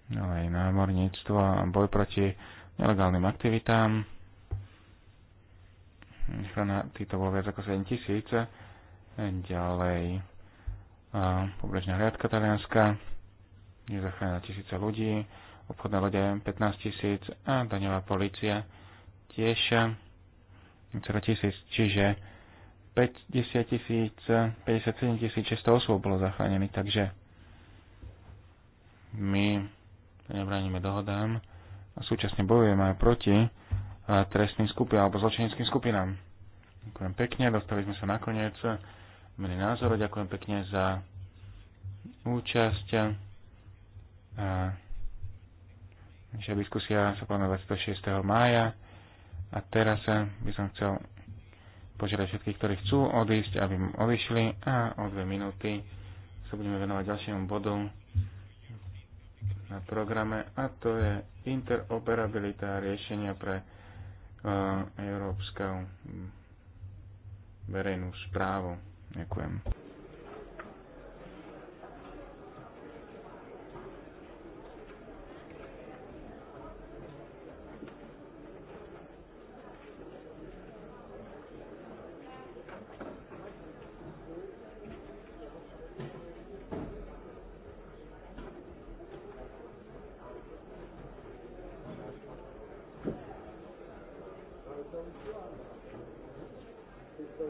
Ale aj námorníctvo a boj proti nelegálnym aktivitám. Týchto bolo viac ako 7000 ďalej pobrežná hliadka Talianska, je tisíce ľudí, obchodné lode 15 tisíc a daňová policia tiež celé tisíc, čiže 50 tisíc, 57 tisíc 600 osôb bolo zachránených, takže my nebraníme dohodám a súčasne bojujeme aj proti trestným skupinám alebo zločineckým skupinám. Ďakujem pekne, dostali sme sa nakoniec mili názor. Ďakujem pekne za účasť. A naša diskusia sa pláme 26. mája. A teraz by som chcel požiadať všetkých, ktorí chcú odísť, aby odišli a o dve minúty sa budeme venovať ďalšiemu bodu na programe a to je interoperabilita riešenia pre uh, verejnú správu. Ďakujem. Thank you.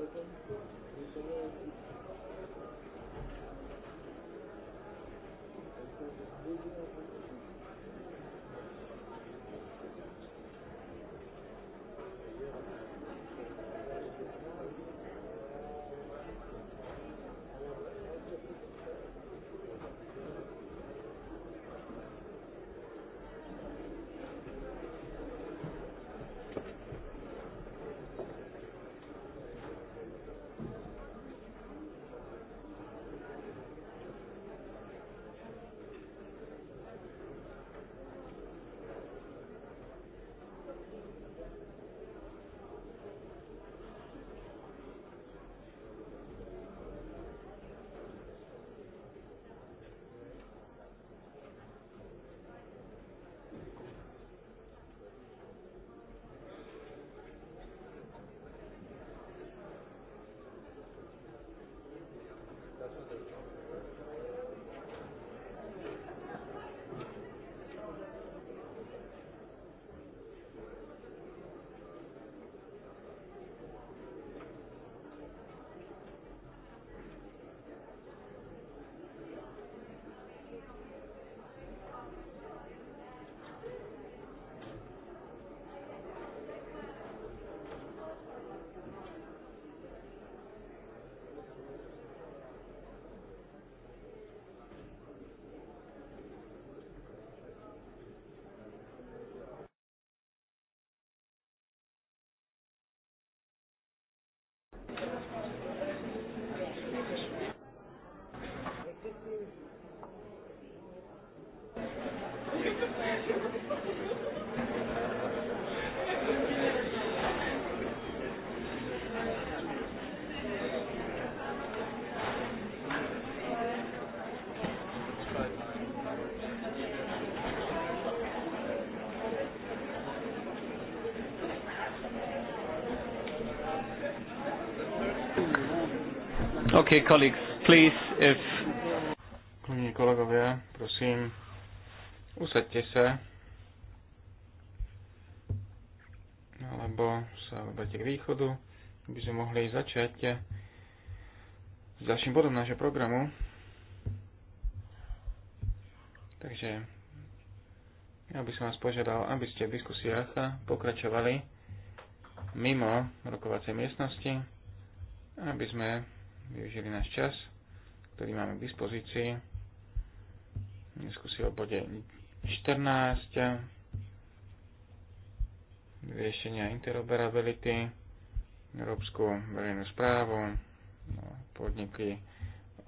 Okay, colleagues, please, if... Kolegyne, kolegovia, prosím, usaďte sa, alebo sa obete k východu, aby sme mohli začať s ďalším bodom nášho programu. Takže ja by som vás požiadal, aby ste v diskusiách pokračovali mimo rokovacej miestnosti, aby sme využili náš čas, ktorý máme k dispozícii. Diskusia o bode 14, riešenia interoperability, európsku verejnú správu, no, podniky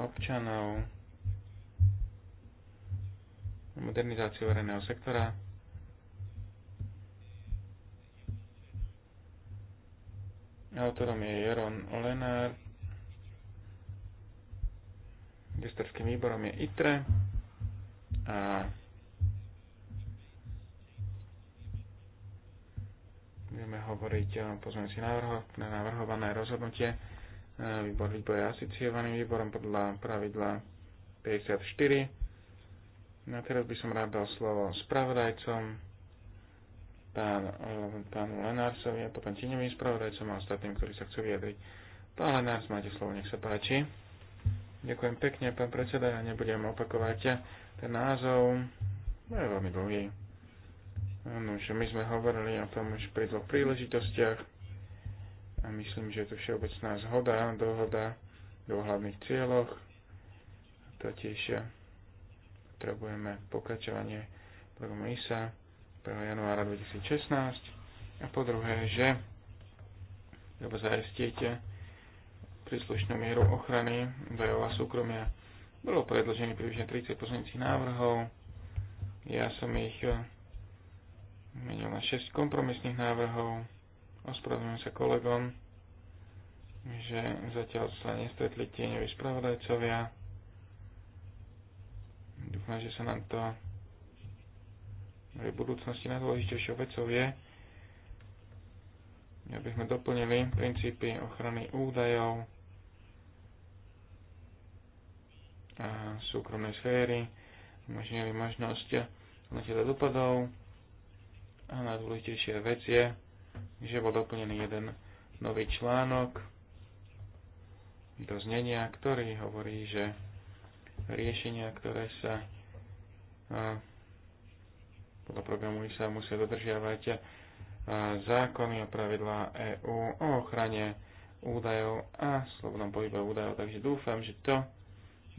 občanov, modernizáciu verejného sektora, Autorom je Jaron Lenard. Gestorským výborom je ITRE a budeme hovoriť o pozmeňujúcich návrhoch na navrhované rozhodnutie. E, výbor výbor je asociovaným výborom podľa pravidla 54. No a teraz by som rád dal slovo spravodajcom, pán, e, pánu Lenársovi a potom tieňovým spravodajcom a ostatným, ktorí sa chcú vyjadriť. Pán Lenárs, máte slovo, nech sa páči. Ďakujem pekne, pán predseda. Ja nebudem opakovať ten názov. No je veľmi dlhý. No, že my sme hovorili o tom už pri dvoch príležitostiach a myslím, že je to všeobecná zhoda, dohoda o hlavných cieľoch. Totiž potrebujeme pokračovanie programu ISA 1. januára 2016 a po druhé, že treba zaistiť príslušnú mieru ochrany údajov a súkromia. Bolo predložený približne 30 pozmeňujúcich návrhov. Ja som ich eh, menil na 6 kompromisných návrhov. Ospravedlňujem sa kolegom, že zatiaľ sa nestretli tieňoví spravodajcovia. Dúfam, že sa nám to v budúcnosti najdôležitejšou vecou je, aby sme doplnili princípy ochrany údajov, súkromnej sféry, umožnili možnosť letieť dopadov a najdôležitejšia vec je, že bol doplnený jeden nový článok do znenia, ktorý hovorí, že riešenia, ktoré sa podľa programu sa musia dodržiavať zákony a pravidlá EÚ o ochrane údajov a slobodnom pohybe údajov. Takže dúfam, že to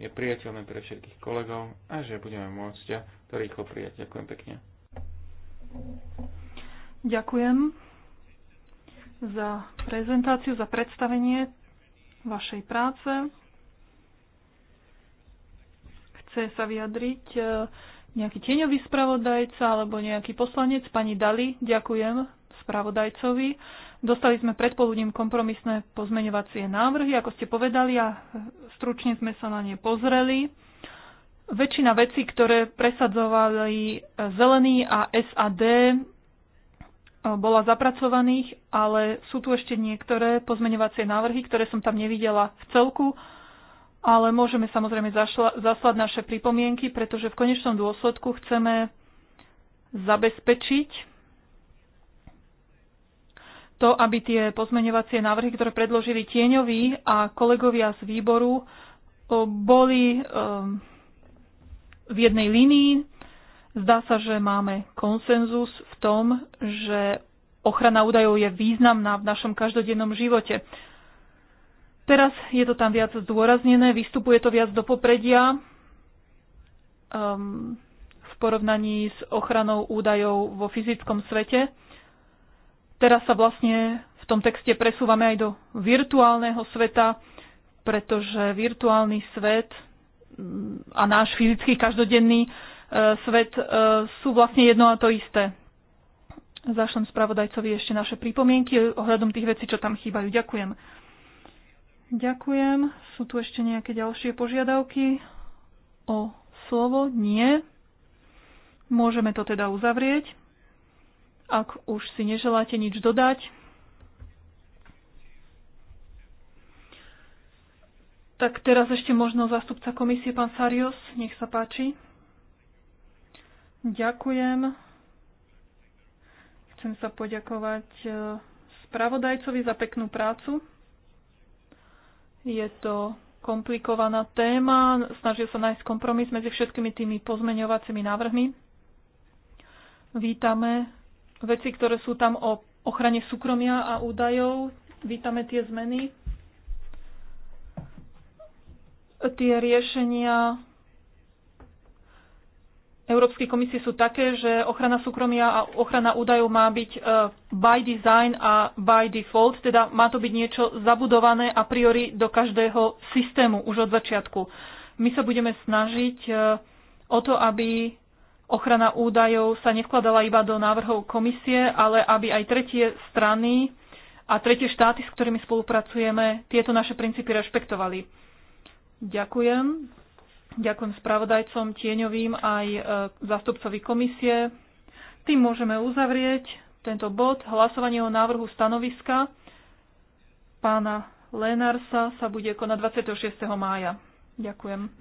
je priateľné pre všetkých kolegov a že budeme môcť to rýchlo prijať. Ďakujem pekne. Ďakujem za prezentáciu, za predstavenie vašej práce. Chce sa vyjadriť e, nejaký tieňový spravodajca alebo nejaký poslanec. Pani Dali, ďakujem spravodajcovi. Dostali sme predpoludním kompromisné pozmeňovacie návrhy, ako ste povedali, a stručne sme sa na ne pozreli. Väčšina vecí, ktoré presadzovali Zelený a SAD, bola zapracovaných, ale sú tu ešte niektoré pozmeňovacie návrhy, ktoré som tam nevidela v celku, ale môžeme samozrejme zašla, zaslať naše pripomienky, pretože v konečnom dôsledku chceme zabezpečiť, to, aby tie pozmeňovacie návrhy, ktoré predložili tieňoví a kolegovia z výboru, boli v jednej línii. Zdá sa, že máme konsenzus v tom, že ochrana údajov je významná v našom každodennom živote. Teraz je to tam viac zdôraznené, vystupuje to viac do popredia um, v porovnaní s ochranou údajov vo fyzickom svete. Teraz sa vlastne v tom texte presúvame aj do virtuálneho sveta, pretože virtuálny svet mm, a náš fyzický každodenný e, svet e, sú vlastne jedno a to isté. Zašlem spravodajcovi ešte naše pripomienky ohľadom tých vecí, čo tam chýbajú. Ďakujem. Ďakujem. Sú tu ešte nejaké ďalšie požiadavky o slovo? Nie. Môžeme to teda uzavrieť. Ak už si neželáte nič dodať, tak teraz ešte možno zástupca komisie, pán Sarios, nech sa páči. Ďakujem. Chcem sa poďakovať e, spravodajcovi za peknú prácu. Je to komplikovaná téma, snažil sa nájsť kompromis medzi všetkými tými pozmeňovacími návrhmi. Vítame veci, ktoré sú tam o ochrane súkromia a údajov. Vítame tie zmeny. Tie riešenia Európskej komisie sú také, že ochrana súkromia a ochrana údajov má byť e, by design a by default, teda má to byť niečo zabudované a priori do každého systému už od začiatku. My sa budeme snažiť e, o to, aby ochrana údajov sa nevkladala iba do návrhov komisie, ale aby aj tretie strany a tretie štáty, s ktorými spolupracujeme, tieto naše princípy rešpektovali. Ďakujem. Ďakujem spravodajcom, tieňovým aj e, zástupcovi komisie. Tým môžeme uzavrieť tento bod. Hlasovanie o návrhu stanoviska pána Lenarsa sa bude konať 26. mája. Ďakujem.